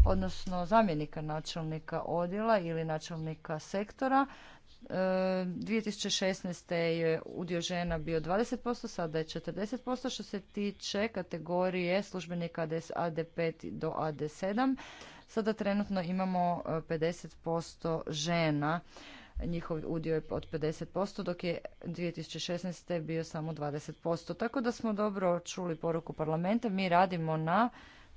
odnosno zamjenika načelnika odjela ili načelnika sektora, 2016. E, je udio žena bio 20%, sada je 40%. Što se tiče kategorije službenika AD5 do AD7, Sada trenutno imamo 50% e, žena, njihov udio je od 50%, dok je 2016. bio samo 20%. Tako da smo dobro čuli poruku parlamenta, mi radimo na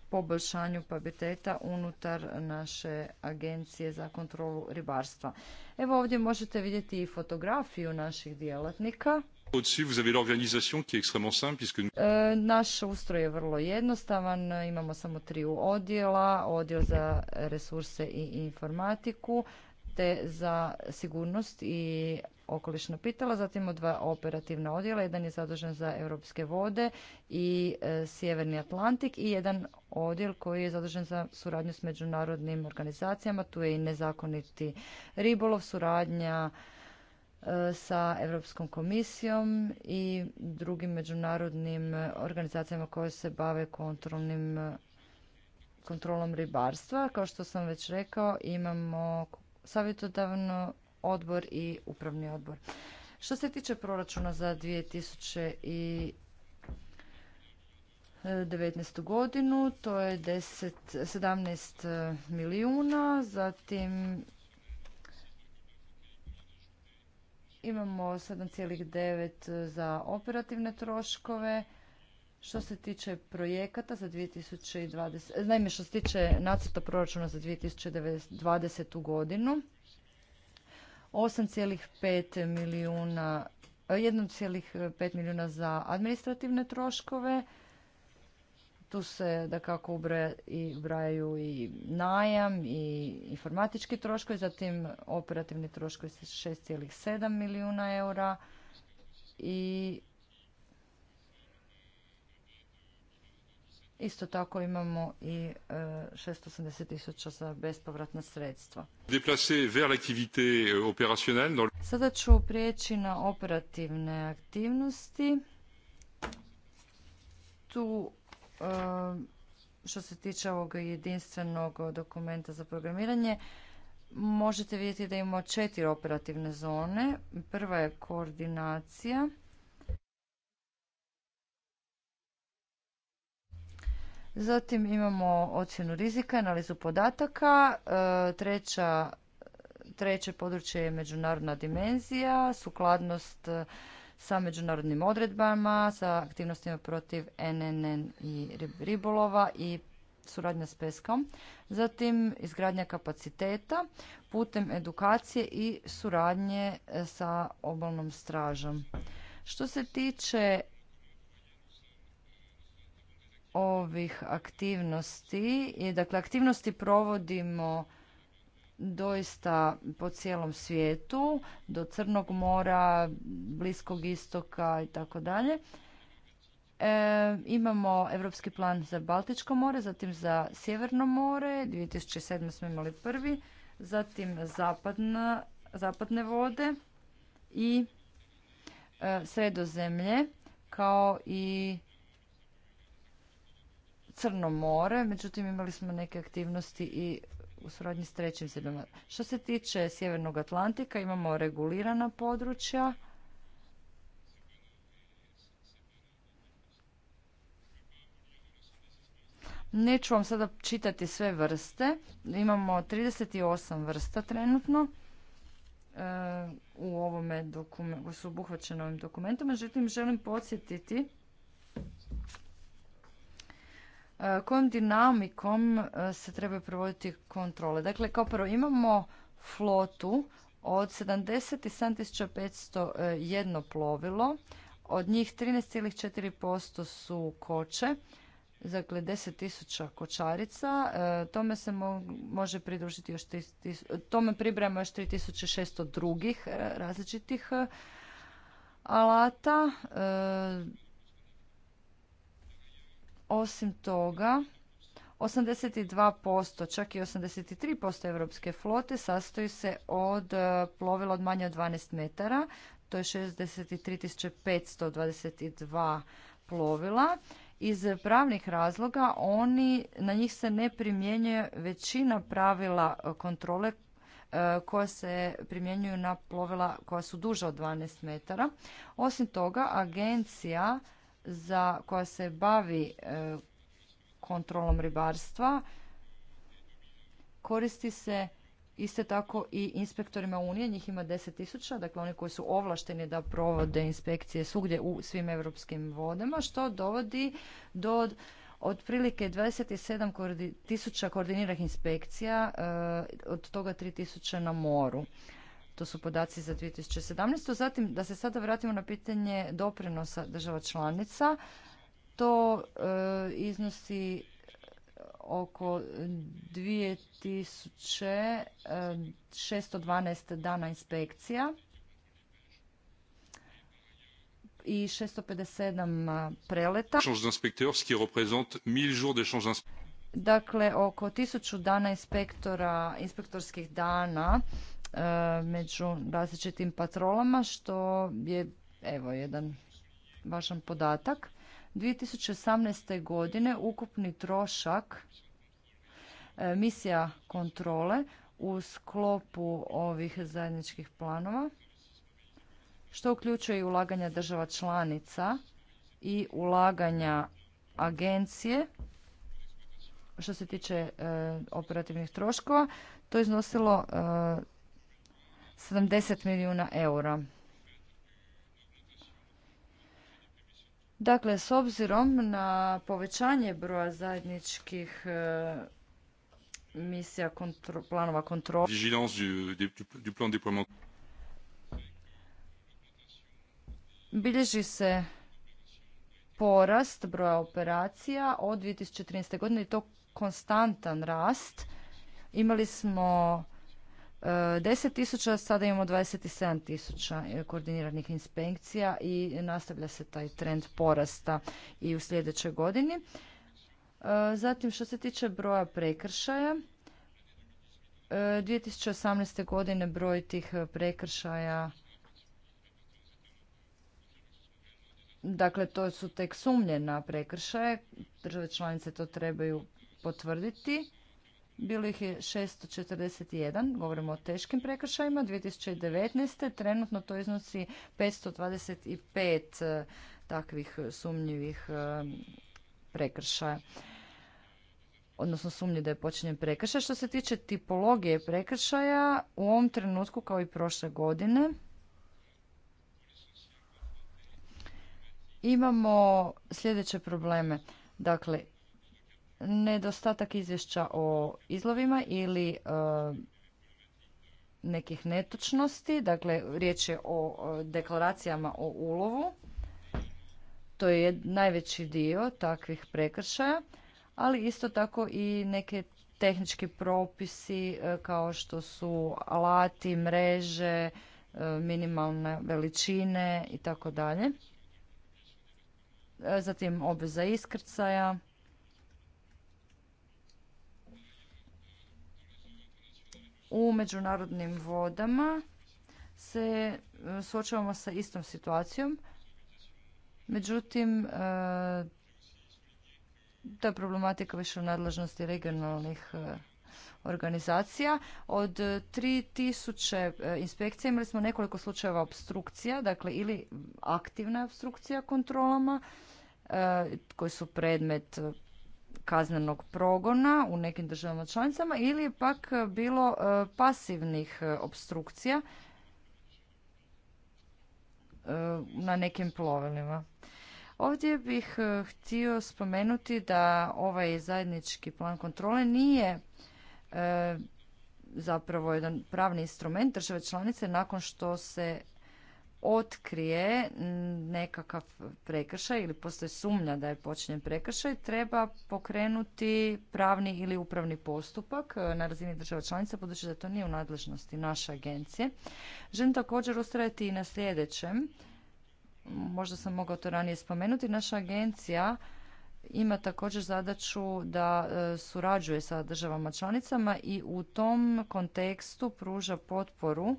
poboljšanju pabiteta unutar naše agencije za kontrolu ribarstva. Evo ovdje možete vidjeti i fotografiju naših djelatnika E, naš ustroj je vrlo jednostavan, imamo samo tri odjela, odjel za resurse i informatiku, te za sigurnost i okolišna pitala, zatim dva operativna odjela, jedan je zadužen za europske vode i e, sjeverni Atlantik i jedan odjel koji je zadužen za suradnju s međunarodnim organizacijama, tu je i nezakoniti ribolov, suradnja E, sa Europskom komisijom i drugim međunarodnim organizacijama koje se bave kontrolnim e, kontrolom ribarstva. Kao što sam već rekao, imamo savjetodavno odbor i upravni odbor. Što se tiče proračuna za 2019. godinu, to je 10, 17 milijuna, zatim Imamo 7,9 za operativne troškove. Što se tiče projekata za 2020, naime što se tiče nacrta proračuna za 2020. godinu, 8,5 milijuna 1,5 milijuna za administrativne troškove, tu se da kako ubrajaju i najam i informatički troškovi, zatim operativni troškovi 6,7 milijuna eura i Isto tako imamo i 680 e, tisuća za bespovratna sredstva. Euh, Sada ću prijeći na operativne aktivnosti. Tu što se tiče ovog jedinstvenog dokumenta za programiranje, možete vidjeti da imamo četiri operativne zone. Prva je koordinacija. Zatim imamo ocjenu rizika, analizu podataka. E, treća, treće područje je međunarodna dimenzija, sukladnost sa međunarodnim odredbama, sa aktivnostima protiv NNN i ribolova i suradnja s peskom, zatim izgradnja kapaciteta putem edukacije i suradnje e, sa obalnom stražom. Što se tiče ovih aktivnosti, dakle aktivnosti provodimo doista po cijelom svijetu, do Crnog mora, Bliskog istoka i tako dalje. E, imamo Europski plan za Baltičko more, zatim za Sjeverno more, 2007. smo imali prvi, zatim zapadna, zapadne vode i e, sredozemlje kao i Crno more, međutim imali smo neke aktivnosti i u suradnji s trećim zemljama. Što se tiče Sjevernog Atlantika, imamo regulirana područja. Neću vam sada čitati sve vrste. Imamo 38 vrsta trenutno e, u ovome dokumentu, su obuhvaćene ovim dokumentom. Međutim, želim podsjetiti E, kojom dinamikom e, se trebaju provoditi kontrole. Dakle, kao prvo imamo flotu od 77.500 e, jedno plovilo, od njih 13,4% su koče, dakle 10.000 kočarica, tome se može pridružiti još tome pribrajamo još 3.600 drugih različitih alata, osim toga, 82%, čak i 83% europske flote sastoji se od e, plovila od manje od 12 metara, to je 63.522 plovila. Iz pravnih razloga oni, na njih se ne primjenjuje većina pravila e, kontrole e, koja se primjenjuju na plovila koja su duža od 12 metara. Osim toga, agencija za, koja se bavi e, kontrolom ribarstva koristi se isto tako i inspektorima Unije, njih ima 10.000, dakle oni koji su ovlašteni da provode inspekcije svugdje u svim europskim vodama, što dovodi do otprilike 27.000 tisuća koordiniranih inspekcija, e, od toga 3.000 na moru to su podaci za 2017. Zatim da se sada vratimo na pitanje doprinosa država članica. To e, iznosi oko 2612 dana inspekcija i 657 preleta. Dakle, oko 1000 dana inspektora, inspektorskih dana E, među različitim patrolama, što je, evo, jedan važan podatak. 2018. godine ukupni trošak e, misija kontrole u sklopu ovih zajedničkih planova, što uključuje i ulaganja država članica i ulaganja agencije što se tiče e, operativnih troškova, to je iznosilo 70 milijuna eura. Dakle, s obzirom na povećanje broja zajedničkih e, misija planova kontrola, bilježi se porast broja operacija od 2013. godine i to konstantan rast. Imali smo 10 tisuća, sada imamo 27 tisuća e, koordiniranih inspekcija i nastavlja se taj trend porasta i u sljedećoj godini. E, zatim što se tiče broja prekršaja, 2018. E, godine broj tih prekršaja Dakle, to su tek sumnje na prekršaje. Države članice to trebaju potvrditi bilo ih je 641, govorimo o teškim prekršajima, 2019. trenutno to iznosi 525 e, takvih sumnjivih e, prekršaja odnosno sumnji da je počinjen prekršaj. Što se tiče tipologije prekršaja, u ovom trenutku kao i prošle godine imamo sljedeće probleme. Dakle, nedostatak izvješća o izlovima ili e, nekih netočnosti, dakle riječ je o deklaracijama o ulovu. To je najveći dio takvih prekršaja, ali isto tako i neke tehnički propisi e, kao što su alati, mreže, e, minimalne veličine i tako dalje. Zatim obveza iskrcaja u međunarodnim vodama se e, suočavamo sa istom situacijom. Međutim, e, je problematika više u nadležnosti regionalnih e, organizacija. Od 3000 inspekcija imali smo nekoliko slučajeva obstrukcija, dakle ili aktivna obstrukcija kontrolama koji su predmet kaznenog progona u nekim državama članicama ili je pak e, bilo e, pasivnih e, obstrukcija na nekim plovilima. Ovdje bih htio spomenuti da ovaj zajednički plan kontrole nije zapravo jedan pravni instrument države članice nakon što se otkrije nekakav prekršaj ili postoji sumnja da je počinjen prekršaj, treba pokrenuti pravni ili upravni postupak eh, na razini država članica, budući da to nije u nadležnosti naše agencije. Želim također ustrajati i na sljedećem. Možda sam mogao to ranije spomenuti. Naša agencija ima također zadaću da eh, surađuje sa državama članicama i u tom kontekstu pruža potporu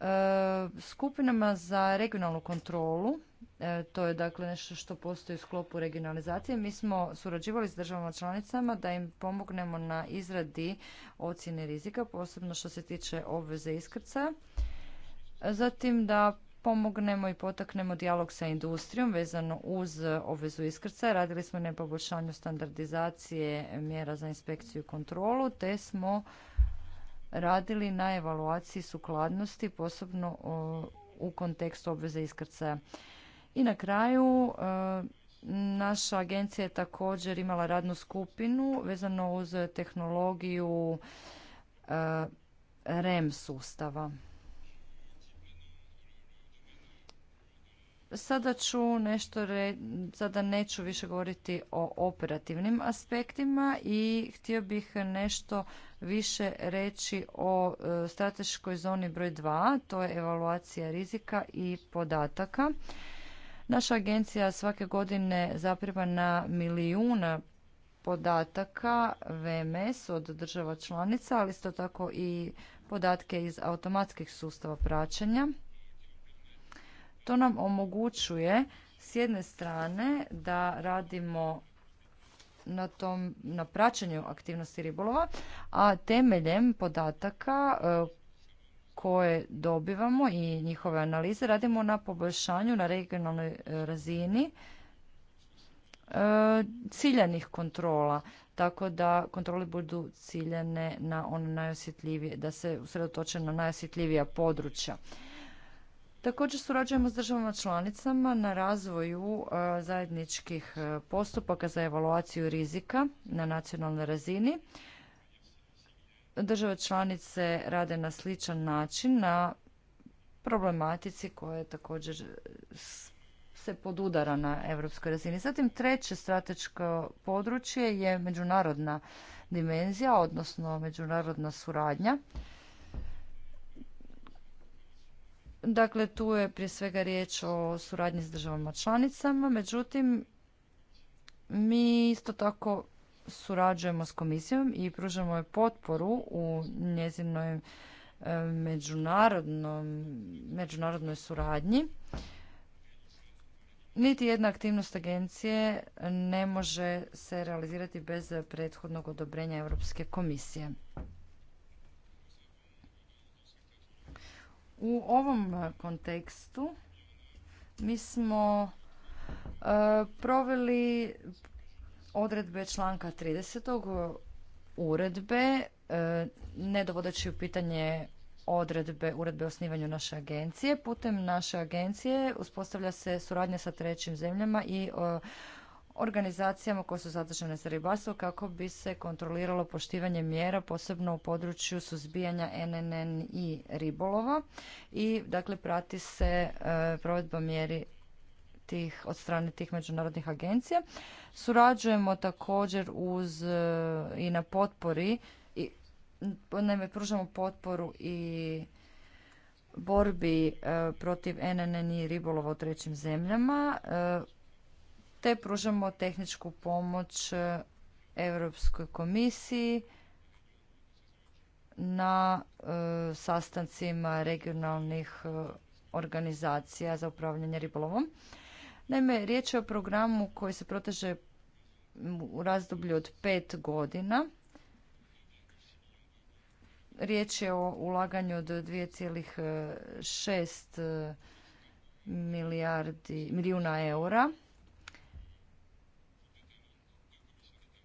E, skupinama za regionalnu kontrolu, e, to je dakle nešto što postoji u sklopu regionalizacije, mi smo surađivali s državama članicama da im pomognemo na izradi ocjene rizika, posebno što se tiče obveze iskrca. Zatim da pomognemo i potaknemo dijalog sa industrijom vezano uz obvezu iskrca. Radili smo na poboljšanju standardizacije mjera za inspekciju i kontrolu, te smo radili na evaluaciji sukladnosti, posebno u kontekstu obveze iskrcaja. I na kraju, e, naša agencija je također imala radnu skupinu vezano uz tehnologiju e, REM sustava. Sada ću nešto re... sada neću više govoriti o operativnim aspektima i htio bih nešto više reći o e, strateškoj zoni broj 2, to je evaluacija rizika i podataka. Naša agencija svake godine zaprima na milijuna podataka VMS od država članica, ali isto tako i podatke iz automatskih sustava praćenja. To nam omogućuje s jedne strane da radimo na tom na praćenju aktivnosti ribolova, a temeljem podataka e, koje dobivamo i njihove analize radimo na poboljšanju na regionalnoj e, razini e, ciljanih kontrola, tako da kontrole budu ciljane na one najosjetljivije, da se usredotoče na najosjetljivija područja. Također surađujemo s državama članicama na razvoju e, zajedničkih e, postupaka za evaluaciju rizika na nacionalnoj razini. Države članice rade na sličan način na problematici koja je također se podudara na europskoj razini. Zatim treće strateško područje je međunarodna dimenzija, odnosno međunarodna suradnja. Dakle, tu je prije svega riječ o suradnji s državama članicama, međutim, mi isto tako surađujemo s komisijom i pružamo je potporu u njezinoj e, međunarodnoj suradnji. Niti jedna aktivnost agencije ne može se realizirati bez prethodnog odobrenja Europske komisije. U ovom e, kontekstu mi smo e, proveli odredbe članka 30. uredbe, e, ne dovodeći u pitanje odredbe uredbe o osnivanju naše agencije. Putem naše agencije uspostavlja se suradnja sa trećim zemljama i organizacijama koje su zadužene za ribarstvo kako bi se kontroliralo poštivanje mjera posebno u području suzbijanja i ribolova i dakle prati se e, provedba mjeri tih, od strane tih međunarodnih agencija. Surađujemo također uz e, i na potpori i naime pružamo potporu i borbi e, protiv i ribolova u trećim zemljama te pružamo tehničku pomoć Europskoj komisiji na e, sastancima regionalnih e, organizacija za upravljanje ribolovom. Naime, riječ je o programu koji se proteže u razdoblju od pet godina. Riječ je o ulaganju od 2,6 e, milijuna eura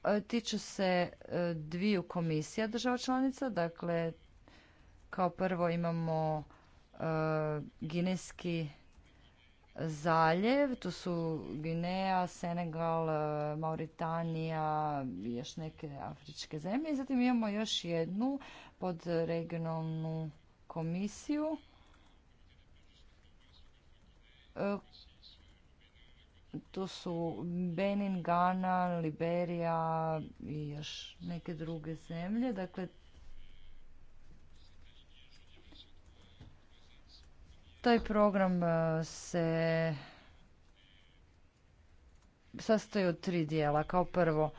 E, tiču se e, dviju komisija država članica. Dakle, kao prvo imamo e, Gineski zaljev, tu su Gineja, Senegal, Mauritanija, još neke afričke zemlje. I zatim imamo još jednu pod regionalnu komisiju tu su Benin, Ghana, Liberija i još neke druge zemlje. Dakle, taj program e, se sastoji od tri dijela. Kao prvo,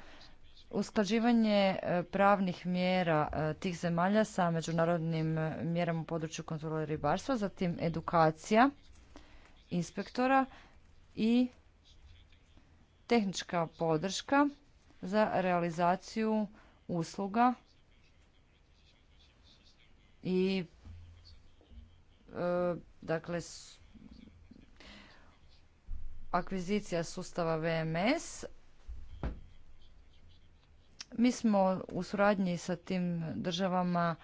usklađivanje e, pravnih mjera e, tih zemalja sa međunarodnim mjerama u području kontrole ribarstva, zatim edukacija inspektora i tehnička podrška za realizaciju usluga i e, dakle akvizicija sustava VMS. Mi smo u suradnji sa tim državama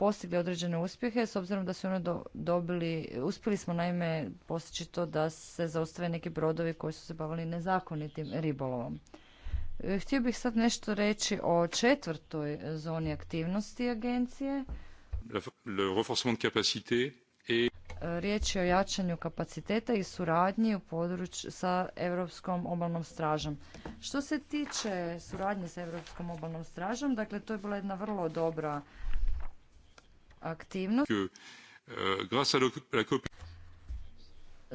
postigli određene uspjehe s obzirom da su ono dobili, uspjeli smo naime postići to da se zaustave neki brodovi koji su se bavili nezakonitim ribolovom. E, htio bih sad nešto reći o četvrtoj zoni aktivnosti agencije. E, riječ je o jačanju kapaciteta i suradnji u području sa Europskom obalnom stražom. Što se tiče suradnje sa Europskom obalnom stražom, dakle to je bila jedna vrlo dobra aktivnost. Eh,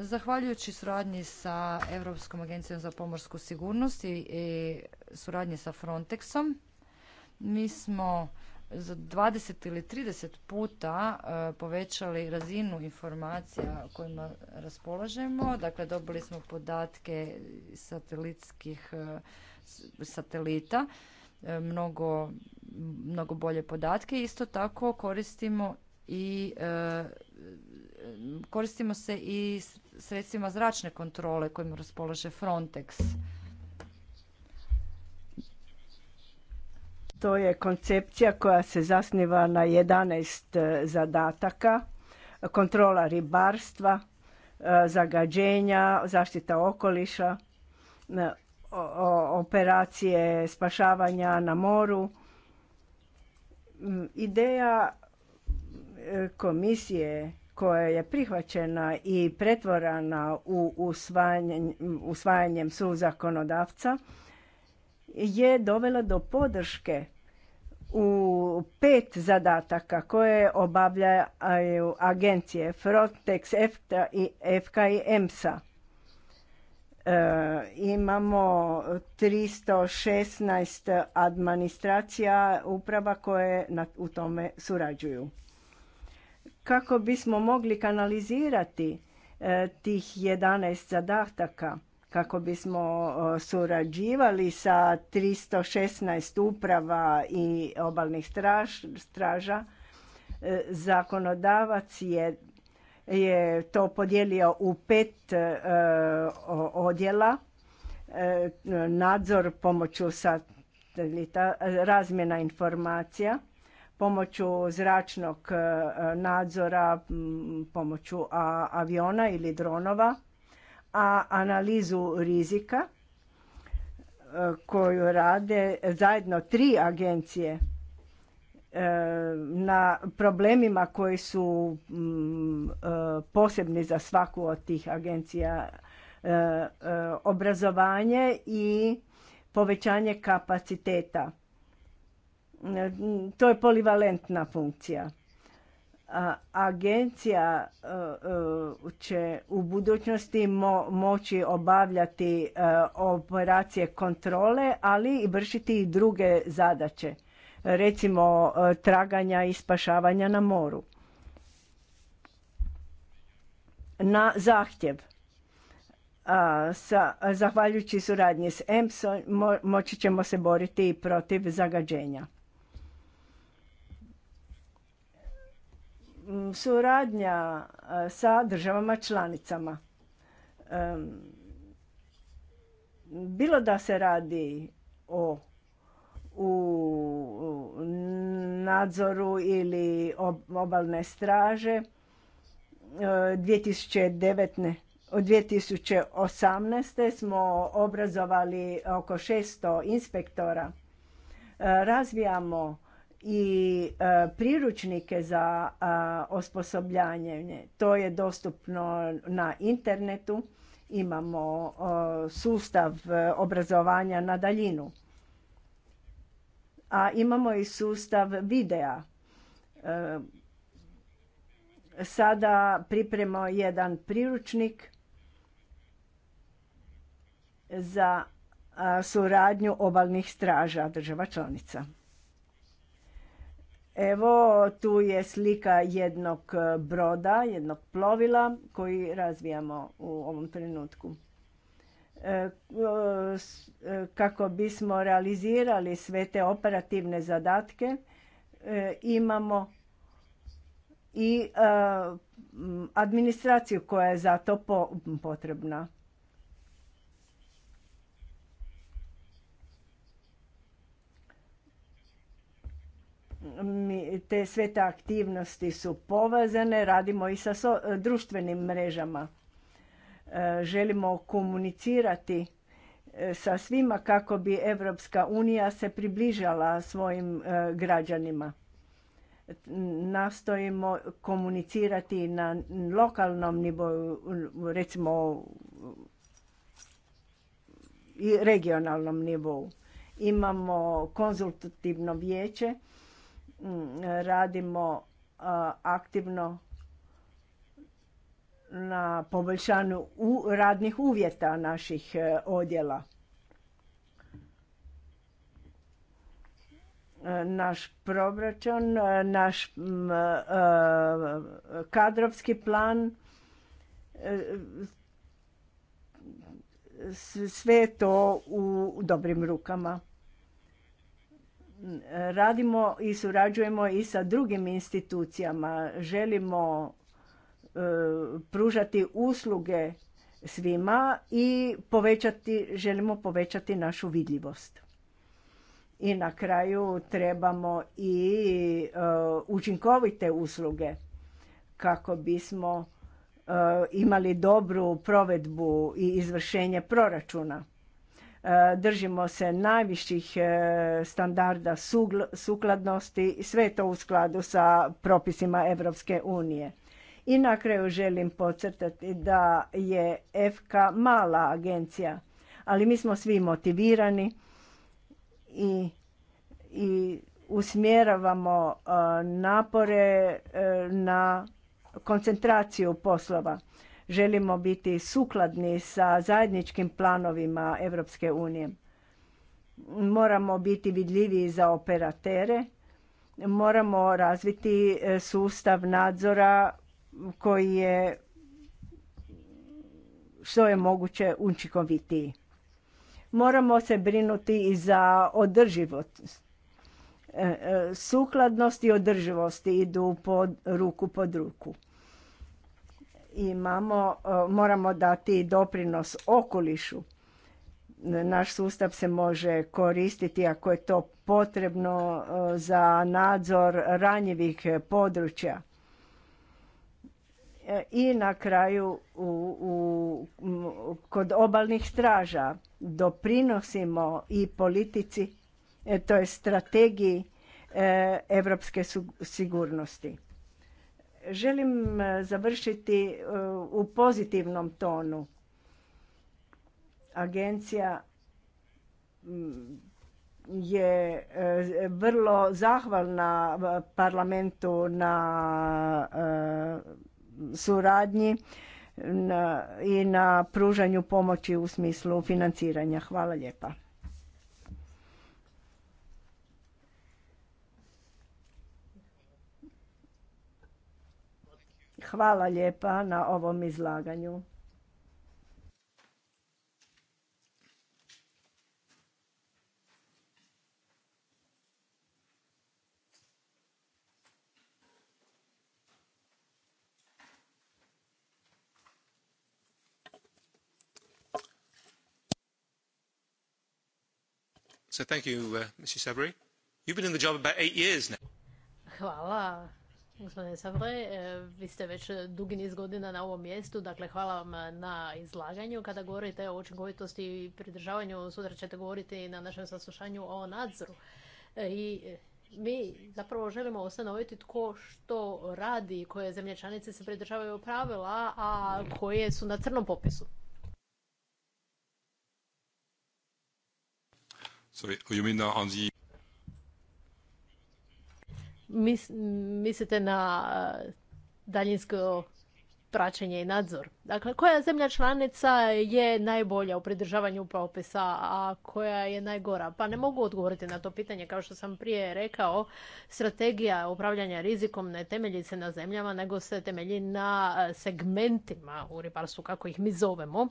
Zahvaljujući suradnji sa Europskom agencijom za pomorsku sigurnost i suradnji sa Frontexom, mi smo za 20 ili 30 puta eh, povećali razinu informacija kojima raspolažemo. Dakle, dobili smo podatke satelitskih eh, satelita E, mnogo, mnogo bolje podatke. Isto tako koristimo i e, koristimo se i sredstvima zračne kontrole kojima raspolaže Frontex. To je koncepcija koja se zasniva na 11 e, zadataka. Kontrola ribarstva, zagađenja, zaštita okoliša, operacije spašavanja na moru. Mm, ideja e, komisije koja je prihvaćena i pretvorana u usvajanjem, usvajanjem zakonodavca je dovela do podrške u pet zadataka koje obavljaju agencije Frontex, EFTA i EFKA E, imamo 316 administracija uprava koje u tome surađuju. Kako bismo mogli kanalizirati e, tih 11 zadataka, kako bismo surađivali sa 316 uprava i obalnih straža, e, zakonodavac je je to podijelio u pet e, odjela e, nadzor pomoću satelita, razmjena informacija, pomoću zračnog e, nadzora, pomoću aviona ili dronova, a analizu rizika koju rade zajedno tri agencije E, na problemima koji su mm, e, posebni za svaku od tih agencija e, obrazovanje i povećanje kapaciteta. To je polivalentna funkcija. Agencija će u budućnosti moći obavljati operacije kontrole, ali i vršiti i druge zadaće recimo e, traganja i spašavanja na moru. Na zahtjev a, sa, zahvaljujući suradnji s EMSO mo, moći ćemo se boriti i protiv zagađenja. Mm, suradnja sa državama članicama. bilo da se radi o u nadzoru ili obalne straže 2019. E, od 2018. smo obrazovali oko 600 inspektora. E, razvijamo i e, priručnike za osposobljanje. To je dostupno na internetu. Imamo sustav obrazovanja na daljinu a imamo i sustav videa. E, sada pripremo jedan priručnik za suradnju obalnih straža država članica. Evo tu je slika jednog broda, jednog plovila koji razvijamo u ovom trenutku. E, e, kako bismo realizirali sve te operativne zadatke e, imamo i administraciju koja je za to potrebna. Te sve te aktivnosti su povezane, radimo i sa društvenim mrežama. E, želimo komunicirati e, sa svima kako bi Evropska unija se približala svojim e, građanima. Nastojimo komunicirati na lokalnom nivou, recimo i regionalnom nivou. Imamo konzultativno vijeće, radimo aktivno na poboljšanju radnih uvjeta naših e, odjela. E, naš proračun, e, naš kadrovski plan, sve je to u dobrim rukama. Radimo i surađujemo i sa drugim institucijama. Želimo E, pružati usluge svima i povećati, želimo povećati našu vidljivost. I na kraju trebamo i e, učinkovite usluge kako bismo e, imali dobru provedbu i izvršenje proračuna. Držimo se najviših standarda sukladnosti, sve je to u skladu sa propisima Europske unije. I na kraju želim podcrtati da je FK mala agencija, ali mi smo svi motivirani i, i usmjeravamo e, napore e, na koncentraciju poslova. Želimo biti sukladni sa zajedničkim planovima Europske unije. Moramo biti vidljivi za operatere, moramo razviti e, sustav nadzora koji je što je moguće učinkovitiji. Moramo se brinuti i za održivost. E, e, sukladnost i održivost idu pod ruku pod ruku. Imamo, e, moramo dati doprinos okolišu. Naš sustav se može koristiti ako je to potrebno za nadzor ranjivih područja i na kraju u, u, kod obalnih straža doprinosimo i politici, e, to je strategiji europske sigurnosti. Želim e, završiti e, u pozitivnom tonu. Agencija je vrlo zahvalna parlamentu na suradnji i na pružanju pomoći u smislu financiranja. Hvala lijepa. Hvala lijepa na ovom izlaganju. Hvala, gospodine Sabre. Vi ste već dugi niz godina na ovom mjestu, dakle hvala vam na izlaganju. Kada govorite o učinkovitosti i pridržavanju, sutra ćete govoriti na našem saslušanju o nadzoru. E, I e, mi zapravo želimo ustanoviti tko što radi, koje zemlje članice se pridržavaju pravila, a koje su na crnom popisu. Sorry, you mean on the... mislite na uh, daljinsko praćenje i nadzor. Dakle, koja zemlja članica je najbolja u pridržavanju propisa, a koja je najgora? Pa ne mogu odgovoriti na to pitanje. Kao što sam prije rekao, strategija upravljanja rizikom ne temelji se na zemljama, nego se temelji na uh, segmentima u ribarstvu, kako ih mi zovemo.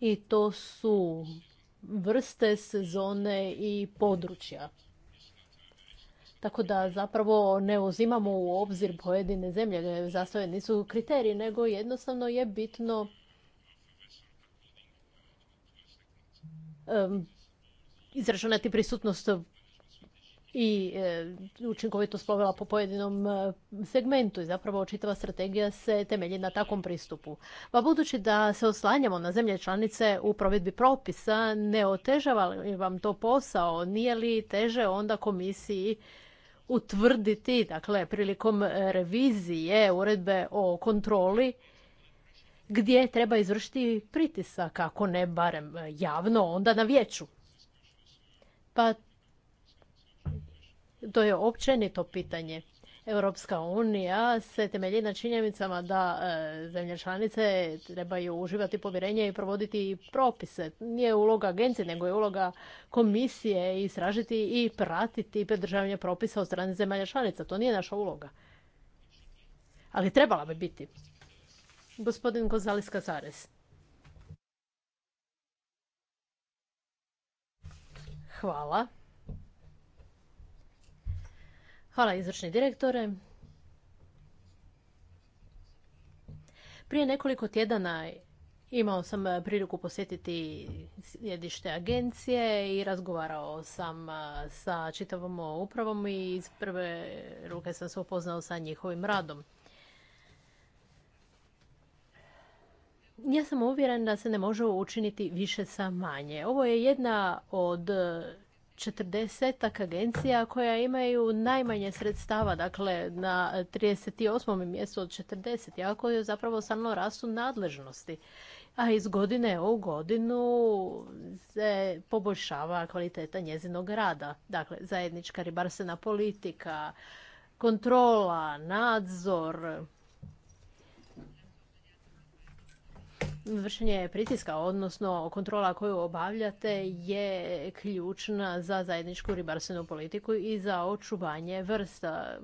i to su vrste, sezone i područja. Tako da zapravo ne uzimamo u obzir pojedine zemlje, zastavljeni su kriteriji, nego jednostavno je bitno izračunati prisutnost i e, učinkovito plovila po pojedinom e, segmentu i zapravo čitava strategija se temelji na takvom pristupu. Pa budući da se oslanjamo na zemlje članice u provedbi propisa, ne otežava li vam to posao? Nije li teže onda komisiji utvrditi, dakle, prilikom revizije uredbe o kontroli, gdje treba izvršiti pritisak, ako ne barem javno, onda na vijeću. Pa to je općenito pitanje. Europska unija se temelji na činjenicama da e, zemlje članice trebaju uživati povjerenje i provoditi propise. Nije uloga agencije, nego je uloga komisije istražiti i pratiti predržavanje propisa od strane zemalja članica. To nije naša uloga. Ali trebala bi biti. Gospodin Gonzales Hvala. Hvala izvršni direktore. Prije nekoliko tjedana imao sam e, priliku posjetiti sjedište agencije i razgovarao sam e, sa čitavom upravom i iz prve ruke sam se upoznao sa njihovim radom. Ja sam uvjeren da se ne može učiniti više sa manje. Ovo je jedna od četrdesetak agencija koja imaju najmanje sredstava, dakle na 38. mjestu od 40, jako je zapravo samo rastu nadležnosti. A iz godine u godinu se poboljšava kvaliteta njezinog rada. Dakle, zajednička ribarstvena politika, kontrola, nadzor, vršenje pritiska, odnosno kontrola koju obavljate je ključna za zajedničku ribarstvenu politiku i za očuvanje vrsta.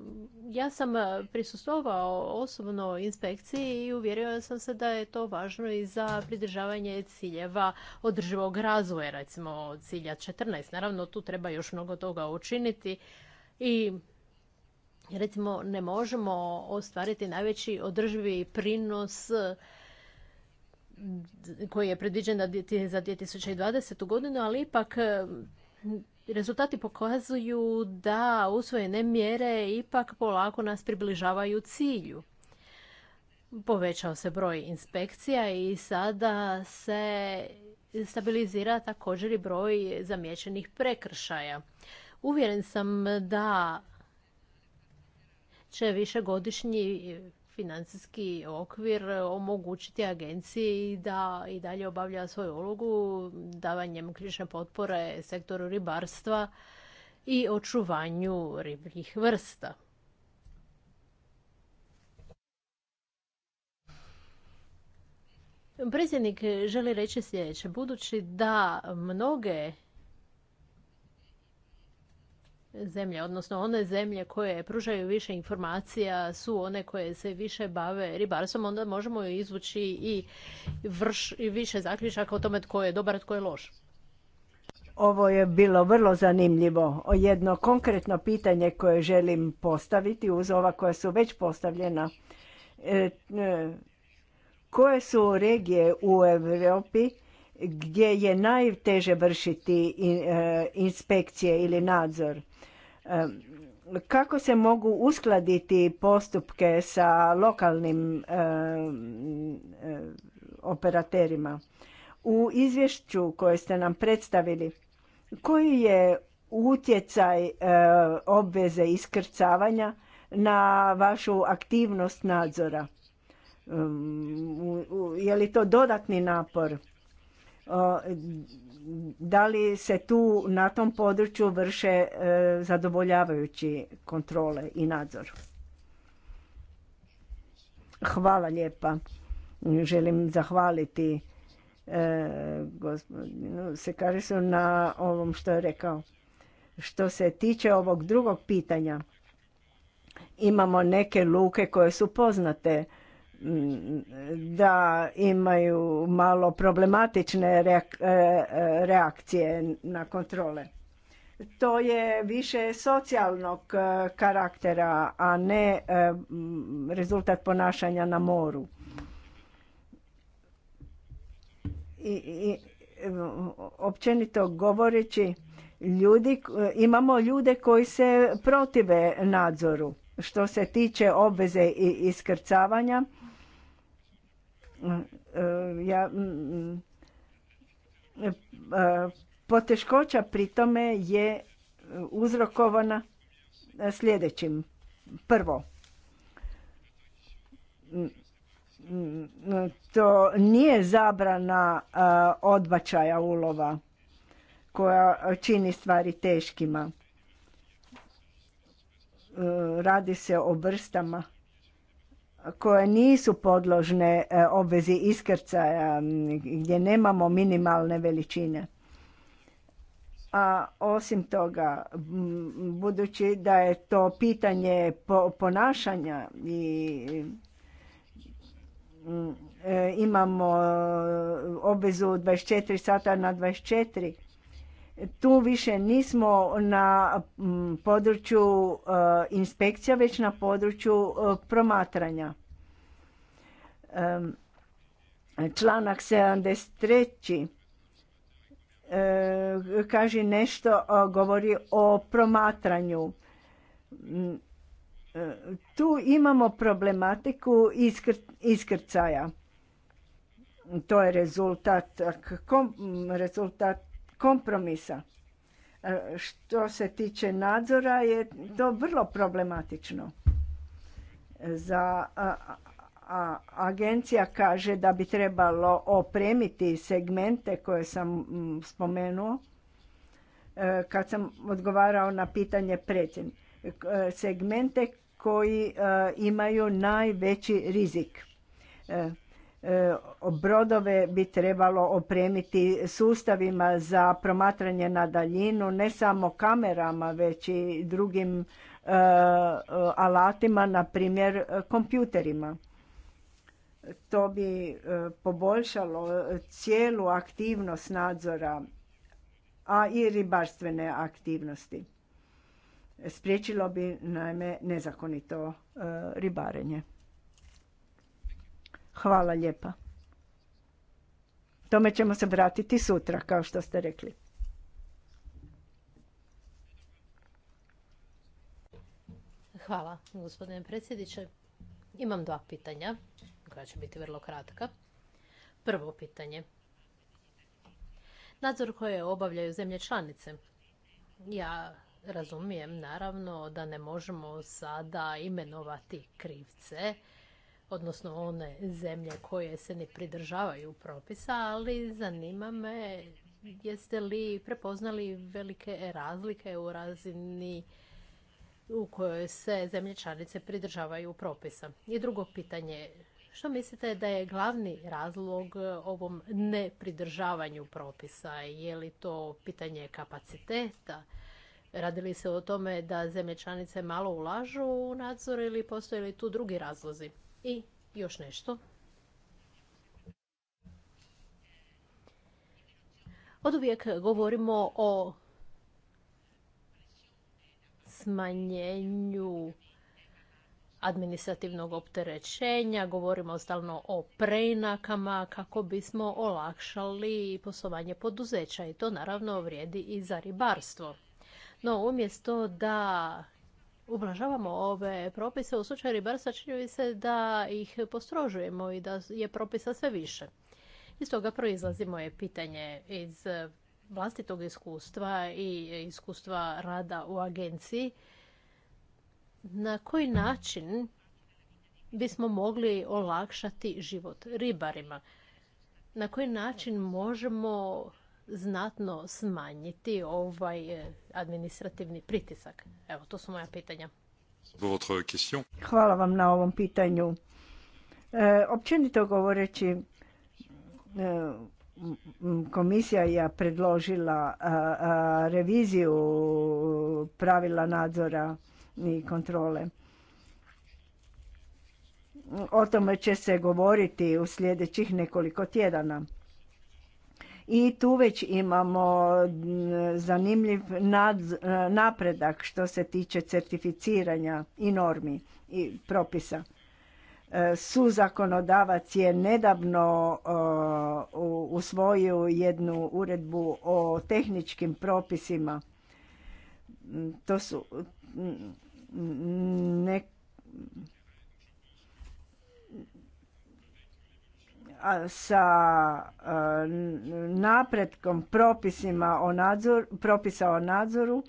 Ja sam prisustovao osobno inspekciji i uvjerio sam se da je to važno i za pridržavanje ciljeva održivog razvoja, recimo cilja 14. Naravno, tu treba još mnogo toga učiniti i recimo ne možemo ostvariti najveći održivi prinos koji je predviđen za 2020. godinu, ali ipak e, rezultati pokazuju da usvojene mjere ipak polako nas približavaju cilju. Povećao se broj inspekcija i sada se stabilizira također i broj zamijećenih prekršaja. Uvjeren sam da će višegodišnji financijski okvir omogućiti agenciji da i dalje obavlja svoju ulogu davanjem ključne potpore sektoru ribarstva i očuvanju ribljih vrsta. Predsjednik želi reći sljedeće. Budući da mnoge zemlje, odnosno one zemlje koje pružaju više informacija su one koje se više bave ribarstvom, onda možemo izvući i, vrš, i više zaključaka o tome tko je dobar, tko je loš. Ovo je bilo vrlo zanimljivo. Jedno konkretno pitanje koje želim postaviti uz ova koja su već postavljena. E, e, koje su regije u Europi gdje je najteže vršiti e, inspekcije ili nadzor? kako se mogu uskladiti postupke sa lokalnim operaterima. U izvješću koje ste nam predstavili, koji je utjecaj obveze iskrcavanja na vašu aktivnost nadzora? je li to dodatni napor? da li se tu na tom području vrše e, zadovoljavajući kontrole i nadzor. Hvala lijepa. Želim zahvaliti Se gospodinu Sekarisu na ovom što je rekao. Što se tiče ovog drugog pitanja, imamo neke luke koje su poznate da imaju malo problematične e, e, reakcije na kontrole. To je više socijalnog e, karaktera, a ne rezultat ponašanja na moru. I, općenito govoreći, ljudi, imamo ljude koji se protive nadzoru. Što se tiče obveze i iskrcavanja, Eh, ja, mm, mm, eh, poteškoća pri tome je eh, uzrokovana sljedećim. Prvo, mm, to nije zabrana odbačaja ulova koja čini stvari teškima. Radi se o vrstama koje nisu podložne e, obvezi iskrcaja, gdje nemamo minimalne veličine. A osim toga, budući da je to pitanje ponašanja i e, imamo obvezu 24 sata na 24 tu više nismo na području eh, inspekcija, već na području eh, promatranja. Članak 73. Eh, kaže nešto, govori o promatranju. Tu imamo problematiku iskrcaja to je rezultat, rezultat kompromisa. E, što se tiče nadzora je to vrlo problematično. Za a agencija kaže da bi trebalo opremiti segmente koje sam spomenuo e, kad sam odgovarao na pitanje predsjedn. E, segmente koji imaju najveći rizik. E, brodove bi trebalo opremiti sustavima za promatranje na daljinu, ne samo kamerama, već i drugim e, alatima, na primjer kompjuterima. To bi e, poboljšalo cijelu aktivnost nadzora, a i ribarstvene aktivnosti. Spriječilo bi naime nezakonito ribarenje. Hvala lijepa. Tome ćemo se vratiti sutra, kao što ste rekli. Hvala, gospodine predsjedniče. Imam dva pitanja, koja će biti vrlo kratka. Prvo pitanje. Nadzor koje obavljaju zemlje članice. Ja razumijem, naravno, da ne možemo sada imenovati krivce, odnosno one zemlje koje se ne pridržavaju propisa, ali zanima me jeste li prepoznali velike razlike u razini u kojoj se zemlje članice pridržavaju propisa. I drugo pitanje, što mislite da je glavni razlog ovom nepridržavanju propisa? Je li to pitanje kapaciteta? Radi li se o tome da zemlje članice malo ulažu u nadzor ili postoje li tu drugi razlozi? I još nešto. Od uvijek govorimo o smanjenju administrativnog opterećenja, govorimo stalno o preinakama kako bismo olakšali poslovanje poduzeća i to naravno vrijedi i za ribarstvo. No umjesto da ublažavamo ove propise, u slučaju ribarstva čini se da ih postrožujemo i da je propisa sve više. Iz toga proizlazi moje pitanje iz vlastitog iskustva i iskustva rada u agenciji. Na koji način bismo mogli olakšati život ribarima? Na koji način možemo znatno smanjiti ovaj eh, administrativni pritisak? Evo, to su moja pitanja. Hvala vam na ovom pitanju. E, općenito govoreći, eh, komisija je predložila reviziju pravila nadzora i kontrole. O tome će se govoriti u sljedećih nekoliko tjedana i tu već imamo mm, zanimljiv eh, napredak što se tiče certificiranja i normi i propisa. Eh, suzakonodavac je nedavno eh, usvojio jednu uredbu o tehničkim propisima. Mm, to su mm, ne, sa e, napretkom propisima o nadzor, propisa o nadzoru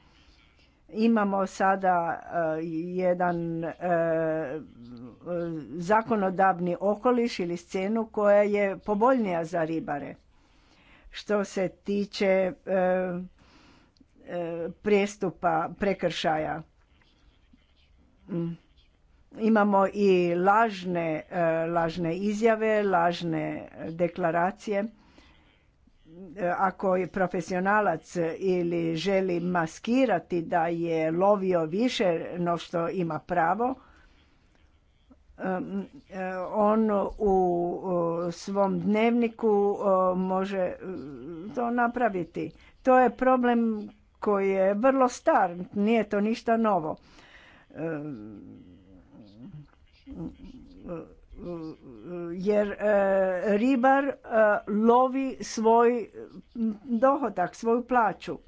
imamo sada e, jedan e, zakonodavni okoliš ili scenu koja je poboljnija za ribare. Što se tiče prijestupa prekršaja mm. Imamo i lažne, e, lažne izjave, lažne deklaracije. E, ako je profesionalac ili želi maskirati da je lovio više no što ima pravo, e, on u svom dnevniku može to napraviti. To je problem koji je vrlo star, nije to ništa novo jer e, ribar e, lovi svoj dohodak, svoju plaću.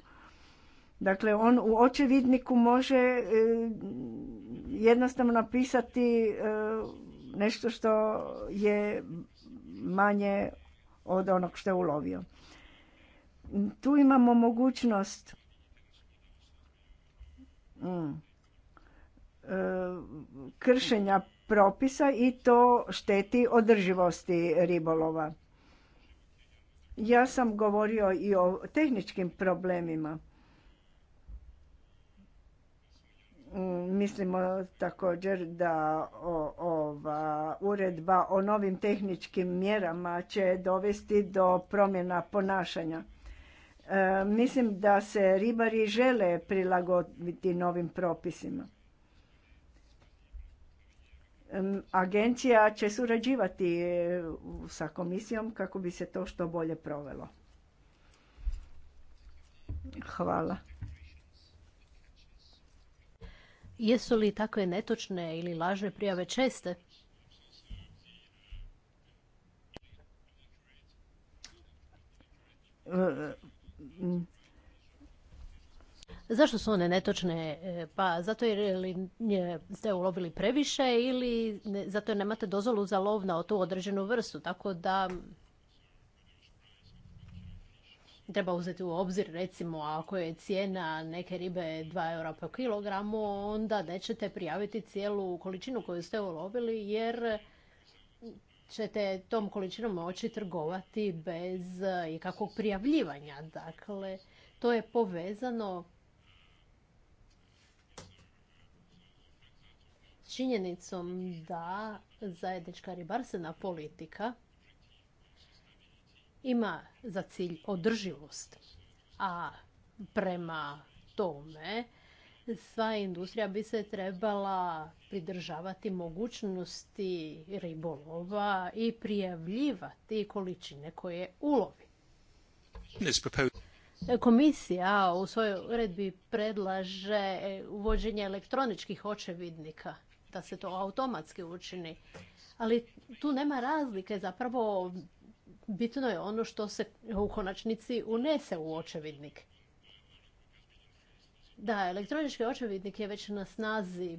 Dakle, on u očevidniku može e, jednostavno napisati nešto što je manje od onog što je ulovio. Tu imamo mogućnost mm, kršenja propisa i to šteti održivosti ribolova. Ja sam govorio i o tehničkim problemima. Mm, mislimo također da ova uredba o novim tehničkim mjerama će dovesti do promjena ponašanja. E, mislim da se ribari žele prilagoditi novim propisima Agencija će surađivati e, sa komisijom kako bi se to što bolje provelo. Hvala. Jesu li takve netočne ili lažne prijave česte? E, Zašto su one netočne? E, pa zato jer ste ulovili previše ili zato jer nemate dozvolu za lov na tu određenu vrstu. Tako da treba uzeti u obzir recimo ako je cijena neke ribe 2 eura po kilogramu onda nećete prijaviti cijelu količinu koju ste ulovili jer ćete tom količinom moći trgovati bez ikakvog prijavljivanja. Dakle, to je povezano činjenicom da zajednička ribarstvena politika ima za cilj održivost, a prema tome sva industrija bi se trebala pridržavati mogućnosti ribolova i prijavljivati količine koje ulovi. Komisija u svojoj uredbi predlaže uvođenje elektroničkih očevidnika da se to automatski učini. Ali tu nema razlike, zapravo bitno je ono što se u konačnici unese u očevidnik. Da, elektronički očevidnik je već na snazi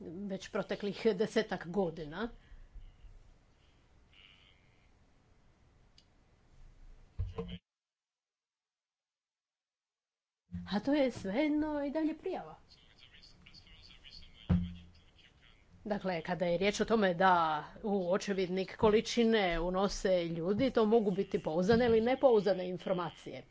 već proteklih desetak godina. A to je svejedno i dalje prijava. Dakle, kada je riječ o tome da u očevidnik količine unose ljudi, to mogu biti pouzane ili nepouzdane informacije.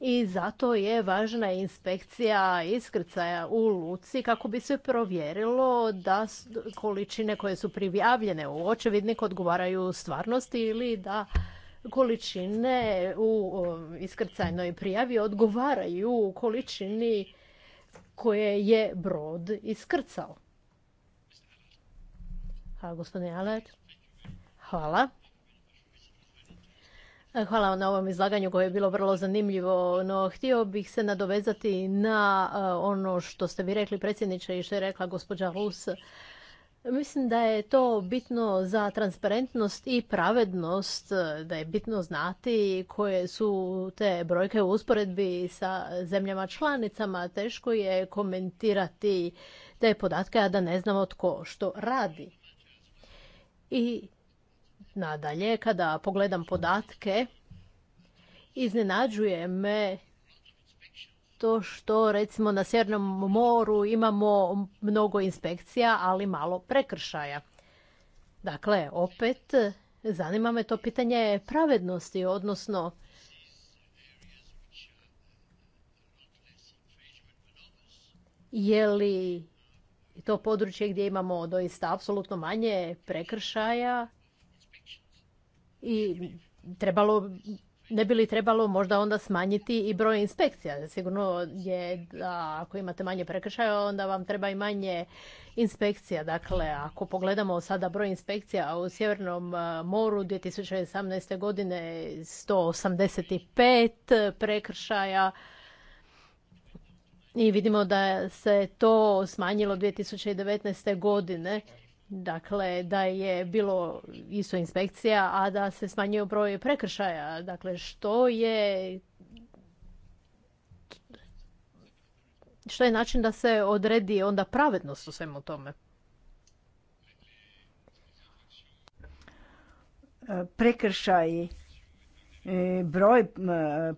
I zato je važna inspekcija iskrcaja u Luci kako bi se provjerilo da količine koje su prijavljene u očevidnik odgovaraju stvarnosti ili da količine u iskrcajnoj prijavi odgovaraju količini koje je brod iskrcao. Hvala, gospodine Aler. Hvala. Hvala na ovom izlaganju koje je bilo vrlo zanimljivo, no htio bih se nadovezati na eh, ono što ste vi rekli predsjedniče i što je rekla gospođa Rus. Mislim da je to bitno za transparentnost i pravednost, e, da je bitno znati koje su te brojke u usporedbi sa zemljama članicama. Teško je komentirati te podatke, a da ne znamo tko što radi. I nadalje, kada pogledam podatke, iznenađuje me zato što recimo na Sjernom moru imamo mnogo inspekcija, ali malo prekršaja. Dakle, opet zanima me to pitanje pravednosti, odnosno je li to područje gdje imamo doista apsolutno manje prekršaja i trebalo ne bi li trebalo možda onda smanjiti i broj inspekcija? Sigurno je da ako imate manje prekršaja, onda vam treba i manje inspekcija. Dakle, ako pogledamo sada broj inspekcija u Sjevernom e, moru 2018. godine 185 prekršaja, i vidimo da se to smanjilo 2019. godine. Dakle, da je bilo isto inspekcija, a da se smanjio broj prekršaja. Dakle, što je što je način da se odredi onda pravednost u svemu tome? Prekršaji, e, broj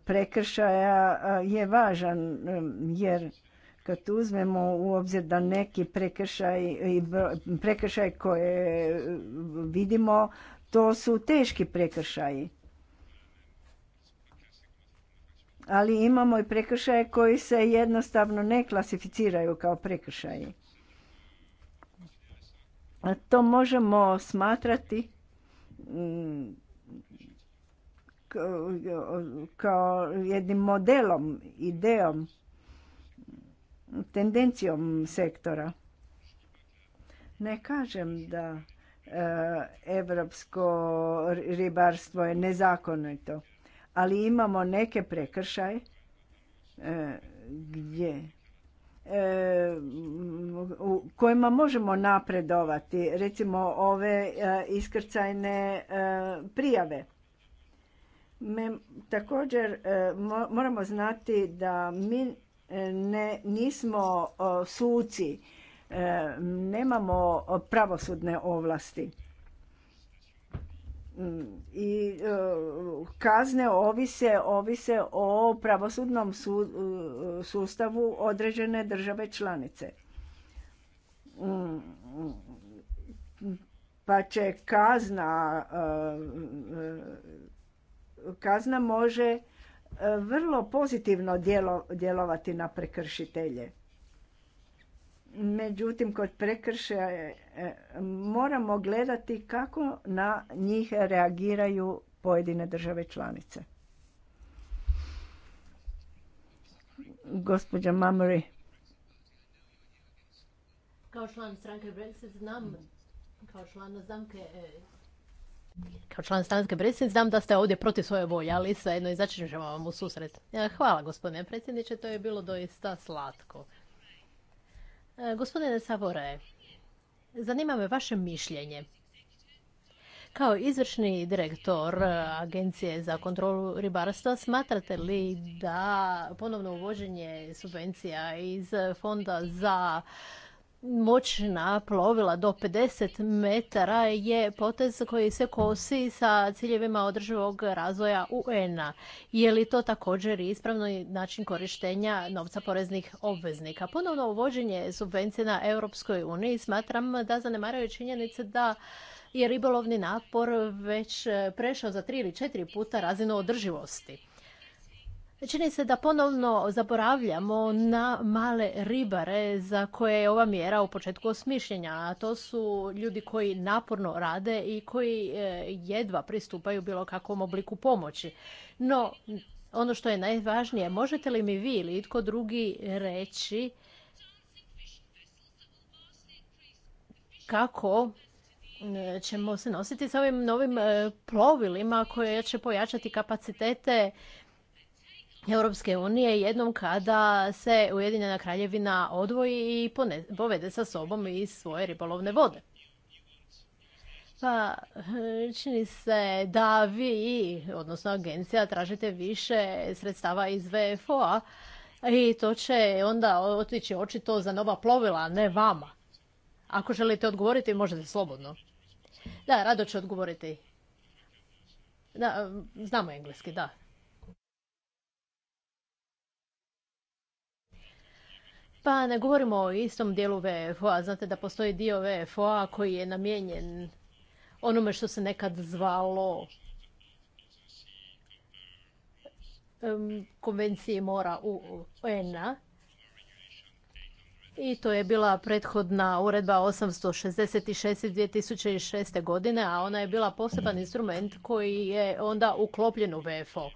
prekršaja e, je važan e, jer kad uzmemo u obzir da neki prekršaj, prekršaj koje vidimo, to su teški prekršaji. Ali imamo i prekršaje koji se jednostavno ne klasificiraju kao prekršaji. to možemo smatrati mm, kao jednim modelom, idejom tendencijom sektora. Ne kažem da e, evropsko ribarstvo je nezakonito, ali imamo neke prekršaje e, gdje e, u kojima možemo napredovati, recimo ove iskrcajne prijave. također moramo znati da mi E, ne, nismo suci, e, nemamo pravosudne ovlasti. Mm, I e, kazne ovise, ovise o pravosudnom sustavu određene države članice. Mm, pa će kazna, kazna može E, vrlo pozitivno djelovati na prekršitelje. Međutim, kod prekršaja e, moramo gledati kako na njih reagiraju pojedine države članice. Gospođa Mamori. Kao član stranke znam, kao član kao član stranske predsjednice znam da ste ovdje protiv svoje volje, ali svejedno izaći ćemo vam u susret. Hvala gospodine predsjedniče, to je bilo doista slatko. E, gospodine Savore, zanima me vaše mišljenje. Kao izvršni direktor e, Agencije za kontrolu ribarstva, smatrate li da ponovno uvođenje subvencija iz Fonda za moćna plovila do 50 metara je potez koji se kosi sa ciljevima održivog razvoja UN-a. Je li to također ispravno način korištenja novca poreznih obveznika? Ponovno uvođenje subvencije na Europskoj uniji smatram da zanemaraju činjenice da je ribolovni napor već prešao za tri ili četiri puta razinu održivosti. E, čini se da ponovno zaboravljamo na male ribare za koje je ova mjera u početku osmišljenja, a to su ljudi koji naporno rade i koji e, jedva pristupaju bilo kakvom obliku pomoći. No, ono što je najvažnije, možete li mi vi ili itko drugi reći kako e, ćemo se nositi s ovim novim plovilima koje će pojačati kapacitete Europske unije jednom kada se Ujedinjena kraljevina odvoji i povede sa sobom i svoje ribolovne vode. Pa, čini se da vi, odnosno agencija, tražite više sredstava iz VFO-a i to će onda otići očito za nova plovila, ne vama. Ako želite odgovoriti, možete slobodno. Da, rado ću odgovoriti. znamo engleski, da. Pa ne govorimo o istom dijelu VFO-a. Znate da postoji dio VFO-a koji je namijenjen onome što se nekad zvalo konvenciji mora u un I to je bila prethodna uredba 866 2006. godine, a ona je bila poseban instrument koji je onda uklopljen u VFO.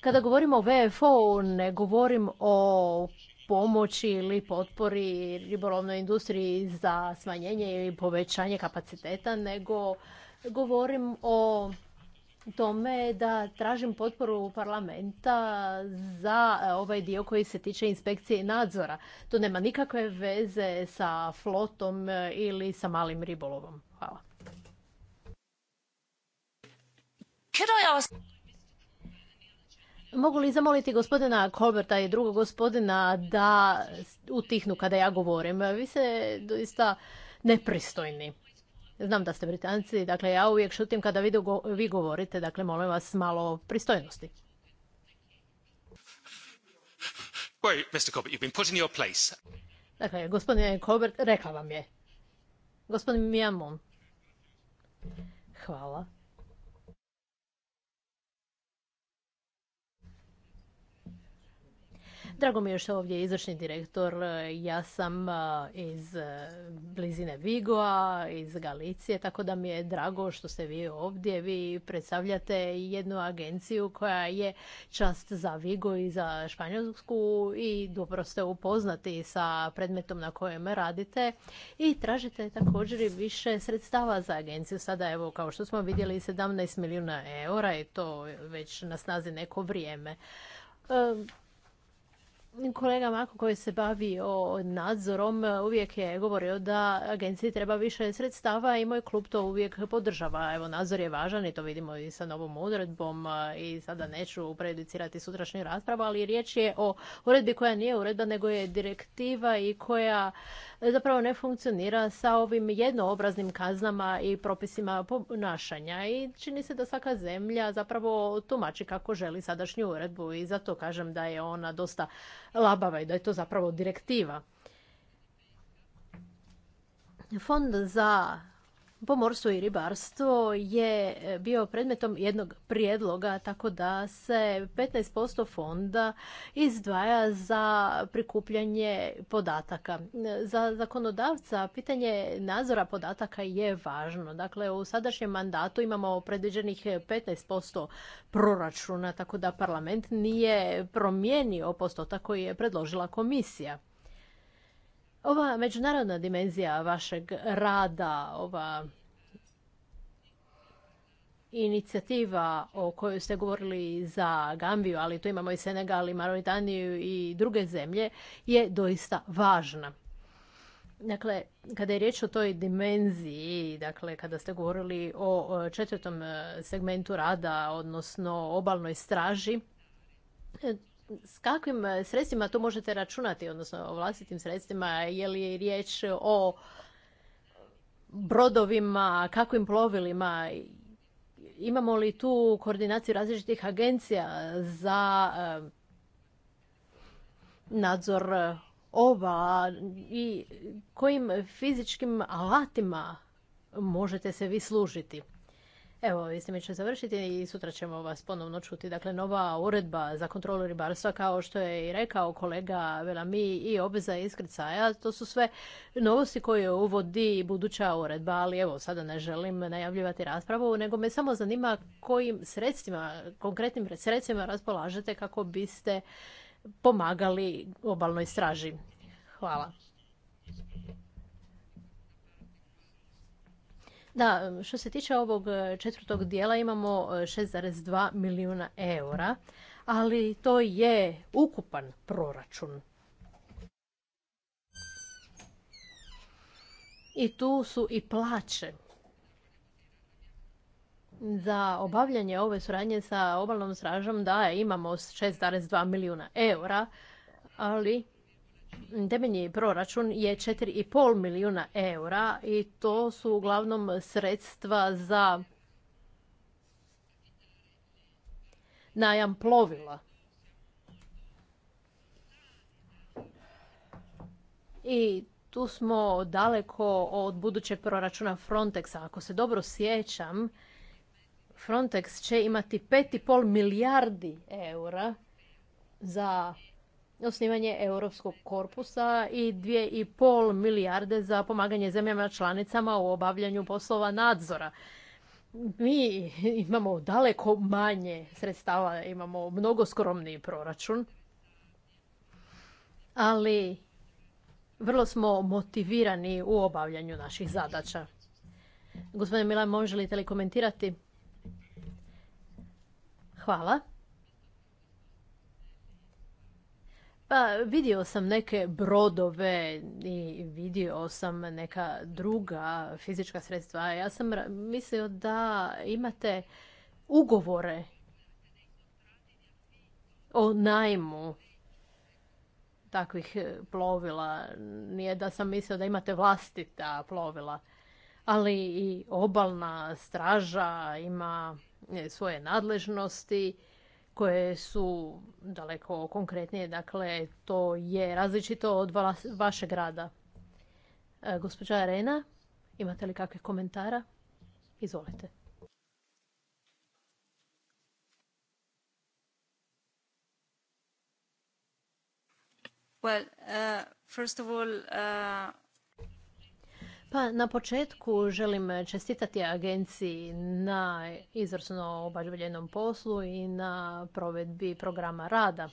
Kada govorimo o VFO, ne govorim o pomoći ili potpori ribolovnoj industriji za smanjenje ili povećanje kapaciteta, nego govorim o tome da tražim potporu parlamenta za e, ovaj dio koji se tiče inspekcije i nadzora. To nema nikakve veze sa flotom e, ili sa malim ribolovom. Hvala. Mogu li zamoliti gospodina Colberta i drugog gospodina da utihnu kada ja govorim? Vi ste doista nepristojni. Znam da ste Britanci, dakle ja uvijek šutim kada vi, govorite, dakle molim vas malo pristojnosti. Dakle, gospodine Colbert, rekla vam je. Gospodin Miamon. Hvala. Drago mi je što ovdje je izvršni direktor. E, ja sam e, iz e, blizine Vigoa, iz Galicije, tako da mi je drago što ste vi ovdje. Vi predstavljate jednu agenciju koja je čast za Vigo i za Španjolsku i dobro ste upoznati sa predmetom na kojem radite i tražite također i više sredstava za agenciju. Sada evo kao što smo vidjeli 17 milijuna eura i to već na snazi neko vrijeme. Kolega Mako koji se bavi o nadzorom uvijek je govorio da agenciji treba više sredstava i moj klub to uvijek podržava. Evo, nadzor je važan i to vidimo i sa novom odredbom i sada neću prejudicirati sutrašnju raspravu, ali riječ je o uredbi koja nije uredba nego je direktiva i koja zapravo ne funkcionira sa ovim jednoobraznim kaznama i propisima ponašanja. I čini se da svaka zemlja zapravo tumači kako želi sadašnju uredbu i zato kažem da je ona dosta labava i da je to zapravo direktiva. Fond za pomorstvo i ribarstvo je e, bio predmetom jednog prijedloga tako da se 15% fonda izdvaja za prikupljanje podataka. E, za zakonodavca pitanje nadzora podataka je važno. Dakle, u sadašnjem mandatu imamo predviđenih 15% proračuna, tako da parlament nije promijenio postotak koji je predložila komisija. Ova međunarodna dimenzija vašeg rada, ova inicijativa o kojoj ste govorili za Gambiju, ali tu imamo i Senegal i Mauritaniju i druge zemlje, je doista važna. Dakle, kada je riječ o toj dimenziji, dakle, kada ste govorili o četvrtom e, segmentu rada, odnosno obalnoj straži, s kakvim e, sredstvima to možete računati, odnosno o vlastitim sredstvima, je li riječ o brodovima, kakvim plovilima, imamo li tu koordinaciju različitih agencija za e, nadzor e, ova i kojim fizičkim alatima možete se vi služiti? Evo, vi ste mi završiti i sutra ćemo vas ponovno čuti. Dakle, nova uredba za kontrolu ribarstva, kao što je i rekao kolega Velami i obveza iskrcaja, to su sve novosti koje uvodi buduća uredba, ali evo, sada ne želim najavljivati raspravu, nego me samo zanima kojim sredstvima, konkretnim sredstvima raspolažete kako biste pomagali obalnoj straži. Hvala. Da, što se tiče ovog e, četvrtog dijela imamo 6,2 e, milijuna eura, ali to je ukupan proračun. I tu su i plaće. Za obavljanje ove suradnje sa obalnom stražom, da, imamo 6,2 milijuna eura, ali temeljni proračun je 4,5 milijuna eura i to su uglavnom sredstva za najam plovila. I tu smo daleko od budućeg proračuna Frontexa. Ako se dobro sjećam, Frontex će imati 5,5 milijardi eura za osnivanje Europskog korpusa i 2,5 milijarde za pomaganje zemljama članicama u obavljanju poslova nadzora. Mi imamo daleko manje sredstava, imamo mnogo skromniji proračun, ali vrlo smo motivirani u obavljanju naših zadaća. Gospodine Milan, možete li komentirati? Hvala. Pa vidio sam neke brodove i vidio sam neka druga fizička sredstva. Ja sam mislio da imate ugovore o najmu takvih e, plovila. Nije da sam mislio da imate vlastita plovila, ali i obalna straža ima e, svoje nadležnosti koje su daleko konkretnije, dakle to je različito od vašeg rada. E, gospođa Arena, imate li kakvih komentara? Izvolite. Well, uh, first of all, uh, pa na početku želim čestitati agenciji na izvrsno obavljenom poslu i na provedbi programa rada.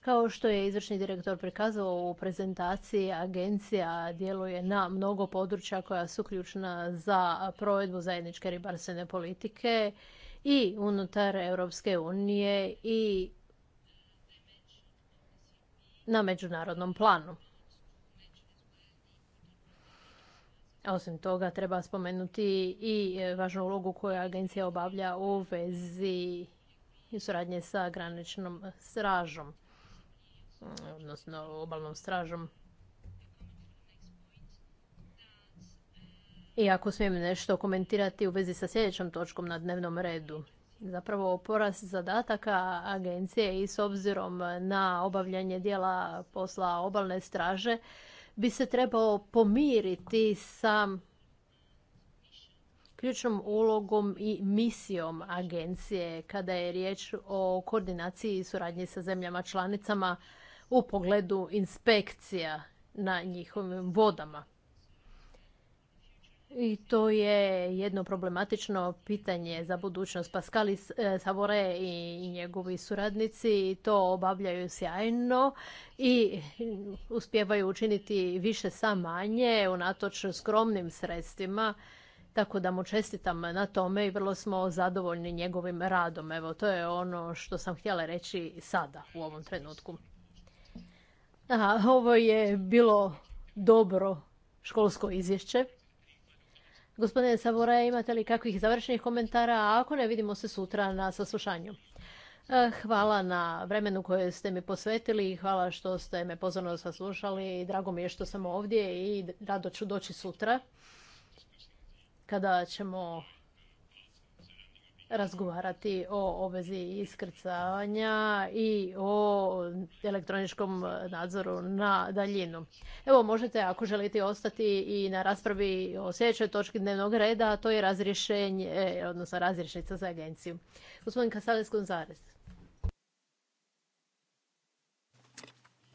Kao što je izvršni direktor prikazao u prezentaciji, agencija djeluje na mnogo područja koja su ključna za provedbu zajedničke ribarstvene politike i unutar Europske unije i na međunarodnom planu. Osim toga, treba spomenuti i e, važnu ulogu koju agencija obavlja u vezi i suradnje sa graničnom stražom, mm, odnosno obalnom stražom. I ako smijem nešto komentirati u vezi sa sljedećom točkom na dnevnom redu, zapravo porast zadataka agencije i s obzirom na obavljanje dijela posla obalne straže bi se trebao pomiriti sa ključnom ulogom i misijom agencije kada je riječ o koordinaciji i suradnji sa zemljama članicama u pogledu inspekcija na njihovim vodama. I to je jedno problematično pitanje za budućnost. Paskali e, Savore i njegovi suradnici to obavljaju sjajno i uspjevaju učiniti više sa manje unatoč skromnim sredstvima. Tako da mu čestitam na tome i vrlo smo zadovoljni njegovim radom. Evo, to je ono što sam htjela reći sada u ovom trenutku. ovo je bilo dobro školsko izvješće. Gospodine Savore, imate li kakvih završenih komentara? A ako ne, vidimo se sutra na saslušanju. E, hvala na vremenu koje ste mi posvetili i hvala što ste me pozorno saslušali. Drago mi je što sam ovdje i rado ću doći sutra kada ćemo razgovarati o obvezi iskrcavanja i o elektroničkom nadzoru na daljinu. Evo možete ako želite ostati i na raspravi o sljedećoj točki dnevnog reda, to je razrješenje, e, odnosno razrješnica za agenciju. Gospodin Kasales Gonzarez.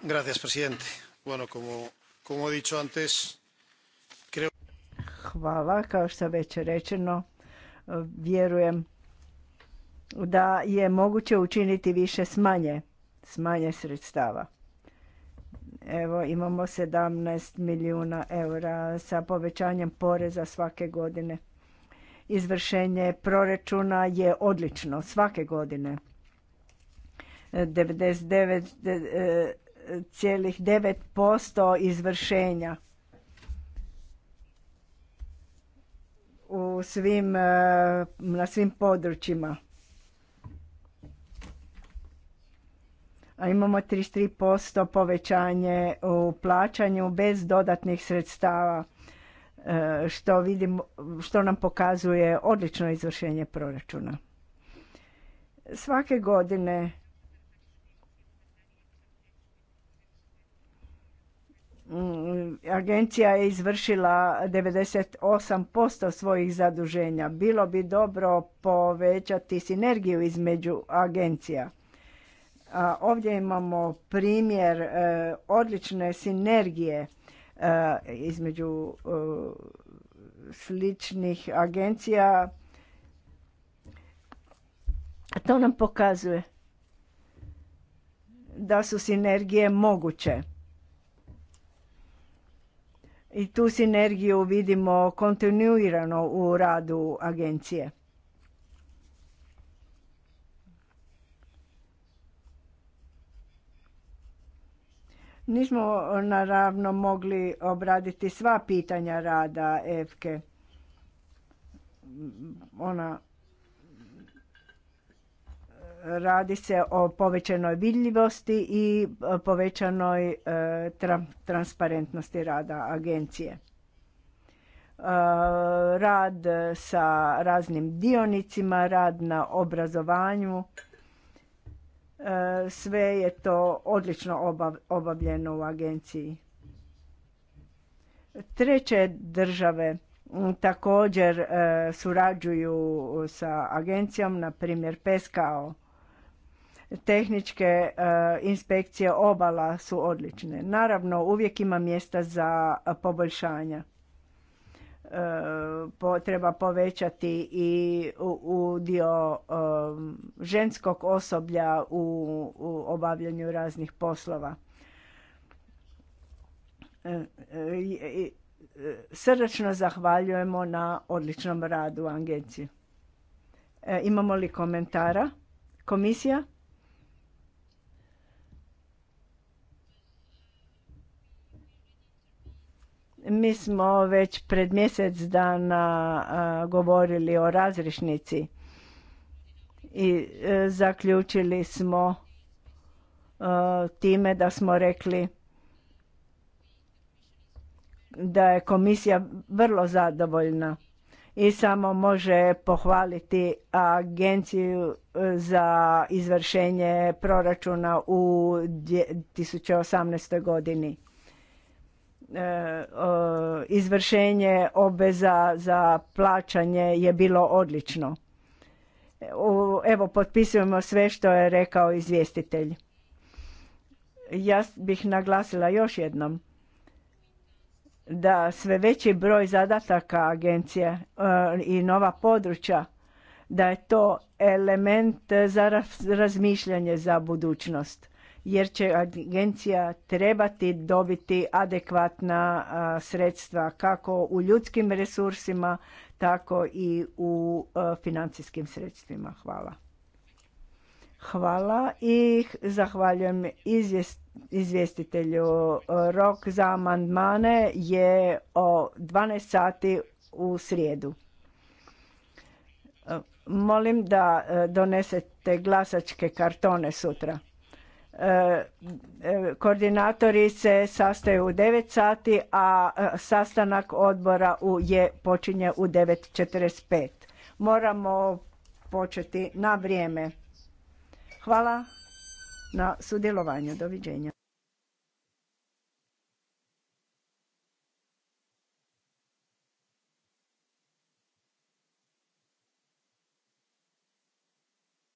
Gracias, presidente. Bueno, como, como he dicho antes, creo... Hvala, kao što već rečeno, vjerujem da je moguće učiniti više smanje, manje sredstava. Evo imamo 17 milijuna eura sa povećanjem poreza svake godine. Izvršenje proračuna je odlično svake godine. 99,9% e, izvršenja u svim, e, na svim područjima. Imamo 33% povećanje u plaćanju bez dodatnih sredstava e, što vidim, što nam pokazuje odlično izvršenje proračuna. Svake godine agencija je izvršila 98% svojih zaduženja. Bilo bi dobro povećati sinergiju između agencija. Ovdje imamo primjer e, odlične sinergije e, između e, sličnih agencija. To nam pokazuje da su sinergije moguće. I tu sinergiju vidimo kontinuirano u radu agencije. Nismo eh, naravno mogli obraditi sva pitanja rada EFKE. Ona eh, radi se o povećanoj vidljivosti i eh, povećanoj transparentnosti rada agencije. Rad sa raznim dionicima, rad na obrazovanju E, sve je to odlično obavljeno u agenciji. Treće države također e, surađuju sa agencijom, na primjer Peskao. Tehničke e, inspekcije obala su odlične. Naravno, uvijek ima mjesta za poboljšanja treba povećati i u dio um, ženskog osoblja u obavljanju raznih poslova. E, e, e, srdačno zahvaljujemo na odličnom radu agenciji. Imamo li komentara? Komisija? Mi smo već pred mjesec dana govorili o razrišnici i e, zaključili smo e, time da smo rekli da je komisija vrlo zadovoljna i samo može pohvaliti agenciju e, za izvršenje proračuna u 2018. godini. E, izvršenje obveza za plaćanje je bilo odlično. Evo, potpisujemo sve što je rekao izvjestitelj. Ja bih naglasila još jednom da sve veći broj zadataka agencije e, i nova područja, da je to element za razmišljanje za budućnost jer će agencija trebati dobiti adekvatna sredstva kako u ljudskim resursima, tako i u financijskim sredstvima. Hvala. Hvala i zahvaljujem izvjestitelju. Rok za amandmane je o 12 sati u srijedu. Molim da donesete glasačke kartone sutra. E, e, koordinatori se sastaju u 9 sati, a e, sastanak odbora u je počinje u 9.45. Moramo početi na vrijeme. Hvala na sudjelovanju. Doviđenja.